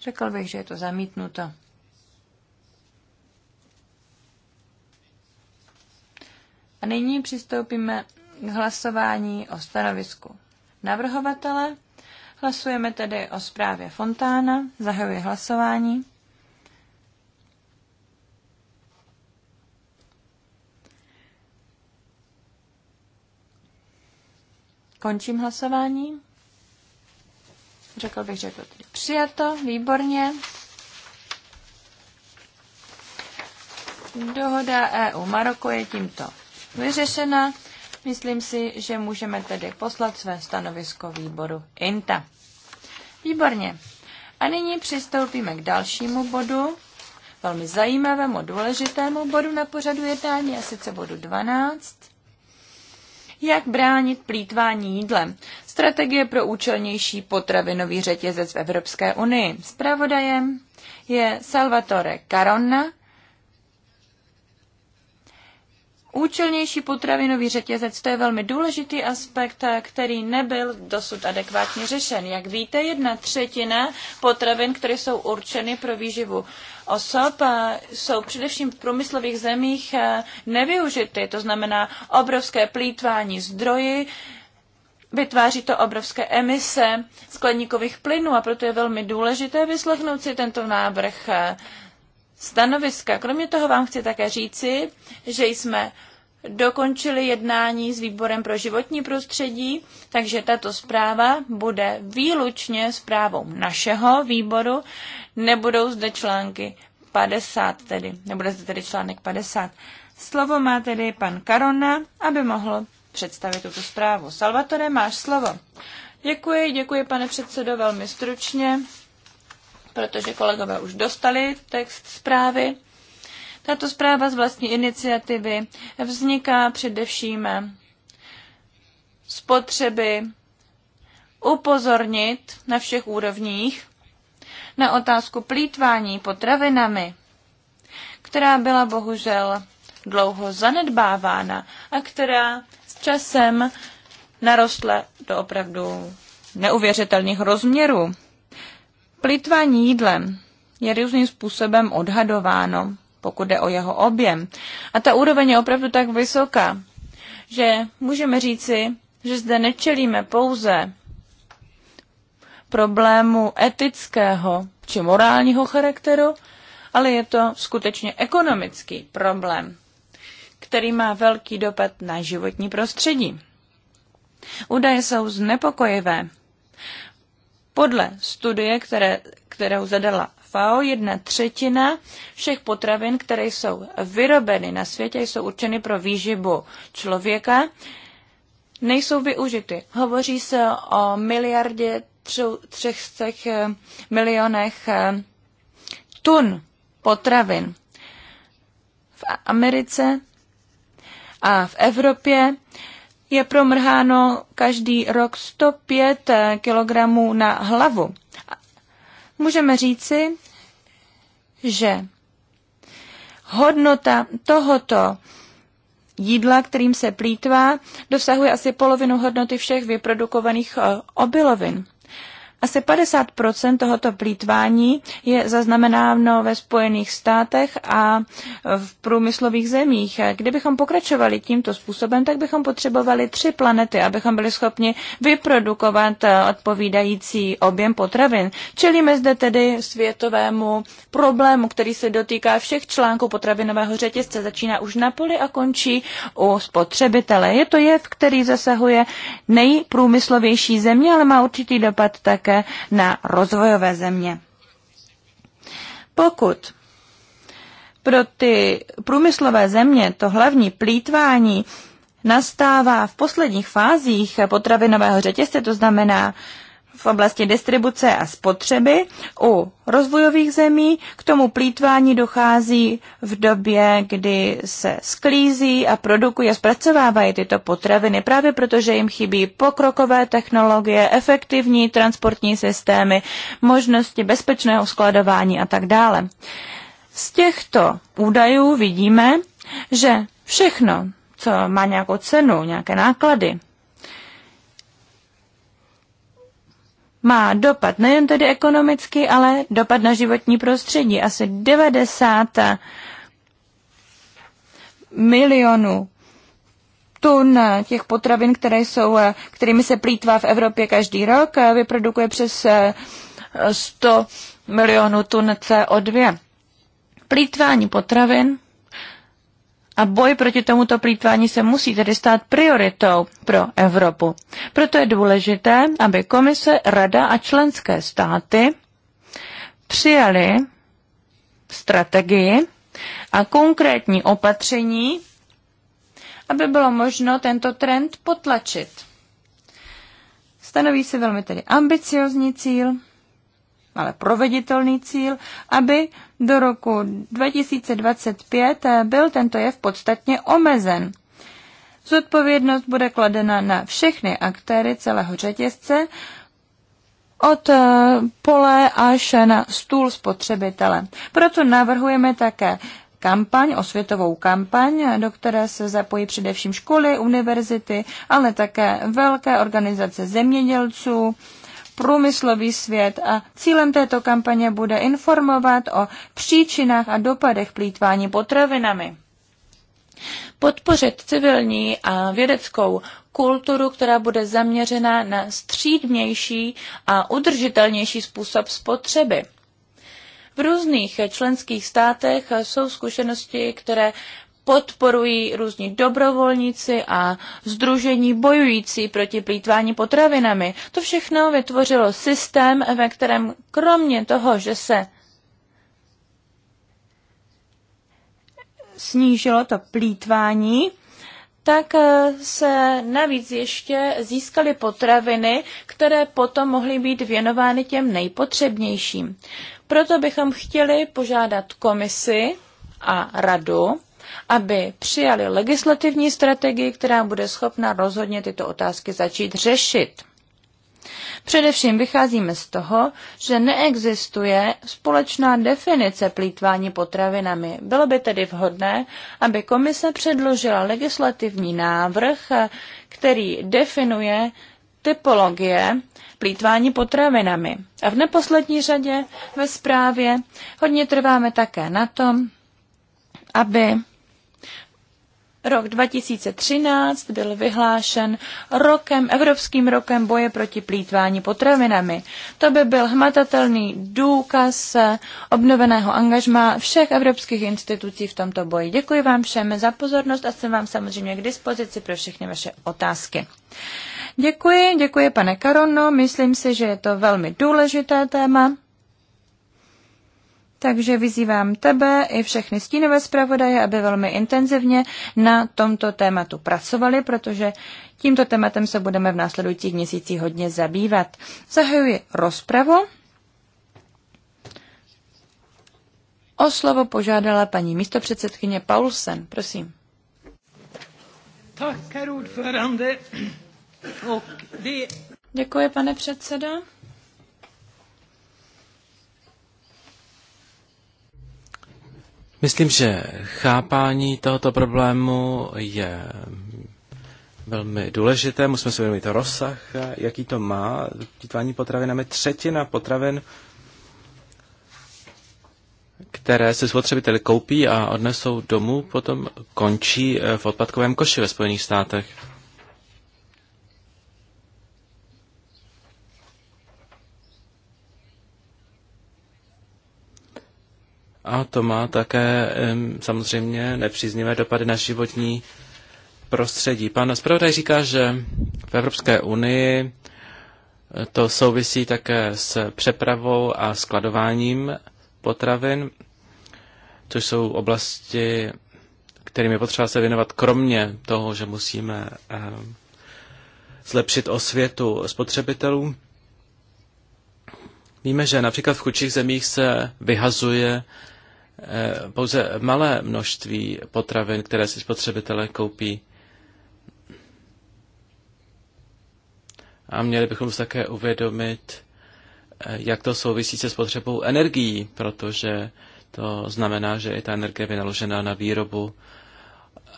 Řekl bych, že je to zamítnuto. A nyní přistoupíme k hlasování o stanovisku navrhovatele. Hlasujeme tedy o zprávě Fontána. Zahajuji hlasování. Končím hlasování. Řekl bych, že to tedy přijato, výborně. Dohoda EU Maroko je tímto vyřešena. Myslím si, že můžeme tedy poslat své stanovisko výboru INTA. Výborně. A nyní přistoupíme k dalšímu bodu, velmi zajímavému, důležitému bodu na pořadu jednání, a sice bodu 12 jak bránit plítvání jídlem. Strategie pro účelnější potravinový řetězec v Evropské unii. Spravodajem je Salvatore Caronna, Účelnější potravinový řetězec to je velmi důležitý aspekt, který nebyl dosud adekvátně řešen. Jak víte, jedna třetina potravin, které jsou určeny pro výživu osob eh, jsou především v průmyslových zemích eh, nevyužity. To znamená obrovské plítvání zdroji, vytváří to obrovské emise skleníkových plynů a proto je velmi důležité vyslechnout si tento návrh eh, stanoviska. Kromě toho vám chci také říci, že jsme dokončili jednání s výborem pro životní prostředí, takže tato zpráva bude výlučně zprávou našeho výboru nebudou zde články 50 tedy, nebude zde tedy článek 50. Slovo má tedy pan Karona, aby mohl představit tuto zprávu. Salvatore, máš slovo. Děkuji, děkuji pane předsedo, velmi stručně, protože kolegové už dostali text zprávy. Tato zpráva z vlastní iniciativy vzniká především z potřeby upozornit na všech úrovních na otázku plítvání potravinami, která byla bohužel dlouho zanedbávána a která s časem narostla do opravdu neuvěřitelných rozměrů. Plítvání jídlem je různým způsobem odhadováno, pokud jde o jeho objem. A ta úroveň je opravdu tak vysoká, že můžeme říci, že zde nečelíme pouze problému etického či morálního charakteru, ale je to skutečně ekonomický problém, který má velký dopad na životní prostředí. Údaje jsou znepokojivé. Podle studie, které, kterou zadala FAO, jedna třetina všech potravin, které jsou vyrobeny na světě, jsou určeny pro výživu člověka, nejsou využity. Hovoří se o miliardě 300 eh, milionech eh, tun potravin v Americe a v Evropě je promrháno každý rok 105 eh, kg na hlavu. Můžeme říci, že hodnota tohoto jídla, kterým se plítvá, dosahuje asi polovinu hodnoty všech vyprodukovaných obilovin. Asi 50 tohoto plítvání je zaznamenáno ve Spojených státech a v průmyslových zemích. Kdybychom pokračovali tímto způsobem, tak bychom potřebovali tři planety, abychom byli schopni vyprodukovat eh, odpovídající objem potravin. Čelíme zde tedy světovému problému, který se dotýká všech článků potravinového řetězce. Začíná už na poli a končí u spotřebitele. Je to jev, který zasahuje nejprůmyslovější země, ale má určitý dopad tak také na rozvojové země. Pokud pro ty průmyslové země to hlavní plítvání nastává v posledních fázích potravinového řetězce, to znamená v oblasti distribuce a spotřeby u rozvojových zemí. K tomu plítvání dochází v době, kdy se sklízí a produkují zpracovávají tyto potraviny, právě protože jim chybí pokrokové technologie, efektivní transportní systémy, možnosti bezpečného skladování a tak dále. Z těchto údajů vidíme, že všechno, co má nějakou cenu, nějaké náklady, má dopad nejen tedy ekonomicky, ale dopad na životní prostředí. Asi 90 milionů tun těch potravin, které jsou, kterými se plítvá v Evropě každý rok, vyprodukuje přes 100 eh, milionů tun CO2. Plítvání potravin a boj proti tomuto plítvání se musí tedy stát prioritou pro Evropu. Proto je důležité, aby komise, rada a členské státy přijali strategii a konkrétní opatření, aby bylo možno tento trend potlačit. Stanoví se velmi tedy ambiciozní cíl, ale proveditelný cíl, aby do roku 2025 eh, byl tento jev podstatně omezen. Zodpovědnost bude kladena na všechny aktéry celého řetězce, od eh, pole až na stůl spotřebitele. Proto navrhujeme také kampaň, osvětovou kampaň, do které se zapojí především školy, univerzity, ale také velké organizace zemědělců, průmyslový svět a cílem této kampaně bude informovat o příčinách a dopadech plítvání potravinami. Podpořit civilní a vědeckou kulturu, která bude zaměřena na střídnější a udržitelnější způsob spotřeby. V různých členských státech jsou zkušenosti, které podporují různí dobrovolníci a združení bojující proti plítvání potravinami. To všechno vytvořilo systém, ve kterém kromě toho, že se snížilo to plítvání, tak eh, se navíc ještě získaly potraviny, které potom mohly být věnovány těm nejpotřebnějším. Proto bychom chtěli požádat komisi a radu, aby přijali legislativní strategii, která bude schopna rozhodně tyto otázky začít řešit. Především vycházíme z toho, že neexistuje společná definice plítvání potravinami. Bylo by tedy vhodné, aby komise předložila legislativní návrh, který definuje typologie plítvání potravinami. A v neposlední řadě ve zprávě hodně trváme také na tom, aby Rok 2013 byl vyhlášen rokem, Evropským rokem boje proti plítvání potravinami. To by byl hmatatelný důkaz obnoveného angažma všech evropských institucí v tomto boji. Děkuji vám všem za pozornost a jsem vám samozřejmě k dispozici pro všechny vaše otázky. Děkuji, děkuji pane Karono, myslím si, že je to velmi důležité téma. Takže vyzývám tebe i všechny stínové zpravodaje, aby velmi intenzivně na tomto tématu pracovali, protože tímto tématem se budeme v následujících měsících hodně zabývat. Zahajuji rozpravu. O slovo požádala paní místopředsedkyně Paulsen. Prosím. Tak, Děkuji, pane předsedo. Myslím, že chápání tohoto problému je velmi důležité. Musíme si uvědomit rozsah, jaký to má plýtvání potravinami. Třetina potravin, které se spotřebiteli koupí a odnesou domů, potom končí v odpadkovém koši ve Spojených státech. A to má také samozřejmě nepříznivé dopady na životní prostředí. Pan zpravodaj říká, že v Evropské unii eh, to souvisí také s přepravou a skladováním potravin, což jsou oblasti, kterým je potřeba se věnovat, kromě toho, že musíme zlepšit osvětu spotřebitelů. Víme, že například v chudších zemích se vyhazuje Eh, pouze malé množství potravin, které si spotřebitelé koupí. A měli bychom se také uvědomit, eh, jak to souvisí se spotřebou energií, protože to znamená, že i ta energie vynaložená na výrobu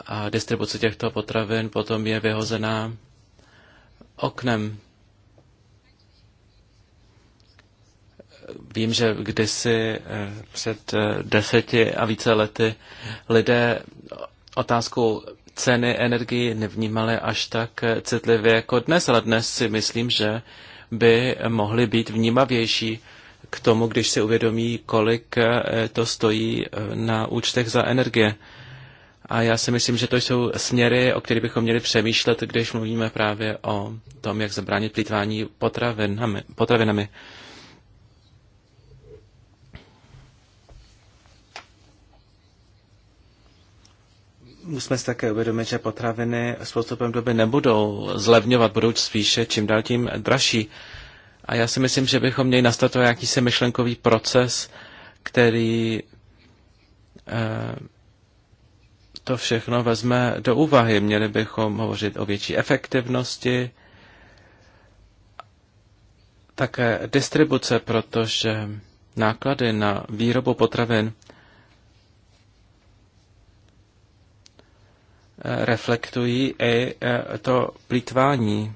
a distribuci těchto potravin potom je vyhozená oknem. Vím, že kdysi eh, před eh, deseti a více lety lidé otázku ceny energii nevnímali až tak eh, citlivě jako dnes, ale dnes si myslím, že by mohli být vnímavější k tomu, když si uvědomí, kolik to stojí na účtech za energie. A já si myslím, že to jsou směry, o kterých bychom měli přemýšlet, když mluvíme právě o tom, jak zabránit plýtvání potravinami. potravinami. Musíme si také uvědomit, že potraviny s postupem doby nebudou zlevňovat, budou spíše čím dál tím dražší. A já si myslím, že bychom měli nastartovat jakýsi myšlenkový proces, který eh, to všechno vezme do úvahy. Měli bychom hovořit o větší efektivnosti, také distribuce, protože náklady na výrobu potravin reflektují i e, to plítvání.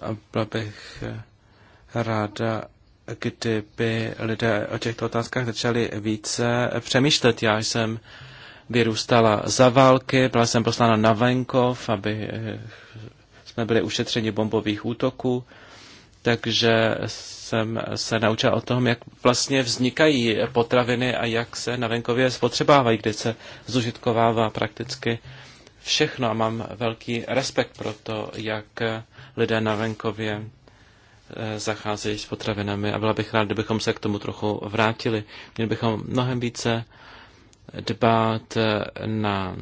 A byla bych e, ráda, kdyby lidé o těchto otázkách začali více přemýšlet. Já jsem vyrůstala za války, byla jsem poslána na venkov, aby e, jsme byli ušetřeni bombových útoků takže jsem se naučil o tom, jak vlastně vznikají potraviny a jak se na venkově spotřebávají, kde se zužitkovává prakticky všechno a mám velký respekt pro to, jak lidé na venkově eh, zacházejí s potravinami a byla bych rád, kdybychom se k tomu trochu vrátili. Měli bychom mnohem více dbát eh, na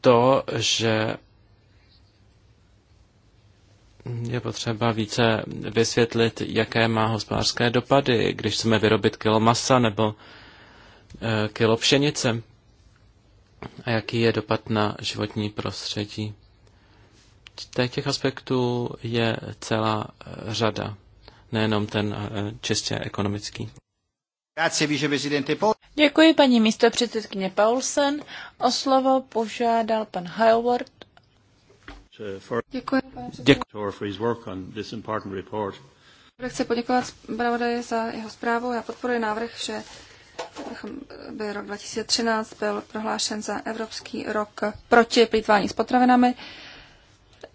to, že je potřeba více vysvětlit, jaké má hospodářské dopady, když chceme vyrobit kilo masa nebo eh, kilo pšenice a jaký je dopad na životní prostředí. Těch aspektů je celá eh, řada, nejenom ten eh, čistě ekonomický. Děkuji paní místo předsedkyně Paulsen. O slovo požádal pan Howard Uh, Děkuji, Chci poděkovat zpravodaji za jeho zprávu. Já podporuji návrh, že by rok 2013 byl prohlášen za Evropský rok proti plýtvání s potravinami.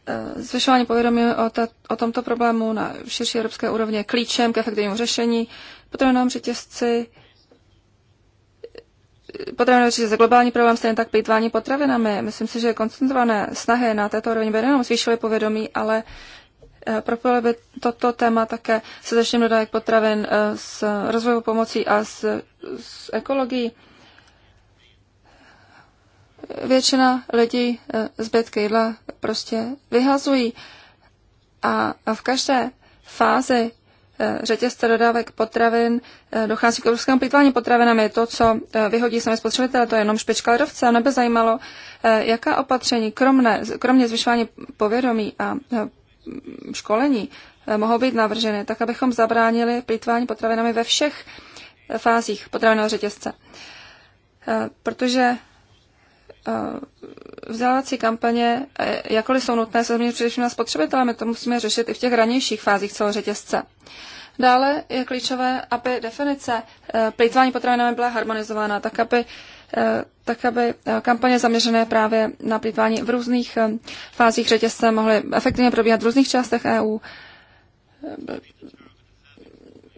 Eh, zvyšování povědomí o, ta, o tomto problému na širší evropské úrovni je klíčem k efektivnímu řešení. Potravinovém řetězci potravinové za globální problém, stejně tak plýtvání potravinami. Myslím si, že koncentrované snahy na této úrovni by nejenom zvýšily povědomí, ale eh, propojily by toto téma také se začním dodávek potravin eh, s rozvojovou pomocí a s, s ekologií. Většina lidí eh, zbytky jídla prostě vyhazují a v každé fázi Eh, řetězce dodávek potravin eh, dochází k obrovskému plýtvání potravinami. To, co eh, vyhodí sami spotřebitelé, to je jenom špička ledovce. A nebe zajímalo, jaká opatření, kromne, kromě zvyšování povědomí a školení, mohou být navrženy, tak abychom zabránili plýtvání potravinami ve všech fázích potravinového řetězce. Protože Eh, vzdělávací kampaně, eh, jakkoliv jsou nutné, se změní především na spotřebitele, my to musíme řešit i v těch ranějších fázích celého řetězce. Dále je klíčové, aby definice eh, plýtvání potravinami byla harmonizována, tak aby, tak aby kampaně zaměřené právě na plýtvání v různých fázích řetězce mohly efektivně probíhat v různých částech EU.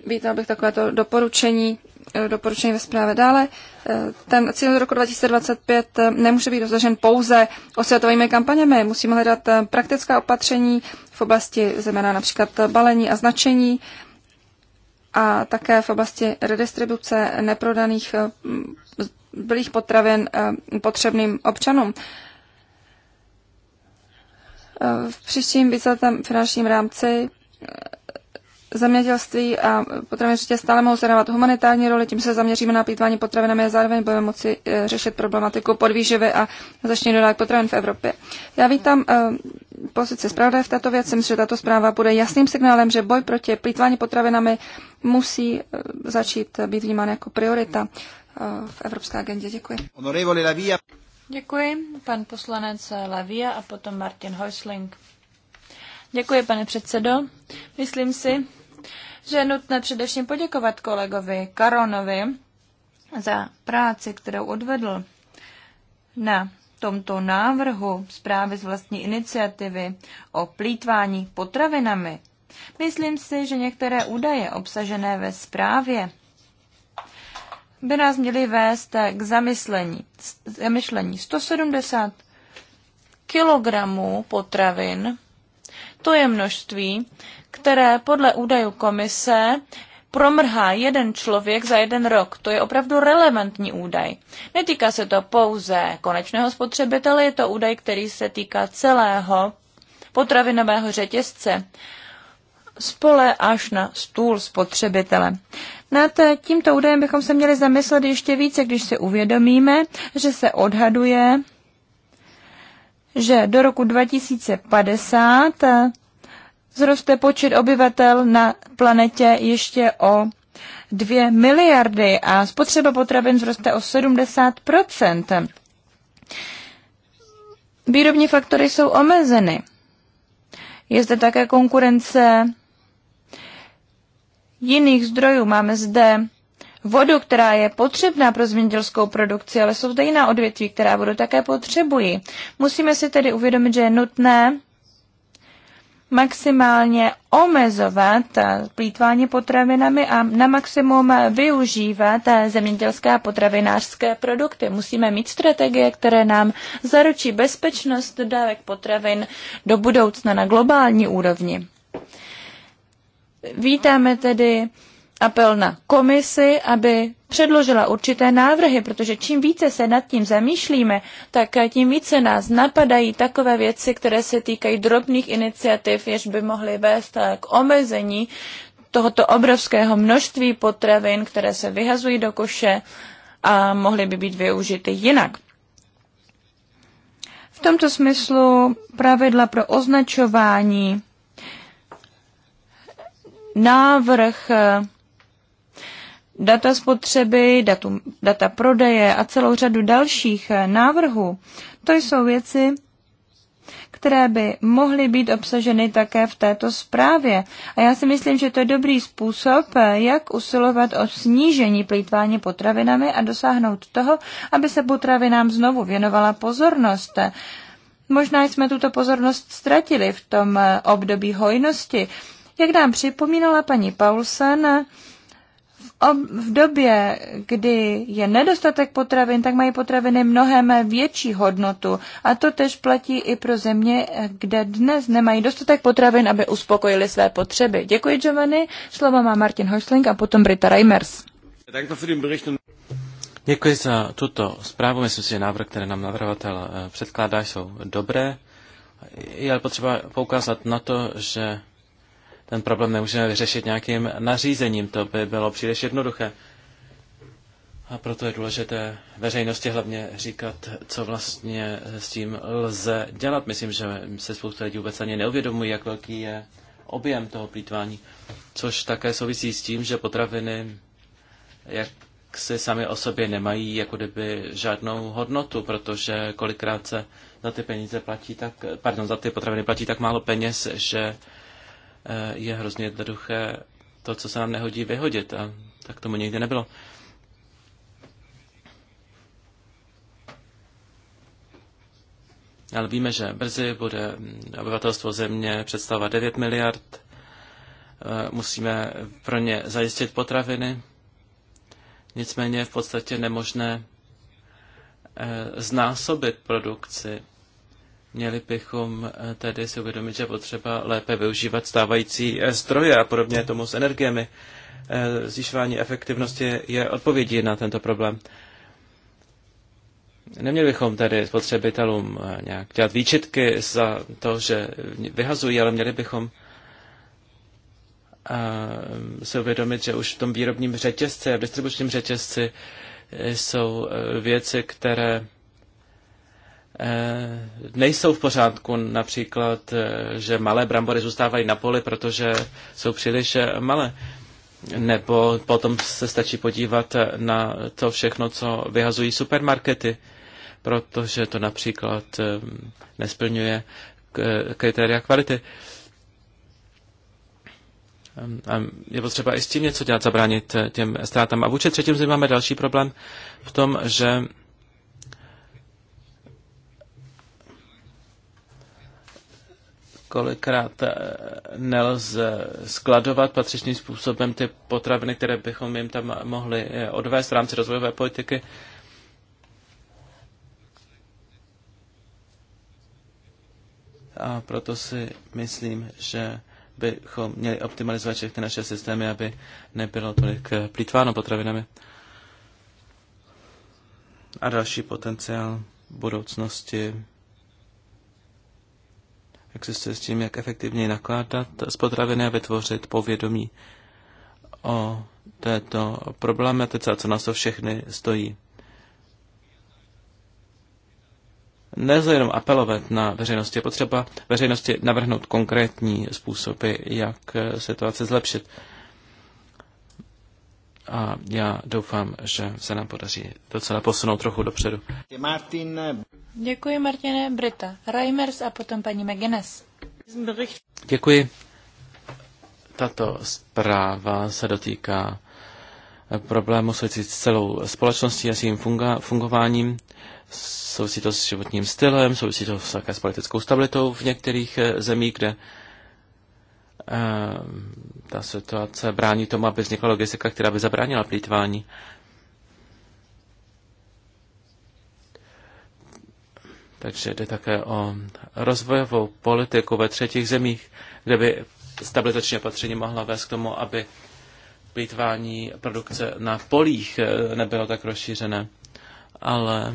Vítal bych takovéto doporučení Eh, doporučení ve zprávě. Dále eh, ten cíl do roku 2025 eh, nemůže být dosažen pouze osvětovými kampaněmi. Musíme hledat praktická opatření v oblasti zejména například balení a značení a také v oblasti redistribuce neprodaných bylých potravin potřebným občanům. V příštím výsledném finančním rámci zemědělství a potraviny řetě stále mohou sehrávat humanitární roli, tím se zaměříme na plýtvání potravinami a zároveň budeme moci eh, řešit problematiku podvýživy a začne dodávat potravin v Evropě. Já vítám eh, pozici zpravodaje v této věci, myslím, že tato zpráva bude jasným signálem, že boj proti plýtvání potravinami musí eh, začít být vnímán jako priorita v Evropské agendě. Děkuji. Děkuji, pan poslanec Lavia a potom Martin Heusling. Děkuji, pane předsedo. Myslím si, že je nutné především poděkovat kolegovi Karonovi za práci, kterou odvedl na tomto návrhu zprávy z vlastní iniciativy o plítvání potravinami. Myslím si, že některé údaje obsažené ve zprávě by nás měly vést k zamyslení. zamyšlení. 170 kilogramů potravin, to je množství, které podle údajů komise promrhá jeden člověk za jeden rok. To je opravdu relevantní údaj. Netýká se to pouze konečného spotřebitele, je to údaj, který se týká celého potravinového řetězce spole až na stůl spotřebitele. Nad tímto údajem bychom se měli zamyslet ještě více, když si uvědomíme, že se odhaduje, že do roku 2050 vzroste počet obyvatel na planetě ještě o 2 miliardy a spotřeba potravin vzroste o 70 Výrobní faktory jsou omezeny. Je zde také konkurence jiných zdrojů. Máme zde vodu, která je potřebná pro zemědělskou produkci, ale jsou zde jiná odvětví, která vodu také potřebují. Musíme si tedy uvědomit, že je nutné maximálně omezovat plítvání potravinami a na maximum využívat zemědělské a potravinářské produkty. Musíme mít strategie, které nám zaručí bezpečnost dodávek potravin do budoucna na globální úrovni. Vítáme tedy apel na komisi, aby předložila určité návrhy, protože čím více se nad tím zamýšlíme, tak tím více nás napadají takové věci, které se týkají drobných iniciativ, jež by mohly vést k omezení tohoto obrovského množství potravin, které se vyhazují do koše a mohly by být využity jinak. V tomto smyslu pravidla pro označování návrh data spotřeby, datum, data prodeje a celou řadu dalších eh, návrhů. To jsou věci, které by mohly být obsaženy také v této zprávě. A já si myslím, že to je dobrý způsob, eh, jak usilovat o snížení plýtvání potravinami a dosáhnout toho, aby se potravinám znovu věnovala pozornost. Možná jsme tuto pozornost ztratili v tom eh, období hojnosti. Jak nám připomínala paní Paulsen, v době, kdy je nedostatek potravin, tak mají potraviny mnohem větší hodnotu. A to tež platí i pro země, kde dnes nemají dostatek potravin, aby uspokojili své potřeby. Děkuji, Giovanni. Slovo má Martin Hošling a potom Brita Reimers. Děkuji za tuto zprávu. Myslím si, že návrh, které nám navrhovatel eh, předkládá, jsou dobré. Je potřeba poukázat na to, že ten problém nemůžeme vyřešit nějakým nařízením, to by bylo příliš jednoduché. A proto je důležité veřejnosti hlavně říkat, co vlastně s tím lze dělat. Myslím, že se spousta lidí vůbec ani neuvědomují, jak velký je objem toho plítvání, což také souvisí s tím, že potraviny, jak si sami o sobě nemají jako kdyby žádnou hodnotu, protože kolikrát se za ty peníze platí tak, pardon, za ty potraviny platí tak málo peněz, že Eh, je hrozně jednoduché to, co se nám nehodí, vyhodit. A tak tomu nikdy nebylo. Ale víme, že brzy bude obyvatelstvo země představovat 9 miliard. Eh, musíme pro ně zajistit potraviny. Nicméně je v podstatě nemožné eh, znásobit produkci Měli bychom eh, tedy si uvědomit, že potřeba lépe využívat stávající zdroje eh, a podobně tomu s energiemi. Eh, zvyšování efektivnosti je odpovědí na tento problém. Neměli bychom tedy spotřebitelům nějak dělat výčitky za to, že vyhazují, ale měli bychom se uvědomit, že už v tom výrobním řetězci a v distribučním řetězci jsou věci, které Eh, nejsou v pořádku, například, eh, že malé brambory zůstávají na poli, protože jsou příliš eh, malé. Nebo potom se stačí podívat na to všechno, co vyhazují supermarkety, protože to například nesplňuje kritéria kvality. A je potřeba i s tím něco dělat, zabránit těm ztrátám. A vůči třetím zemím máme další problém v tom, že kolikrát eh, nelze skladovat patřičným způsobem ty potraviny, které bychom jim tam mohli eh, odvést v rámci rozvojové politiky. A proto si myslím, že bychom měli optimalizovat všechny naše systémy, aby nebylo tolik eh, plítváno potravinami. A další potenciál budoucnosti existuje s tím, jak efektivněji nakládat z potraviny a vytvořit povědomí o této problematice a co nás to všechny stojí. Nelze jenom apelovat na veřejnosti, je potřeba veřejnosti navrhnout konkrétní způsoby, jak situaci zlepšit a já doufám, že se nám podaří docela posunout trochu dopředu. Martin. Děkuji, Martine. Brita Reimers a potom paní McGuinness. Děkuji. Tato zpráva se dotýká problému souvisí s celou společností a s jejím funga- fungováním. Souvisí to s životním stylem, souvisí to také s politickou stabilitou v některých eh, zemích, kde Eh, ta situace brání tomu, aby vznikla logistika, která by zabránila plítvání. Takže jde také o rozvojovou politiku ve třetích zemích, kde by stabilizační opatření mohla vést k tomu, aby plítvání produkce na polích eh, nebylo tak rozšířené. Ale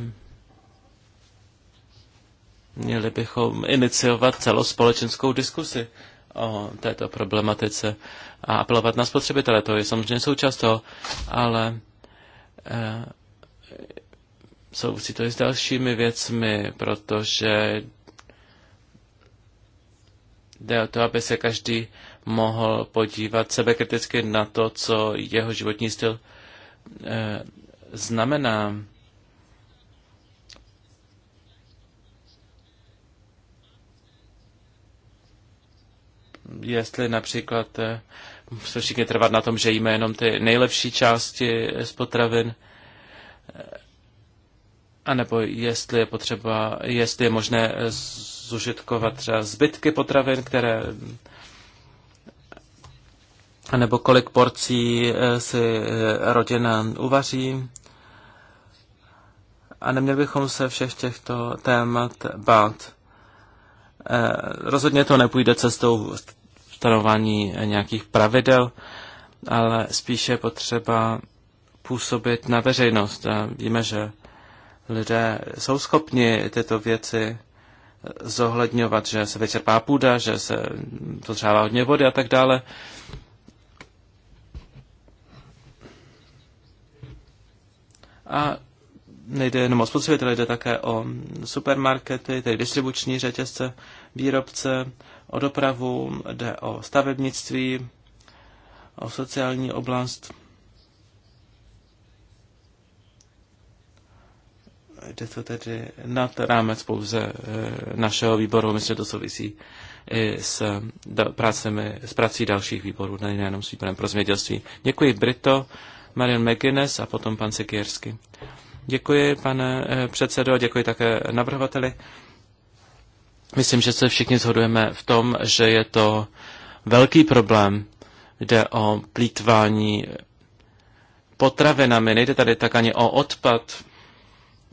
měli bychom iniciovat celospolečenskou diskusi o této problematice a apelovat na spotřebitele. To je samozřejmě součást toho, ale e, souvisí to i s dalšími věcmi, protože jde o to, aby se každý mohl podívat sebekriticky na to, co jeho životní styl e, znamená. jestli například eh, se všichni trvat na tom, že jíme jenom ty nejlepší části z potravin, eh, anebo jestli je potřeba, jestli je možné eh, zužitkovat třeba zbytky potravin, které nebo kolik porcí si rodina uvaří. A neměli bychom se všech těchto témat bát. Rozhodně to nepůjde cestou stanování nějakých pravidel, ale spíše je potřeba působit na veřejnost. A víme, že lidé jsou schopni tyto věci zohledňovat, že se vyčerpá půda, že se potřebá hodně vody a tak dále. A nejde jenom o spotřebitele, jde také o supermarkety, tedy distribuční řetězce, výrobce, o dopravu, jde o stavebnictví, o sociální oblast. Jde to tedy nad rámec pouze eh, našeho výboru, myslím, že to souvisí i s, prácemi, s prací dalších výborů, nejenom s výborem pro zemědělství. Děkuji Brito, Marian McGuinness a potom pan Sekiersky. Děkuji, pane eh, předsedo, děkuji také navrhovateli. Myslím, že se všichni shodujeme v tom, že je to velký problém. Jde o plítvání potravinami, nejde tady tak ani o odpad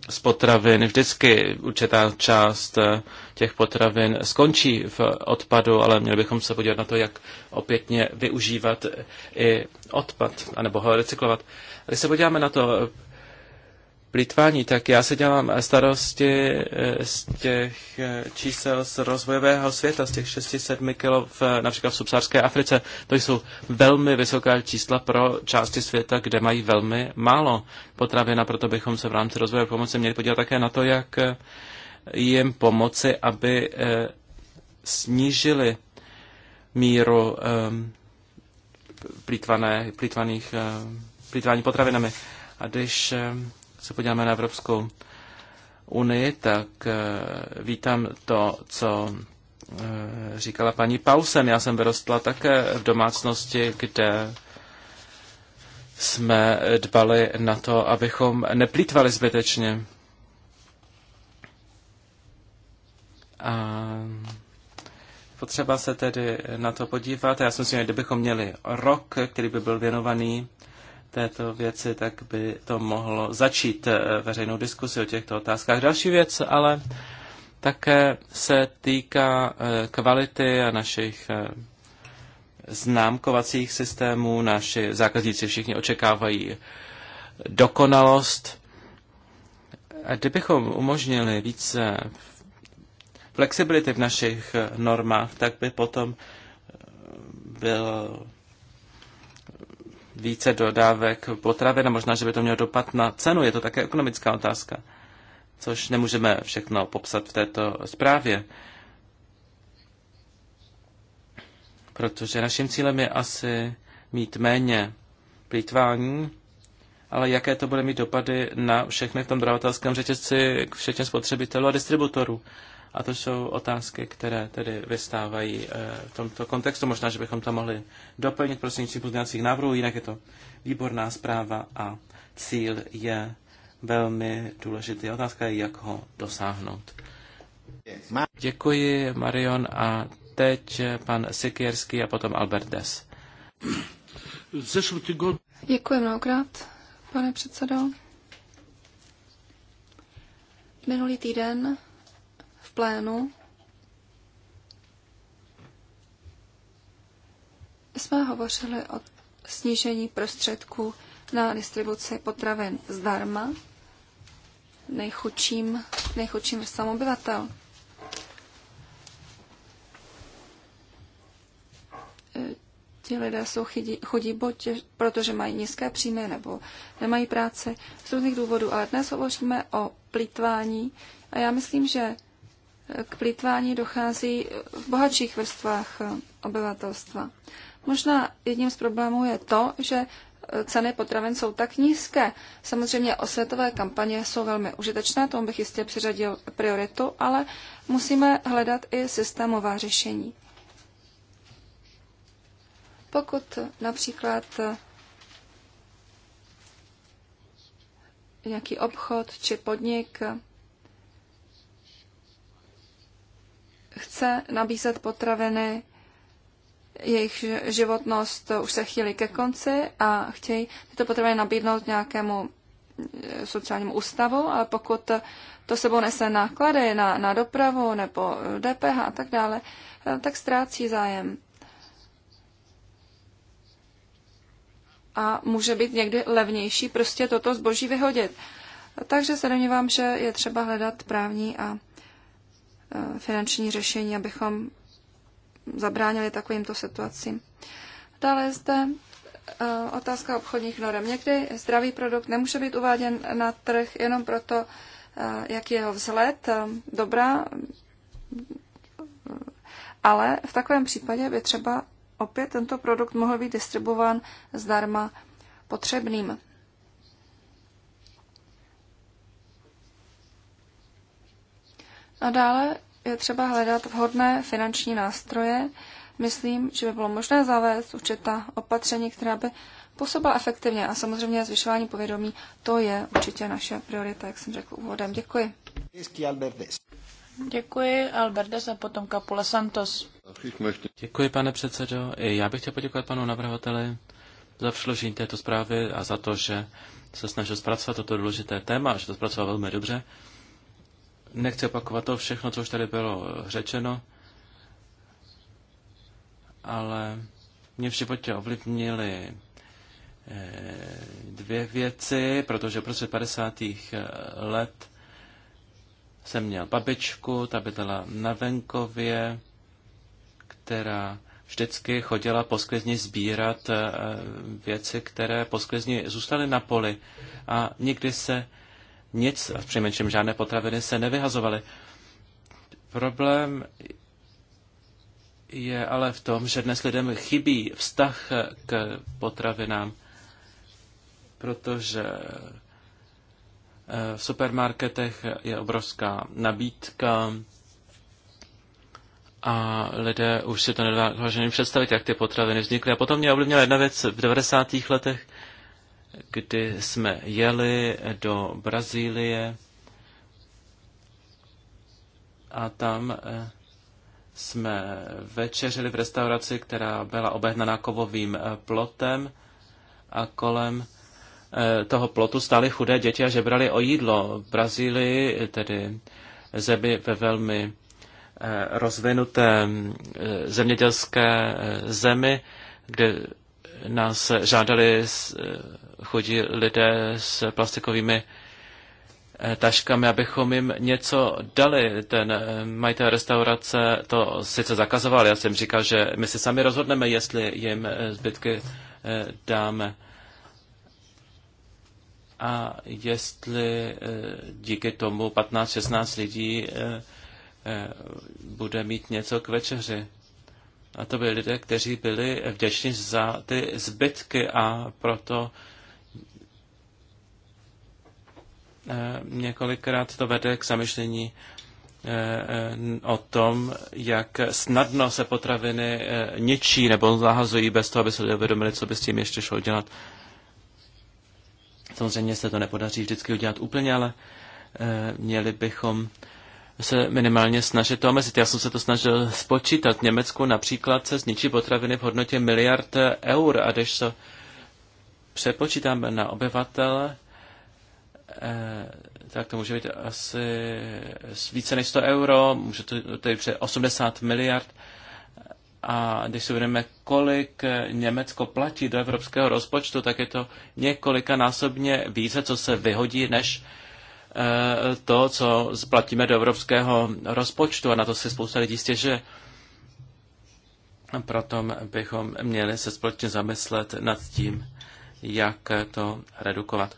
z potravin. Vždycky určitá část eh, těch potravin skončí v odpadu, ale měli bychom se podívat na to, jak opětně využívat i odpad, anebo ho recyklovat. Když se podíváme na to plítvání, tak já se dělám starosti eh, z těch eh, čísel z rozvojového světa, z těch 6-7 kilo v, například v subsárské Africe. To jsou velmi vysoká čísla pro části světa, kde mají velmi málo potravin a proto bychom se v rámci rozvoje pomoci měli podívat také na to, jak eh, jim pomoci, aby snížili míru ehm, plítvané, plítvaných, plítvání potravinami. A když ehm, se podíváme na Evropskou unii, tak eh, vítám to, co eh, říkala paní Pausen. Já jsem vyrostla také v domácnosti, kde jsme dbali na to, abychom neplýtvali zbytečně. A potřeba se tedy na to podívat. Já si myslím, že kdybychom měli rok, který by byl věnovaný této věci, tak by to mohlo začít eh, veřejnou diskusi o těchto otázkách. Další věc ale také se týká eh, kvality a našich eh, známkovacích systémů. Naši zákazníci všichni očekávají dokonalost. A kdybychom umožnili více flexibility v našich normách, tak by potom byl více dodávek potravin a možná, že by to mělo dopad na cenu. Je to také ekonomická otázka, což nemůžeme všechno popsat v této zprávě. Protože naším cílem je asi mít méně plítvání, ale jaké to bude mít dopady na všechny v tom dodavatelském řetězci, včetně spotřebitelů a distributorů. A to jsou otázky, které tedy vystávají eh, v tomto kontextu. Možná, že bychom to mohli doplnit prostřednictvím pozměňovacích návrhů, jinak je to výborná zpráva a cíl je velmi důležitý. Otázka je, jak ho dosáhnout. Děkuji, Marion, a teď eh, pan Sikierský a potom Albert Des. Děkuji mnohokrát, pane předsedo. Minulý týden plénu jsme hovořili o snížení prostředků na distribuci potravin zdarma nejchudším, nejchudším vrstvám obyvatel. E, ti lidé jsou chudí, chudí buď protože mají nízké příjmy nebo nemají práci z různých důvodů, ale dnes hovoříme o plítvání a já myslím, že k plýtvání dochází v bohatších vrstvách obyvatelstva. Možná jedním z problémů je to, že ceny potravin jsou tak nízké. Samozřejmě osvětové kampaně jsou velmi užitečné, tomu bych jistě přiřadil prioritu, ale musíme hledat i systémová řešení. Pokud například nějaký obchod či podnik chce nabízet potraviny, jejich životnost už se chýlí ke konci a chtějí tyto potraviny nabídnout nějakému eh, sociálnímu ústavu, ale pokud to sebou nese náklady na, na dopravu nebo DPH a tak dále, eh, tak ztrácí zájem. A může být někdy levnější prostě toto zboží vyhodit. Takže se domnívám, že je třeba hledat právní a Eh, finanční řešení, abychom zabránili takovýmto situacím. Dále zde eh, otázka obchodních norm. Někdy zdravý produkt nemůže být uváděn na trh jenom proto, eh, jaký jeho vzhled, dobrá, ale v takovém případě by třeba opět tento produkt mohl být distribuován zdarma potřebným. A dále je třeba hledat vhodné finanční nástroje. Myslím, že by bylo možné zavést určitá opatření, která by působila efektivně. A samozřejmě zvyšování povědomí, to je určitě naše priorita, jak jsem řekl úvodem. Děkuji. Děkuji, Albertes a potom Kapula Santos. Děkuji, pane předsedo. Já bych chtěl poděkovat panu navrhovateli za přiložení této zprávy a za to, že se snažil zpracovat toto důležité téma, že to zpracoval velmi dobře. Nechci opakovat to všechno, co už tady bylo eh, řečeno, ale mě v životě ovlivnily eh, dvě věci, protože prostě 50. Eh, let jsem měl babičku, ta bydala na venkově, která vždycky chodila po sklizni sbírat věci, které po sklizni zůstaly na poli a nikdy se nic, a přinejmenším žádné potraviny se nevyhazovaly. Problém je ale v tom, že dnes lidem chybí vztah k potravinám, protože eh, v supermarketech je obrovská nabídka a lidé už si to nedokážou představit, jak ty potraviny vznikly. A potom mě ovlivnila jedna věc v 90. letech, kdy jsme jeli do Brazílie a tam eh, jsme večeřili v restauraci, která byla obehnaná kovovým eh, plotem a kolem eh, toho plotu stály chudé děti a žebrali o jídlo. V Brazílii, tedy zemi ve velmi rozvinuté mm, zemědělské zemi, kde nás žádali eh, chodí lidé s plastikovými eh, taškami, abychom jim něco dali. Ten eh, majitel restaurace to sice zakazoval, já jsem říkal, že my si sami rozhodneme, jestli jim zbytky dáme. A jestli díky tomu 15-16 lidí bude mít něco k večeři. A to byli lidé, kteří byli vděční za ty zbytky a proto eh, několikrát to vede k zamyšlení eh, eh, o tom, jak snadno se potraviny ničí nebo zahazují bez toho, aby se lidé uvědomili, co by s tím ještě šlo dělat. Samozřejmě se to nepodaří vždycky udělat úplně, ale měli bychom se minimálně snažit to omezit. Já jsem se to snažil spočítat. V Německu například se zničí potraviny v hodnotě miliard eur a když to přepočítáme na obyvatele, eh, tak to může být asi více než 100 euro, může to být přes 80 miliard. A když si uvědomíme, kolik Německo platí do evropského rozpočtu, tak je to několika násobně více, co se vyhodí, než Eh, to, co splatíme do evropského rozpočtu a na to si spousta lidí stěžuje. Proto bychom měli se společně zamyslet nad tím, jak to redukovat.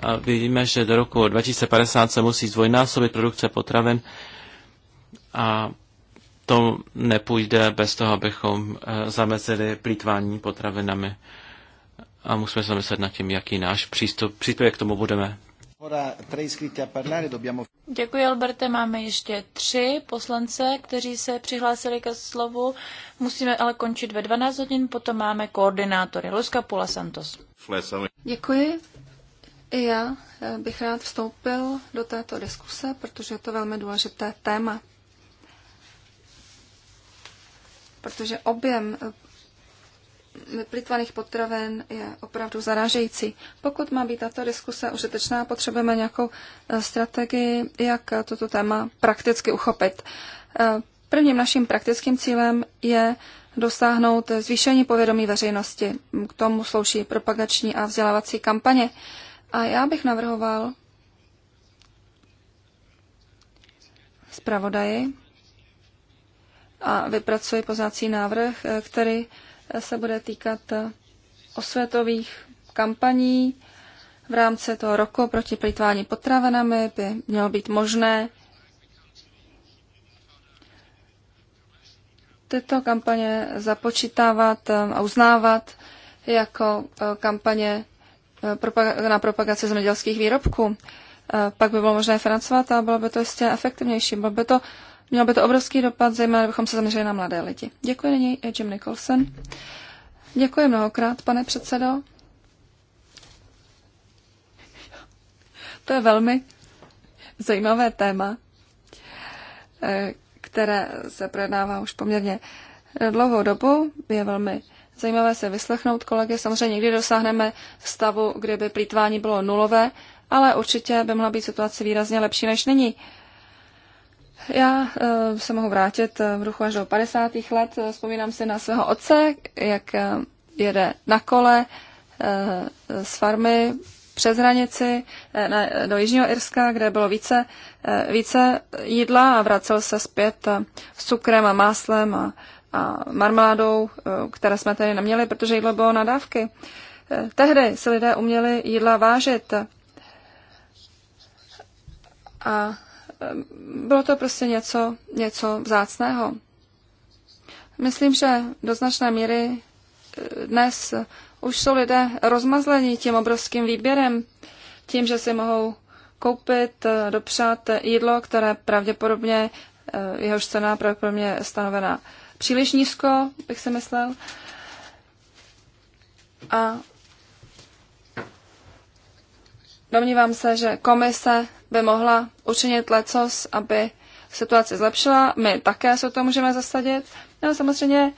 A vidíme, že do roku 2050 se musí zdvojnásobit produkce potravin a to nepůjde bez toho, abychom eh, zamezili plítvání potravinami a musíme se zamyslet nad tím, jaký náš přístup, příspěvek k tomu budeme. Děkuji, Alberte. Máme ještě tři poslance, kteří se přihlásili ke slovu. Musíme ale končit ve 12 hodin, potom máme koordinátory. Luska Pula Santos. Děkuji. I já eh, bych rád vstoupil do této diskuse, protože je to velmi důležité téma. Protože objem eh, plitvaných potraven je opravdu zarážející. Pokud má být tato diskuse užitečná, potřebujeme nějakou eh, strategii, jak eh, toto téma prakticky uchopit. Eh, prvním naším praktickým cílem je dosáhnout zvýšení povědomí veřejnosti. K tomu slouží propagační a vzdělávací kampaně. A já bych navrhoval zpravodaji a vypracuji poznací návrh, který se bude týkat eh, osvětových kampaní. V rámci toho roku proti plýtvání potravenami by mělo být možné tyto kampaně započítávat eh, a uznávat jako eh, kampaně na propagaci zemědělských výrobků. Pak by bylo možné financovat a bylo by to jistě efektivnější. Bylo by to Mělo by to obrovský dopad, zejména bychom se zaměřili na mladé lidi. Děkuji nyní Jim Nicholson. Děkuji mnohokrát, pane předsedo. To je velmi zajímavé téma, eh, které se projednává už poměrně eh, dlouhou dobu. Je velmi zajímavé se vyslechnout kolegy. Samozřejmě někdy dosáhneme stavu, kde by plítvání bylo nulové, ale určitě by mohla být situace výrazně lepší než nyní. Já eh, se mohu vrátit eh, v ruchu až do 50. let. Eh, vzpomínám si na svého otce, jak jede na kole z farmy přes hranici do Jižního Irska, kde bylo více, více jídla a vracel se zpět s cukrem a máslem a, a marmeládou, které jsme tady neměli, protože jídlo bylo na dávky. Tehdy si lidé uměli jídla vážit a Ehm, bylo to prostě něco, něco vzácného. Myslím, že do značné míry eh, dnes už jsou lidé rozmazlení tím obrovským výběrem, tím, že si mohou koupit, eh, dopřát jídlo, které pravděpodobně, eh, jehož cena pravděpodobně je stanovená příliš nízko, bych si myslel. A Domnívám se, že komise by mohla učinit lecos, aby situace zlepšila. My také se o to můžeme zasadit. No, samozřejmě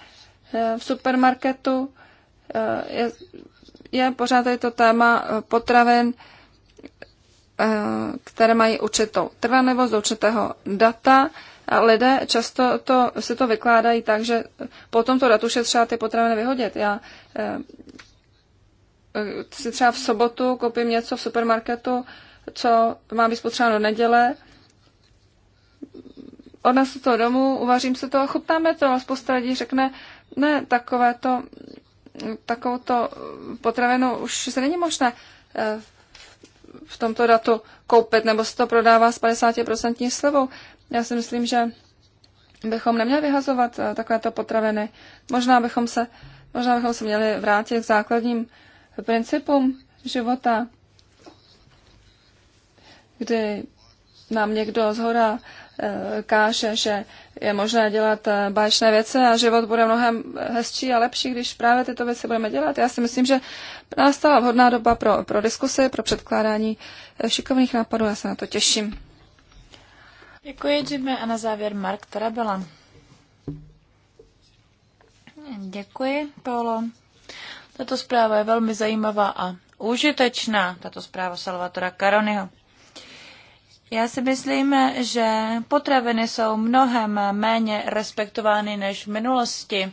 eh, v supermarketu eh, je, je pořád tady to téma eh, potravin, které mají určitou trvanlivost, určitého data. A lidé často to, si to vykládají tak, že po tomto datu je třeba ty potraviny vyhodit. Já Eh, si třeba v sobotu koupím něco v supermarketu, co má být spotřeba do neděle, odnesu to domů, uvařím se to a chutnáme to. A spousta lidí řekne, ne, takové to, takovou to potravinu už se není možné eh, v tomto datu koupit, nebo se to prodává s 50% slevou. Já si myslím, že bychom neměli vyhazovat eh, takovéto potraviny. Možná bychom se, možná bychom se měli vrátit k základním principům života, kdy nám někdo z hora eh, káže, že je možné dělat eh, báječné věci a život bude mnohem hezčí a lepší, když právě tyto věci budeme dělat. Já si myslím, že nastala vhodná doba pro, pro diskusy, pro předkládání eh, šikovných nápadů. Já se na to těším. Děkuji, Jimmy. A na závěr Mark Tarabela. Děkuji, Paolo. Tato zpráva je velmi zajímavá a užitečná, tato zpráva Salvatora Caroniho. Já si myslím, že potraviny jsou mnohem méně respektovány než v minulosti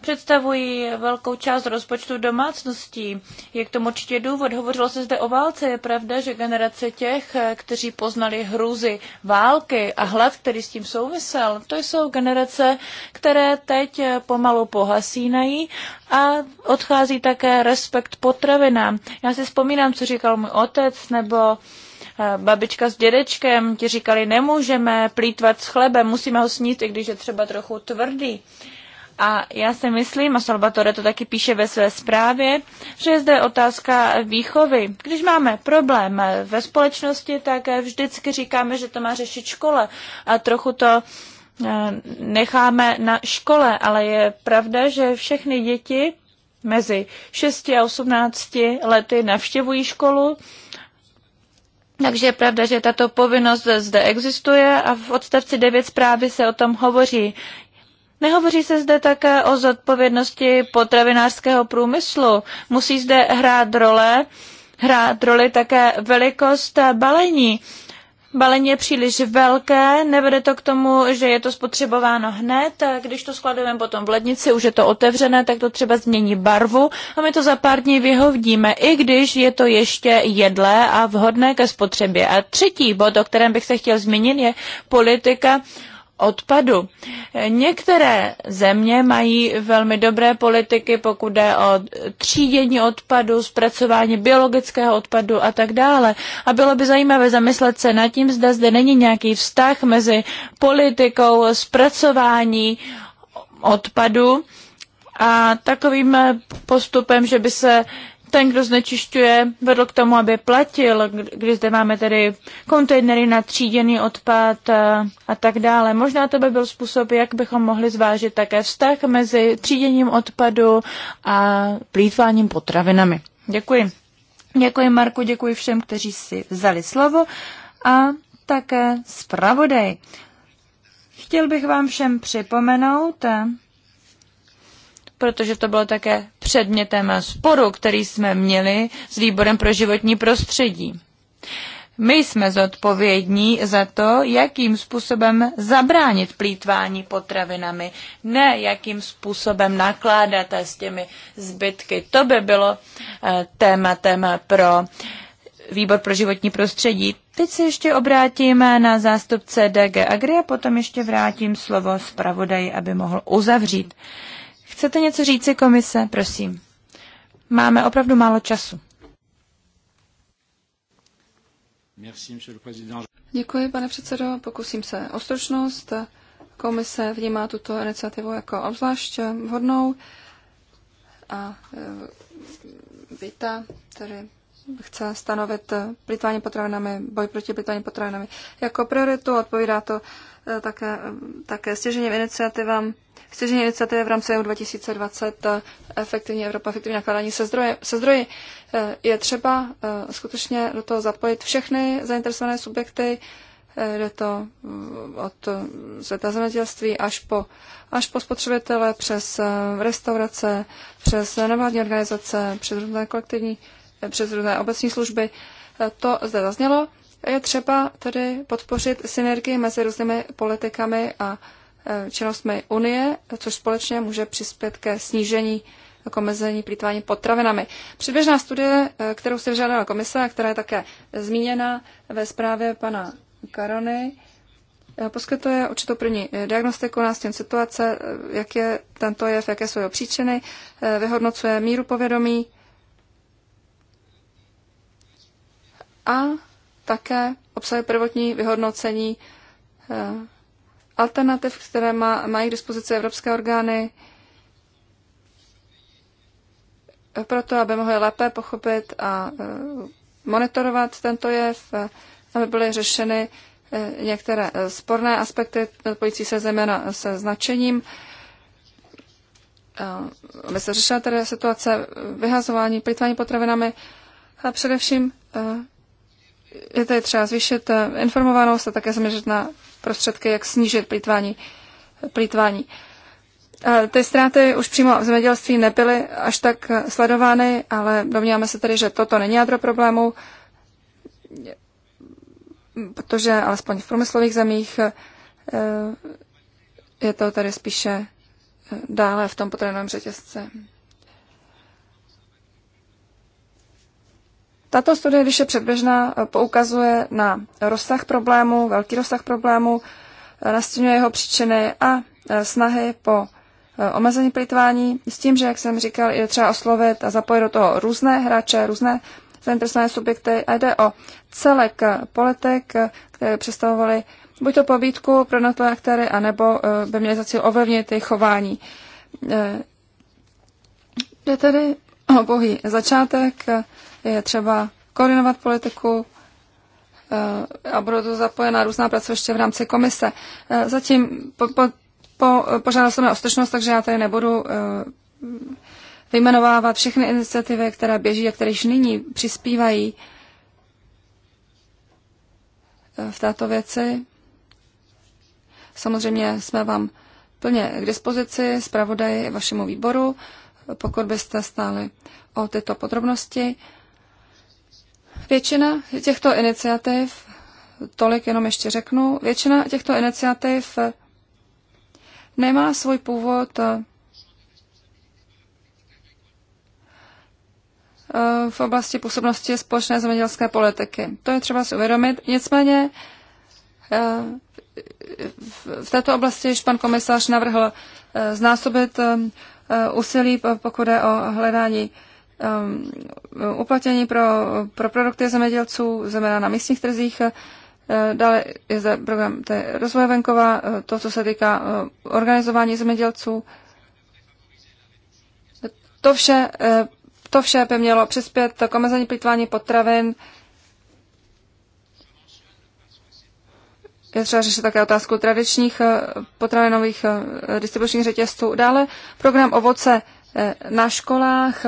představují velkou část rozpočtu domácností. Je k tomu určitě důvod. Hovořilo se zde o válce. Je pravda, že generace těch, kteří poznali hruzy války a hlad, který s tím souvisel, to jsou generace, které teď pomalu pohasínají a odchází také respekt potravinám. Já si vzpomínám, co říkal můj otec nebo eh, babička s dědečkem ti říkali, nemůžeme plítvat s chlebem, musíme ho snít, i když je třeba trochu tvrdý. A já si myslím, a Salvatore to taky píše ve své zprávě, že je zde otázka výchovy. Když máme problém ve společnosti, tak vždycky říkáme, že to má řešit škola a trochu to eh, necháme na škole, ale je pravda, že všechny děti mezi 6 a 18 lety navštěvují školu, takže je pravda, že tato povinnost zde existuje a v odstavci 9 zprávy se o tom hovoří. Nehovoří se zde také o zodpovědnosti potravinářského průmyslu. Musí zde hrát role, hrát roli také velikost balení. Balení je příliš velké, nevede to k tomu, že je to spotřebováno hned. Když to skladujeme potom v lednici, už je to otevřené, tak to třeba změní barvu a my to za pár dní vyhovdíme, i když je to ještě jedlé a vhodné ke spotřebě. A třetí bod, o kterém bych se chtěl zmínit, je politika odpadu. Některé země mají velmi dobré politiky, pokud jde o třídění odpadu, zpracování biologického odpadu a tak dále. A bylo by zajímavé zamyslet se nad tím, zda zde není nějaký vztah mezi politikou zpracování odpadu a takovým postupem, že by se ten, kdo znečišťuje, vedl k tomu, aby platil, když zde máme tedy kontejnery na tříděný odpad a, eh, a tak dále. Možná to by byl způsob, jak bychom mohli zvážit také vztah mezi tříděním odpadu a plýtváním potravinami. Děkuji. Děkuji Marku, děkuji všem, kteří si vzali slovo a také zpravodaj. Chtěl bych vám všem připomenout, eh, protože to bylo také předmětem sporu, který jsme měli s výborem pro životní prostředí. My jsme zodpovědní za to, jakým způsobem zabránit plítvání potravinami, ne jakým způsobem nakládat s těmi zbytky. To by bylo eh, tématem pro výbor pro životní prostředí. Teď se ještě obrátíme na zástupce DG Agri a potom ještě vrátím slovo zpravodaji, aby mohl uzavřít. Chcete něco říci, komise? Prosím. Máme opravdu málo času. Děkuji, pane předsedo. Pokusím se o stručnost. Komise vnímá tuto iniciativu jako obzvlášť vhodnou a e, vítá, tedy chce stanovit plýtvání potravinami, boj proti plýtvání potravinami jako prioritu. Odpovídá to e, také, e, také stěžením iniciativám stěžení iniciativy v rámci EU 2020 eh, efektivní Evropa, efektivní nakládání se, zdroje, se zdroji. Eh, je třeba eh, skutečně do toho zapojit všechny zainteresované subjekty, jde to mm, od světa zemědělství až po, až po spotřebitele, přes restaurace, přes nevládní organizace, přes různé kolektivní, přes různé obecní služby. To zde zaznělo. Je třeba tedy podpořit synergii mezi různými politikami a Eh, činnostmi Unie, což společně může přispět ke snížení k omezení plýtvání potravinami. Předběžná studie, eh, kterou si vyžádala komise a která je také zmíněna ve zprávě pana Karony, eh, poskytuje určitou první diagnostiku stěn situace, jak je tento jev, jaké jsou jeho příčiny, vyhodnocuje míru povědomí a také obsahuje prvotní vyhodnocení alternativ, které má, mají k dispozici evropské orgány, eh, proto, aby mohli lépe pochopit a eh, monitorovat tento jev, eh, aby byly řešeny některé sporné aspekty, pojící se zejména se značením, aby se řešila tedy situace vyhazování, plýtvání potravinami a především je tady třeba zvýšit informovanost a také zaměřit na prostředky, jak snížit plýtvání. plýtvání. Ty ztráty už přímo v zemědělství nebyly až tak sledovány, ale domníváme se tedy, že toto není jádro problému, protože alespoň v průmyslových zemích eh, je to tady spíše eh, dále v tom potravinovém řetězci. Tato studie, když je předběžná, eh, poukazuje na rozsah problému, velký rozsah problému, eh, nastínuje jeho příčiny a eh, snahy po omezení plitvání s tím, že, jak jsem říkal, je třeba oslovit a zapojit do toho různé hráče, různé zainteresované subjekty a jde o celek politik, které představovaly buď to pobídku pro jednotlivé aktéry, anebo by měly za cíl ovlivnit jejich chování. Jde tedy o bohý začátek, je třeba koordinovat politiku eh, a budou to zapojena různá pracoviště v rámci komise. Eh, zatím po, po, po, požádal jsem o stručnost, takže já tady nebudu eh, vyjmenovávat všechny iniciativy, které běží a které již nyní přispívají v této věci. Samozřejmě jsme vám plně k dispozici, zpravodaji vašemu výboru, pokud byste stáli o tyto podrobnosti. Většina těchto iniciativ, tolik jenom ještě řeknu, většina těchto iniciativ nemá svůj původ eh, v oblasti působnosti společné zemědělské politiky. To je třeba si uvědomit. Nicméně eh, v této oblasti již pan komisář navrhl eh, znásobit úsilí, pokud je o hledání Ehm, uplatnění pro, pro produkty zemědělců, zejména na místních trzích. Ehm, dále je zde program rozvoje venkova, ehm, to, co se týká organizování zemědělců. To vše, to vše by mělo přispět k omezení plýtvání potravin. Je třeba řešit také otázku tradičních potravinových distribučních řetězců. Dále program ovoce na školách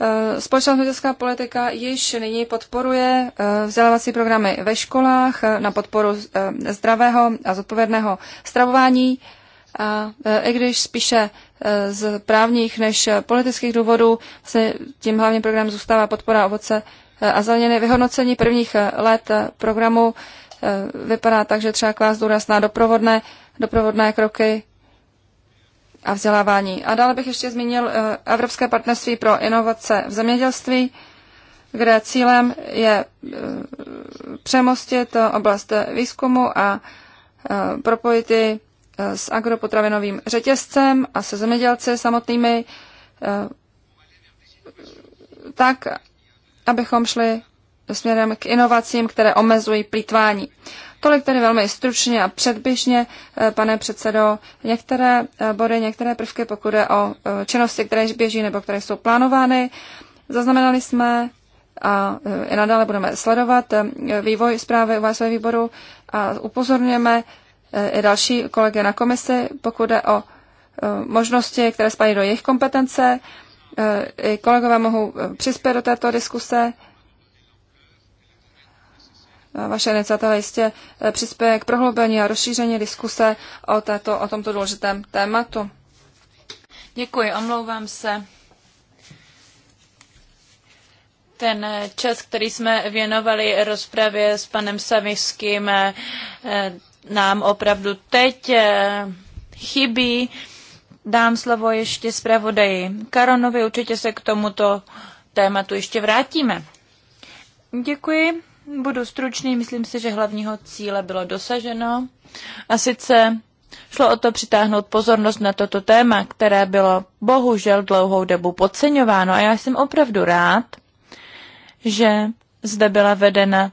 Eh, společná zemědělská politika již nyní podporuje eh, vzdělávací programy ve školách eh, na podporu zdravého a zodpovědného stravování. A i když spíše z právních než politických důvodů se vlastně tím hlavním programem zůstává podpora ovoce a zeleniny. Vyhodnocení prvních let programu vypadá tak, že třeba klás důraz na doprovodné, doprovodné kroky a vzdělávání. A dále bych ještě zmínil eh, Evropské partnerství pro inovace v zemědělství, kde cílem je eh, přemostit oblast výzkumu a eh, propojit ji s agropotravinovým řetězcem a se zemědělci samotnými tak, abychom šli směrem k inovacím, které omezují plítvání. Tolik tedy velmi stručně a předběžně, eh, pane předsedo, některé eh, body, některé prvky, pokud je o eh, činnosti, které běží nebo které jsou plánovány. Zaznamenali jsme a i nadále budeme sledovat vývoj zprávy u své výboru a upozorňujeme i další kolegy na komisi, pokud je o možnosti, které spadají do jejich kompetence. I kolegové mohou přispět do této diskuse. Vaše iniciativa jistě eh, přispěje k prohloubení a rozšíření diskuse o, této, o tomto důležitém tématu. Děkuji, omlouvám se. Ten čas, který jsme věnovali rozpravě s panem Saviským, eh, nám opravdu teď eh, chybí. Dám slovo ještě zpravodaji Karonovi, určitě se k tomuto tématu ještě vrátíme. Děkuji. Budu stručný, myslím si, že hlavního cíle bylo dosaženo. A sice šlo o to přitáhnout pozornost na toto téma, které bylo bohužel dlouhou dobu podceňováno. A já jsem opravdu rád, že zde byla vedena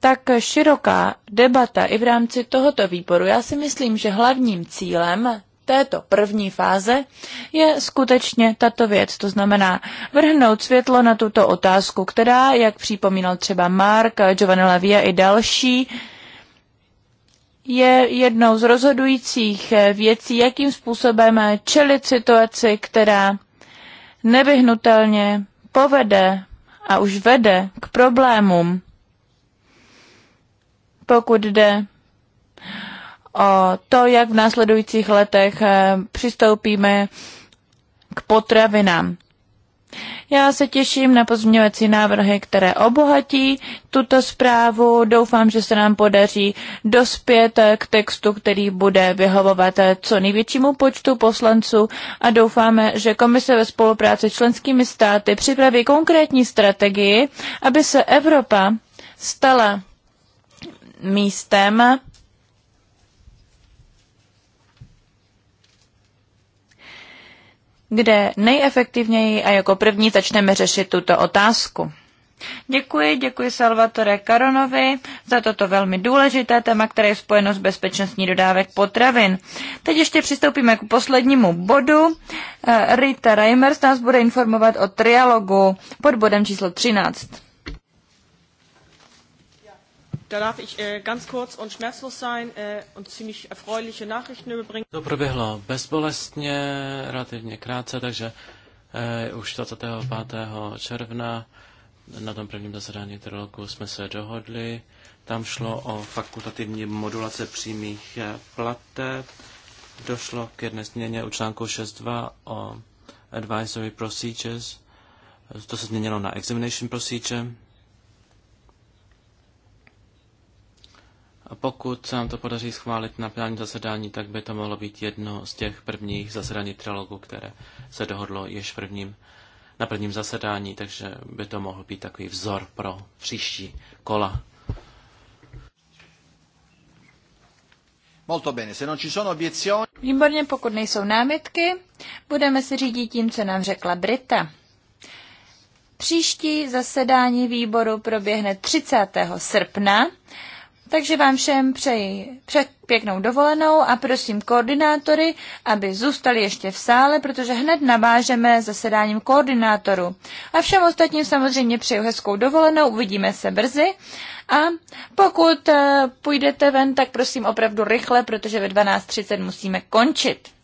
tak široká debata i v rámci tohoto výboru. Já si myslím, že hlavním cílem této první fáze je skutečně tato věc, to znamená vrhnout světlo na tuto otázku, která, jak připomínal třeba Mark, Giovanni Lavia i další, je jednou z rozhodujících věcí, jakým způsobem čelit situaci, která nevyhnutelně povede a už vede k problémům, pokud jde o to, jak v následujících letech eh, přistoupíme k potravinám. Já se těším na pozměňovací návrhy, které obohatí tuto zprávu. Doufám, že se nám podaří dospět eh, k textu, který bude vyhovovat eh, co největšímu počtu poslanců a doufáme, že komise ve spolupráci s členskými státy připraví konkrétní strategii, aby se Evropa stala místem, kde nejefektivněji a jako první začneme řešit tuto otázku. Děkuji, děkuji Salvatore Karonovi za toto velmi důležité téma, které je spojeno s bezpečnostní dodávek potravin. Teď ještě přistoupíme k poslednímu bodu. Eh, Rita Reimers nás bude informovat o trialogu pod bodem číslo 13. Da darf ich äh, ganz kurz und schmerzlos sein äh, und ziemlich erfreuliche Nachrichten überbringen. To proběhlo bezbolestně, relativně krátce, takže eh, už 25. června na tom prvním zasedání trilogu jsme se dohodli. Tam šlo o fakultativní modulace přímých eh, plateb. Došlo k jedné změně u článku 6.2 o advisory procedures. To se změnilo na examination procedure A pokud se nám to podaří schválit na plánu zasedání, tak by to mohlo být jedno z těch prvních zasedání trilogu, které se dohodlo již prvním, na prvním zasedání, takže by to mohl být takový vzor pro příští kola. Molto bene, se non ci sono obiezioni... Výborně, pokud nejsou námitky, budeme se řídit tím, co nám řekla Brita. Příští zasedání výboru proběhne 30. srpna takže vám všem přeji před pěknou dovolenou a prosím koordinátory, aby zůstali ještě v sále, protože hned navážeme zasedáním koordinátoru. A všem ostatním samozřejmě přeju hezkou dovolenou, uvidíme se brzy. A pokud eh, půjdete ven, tak prosím opravdu rychle, protože ve 12.30 musíme končit.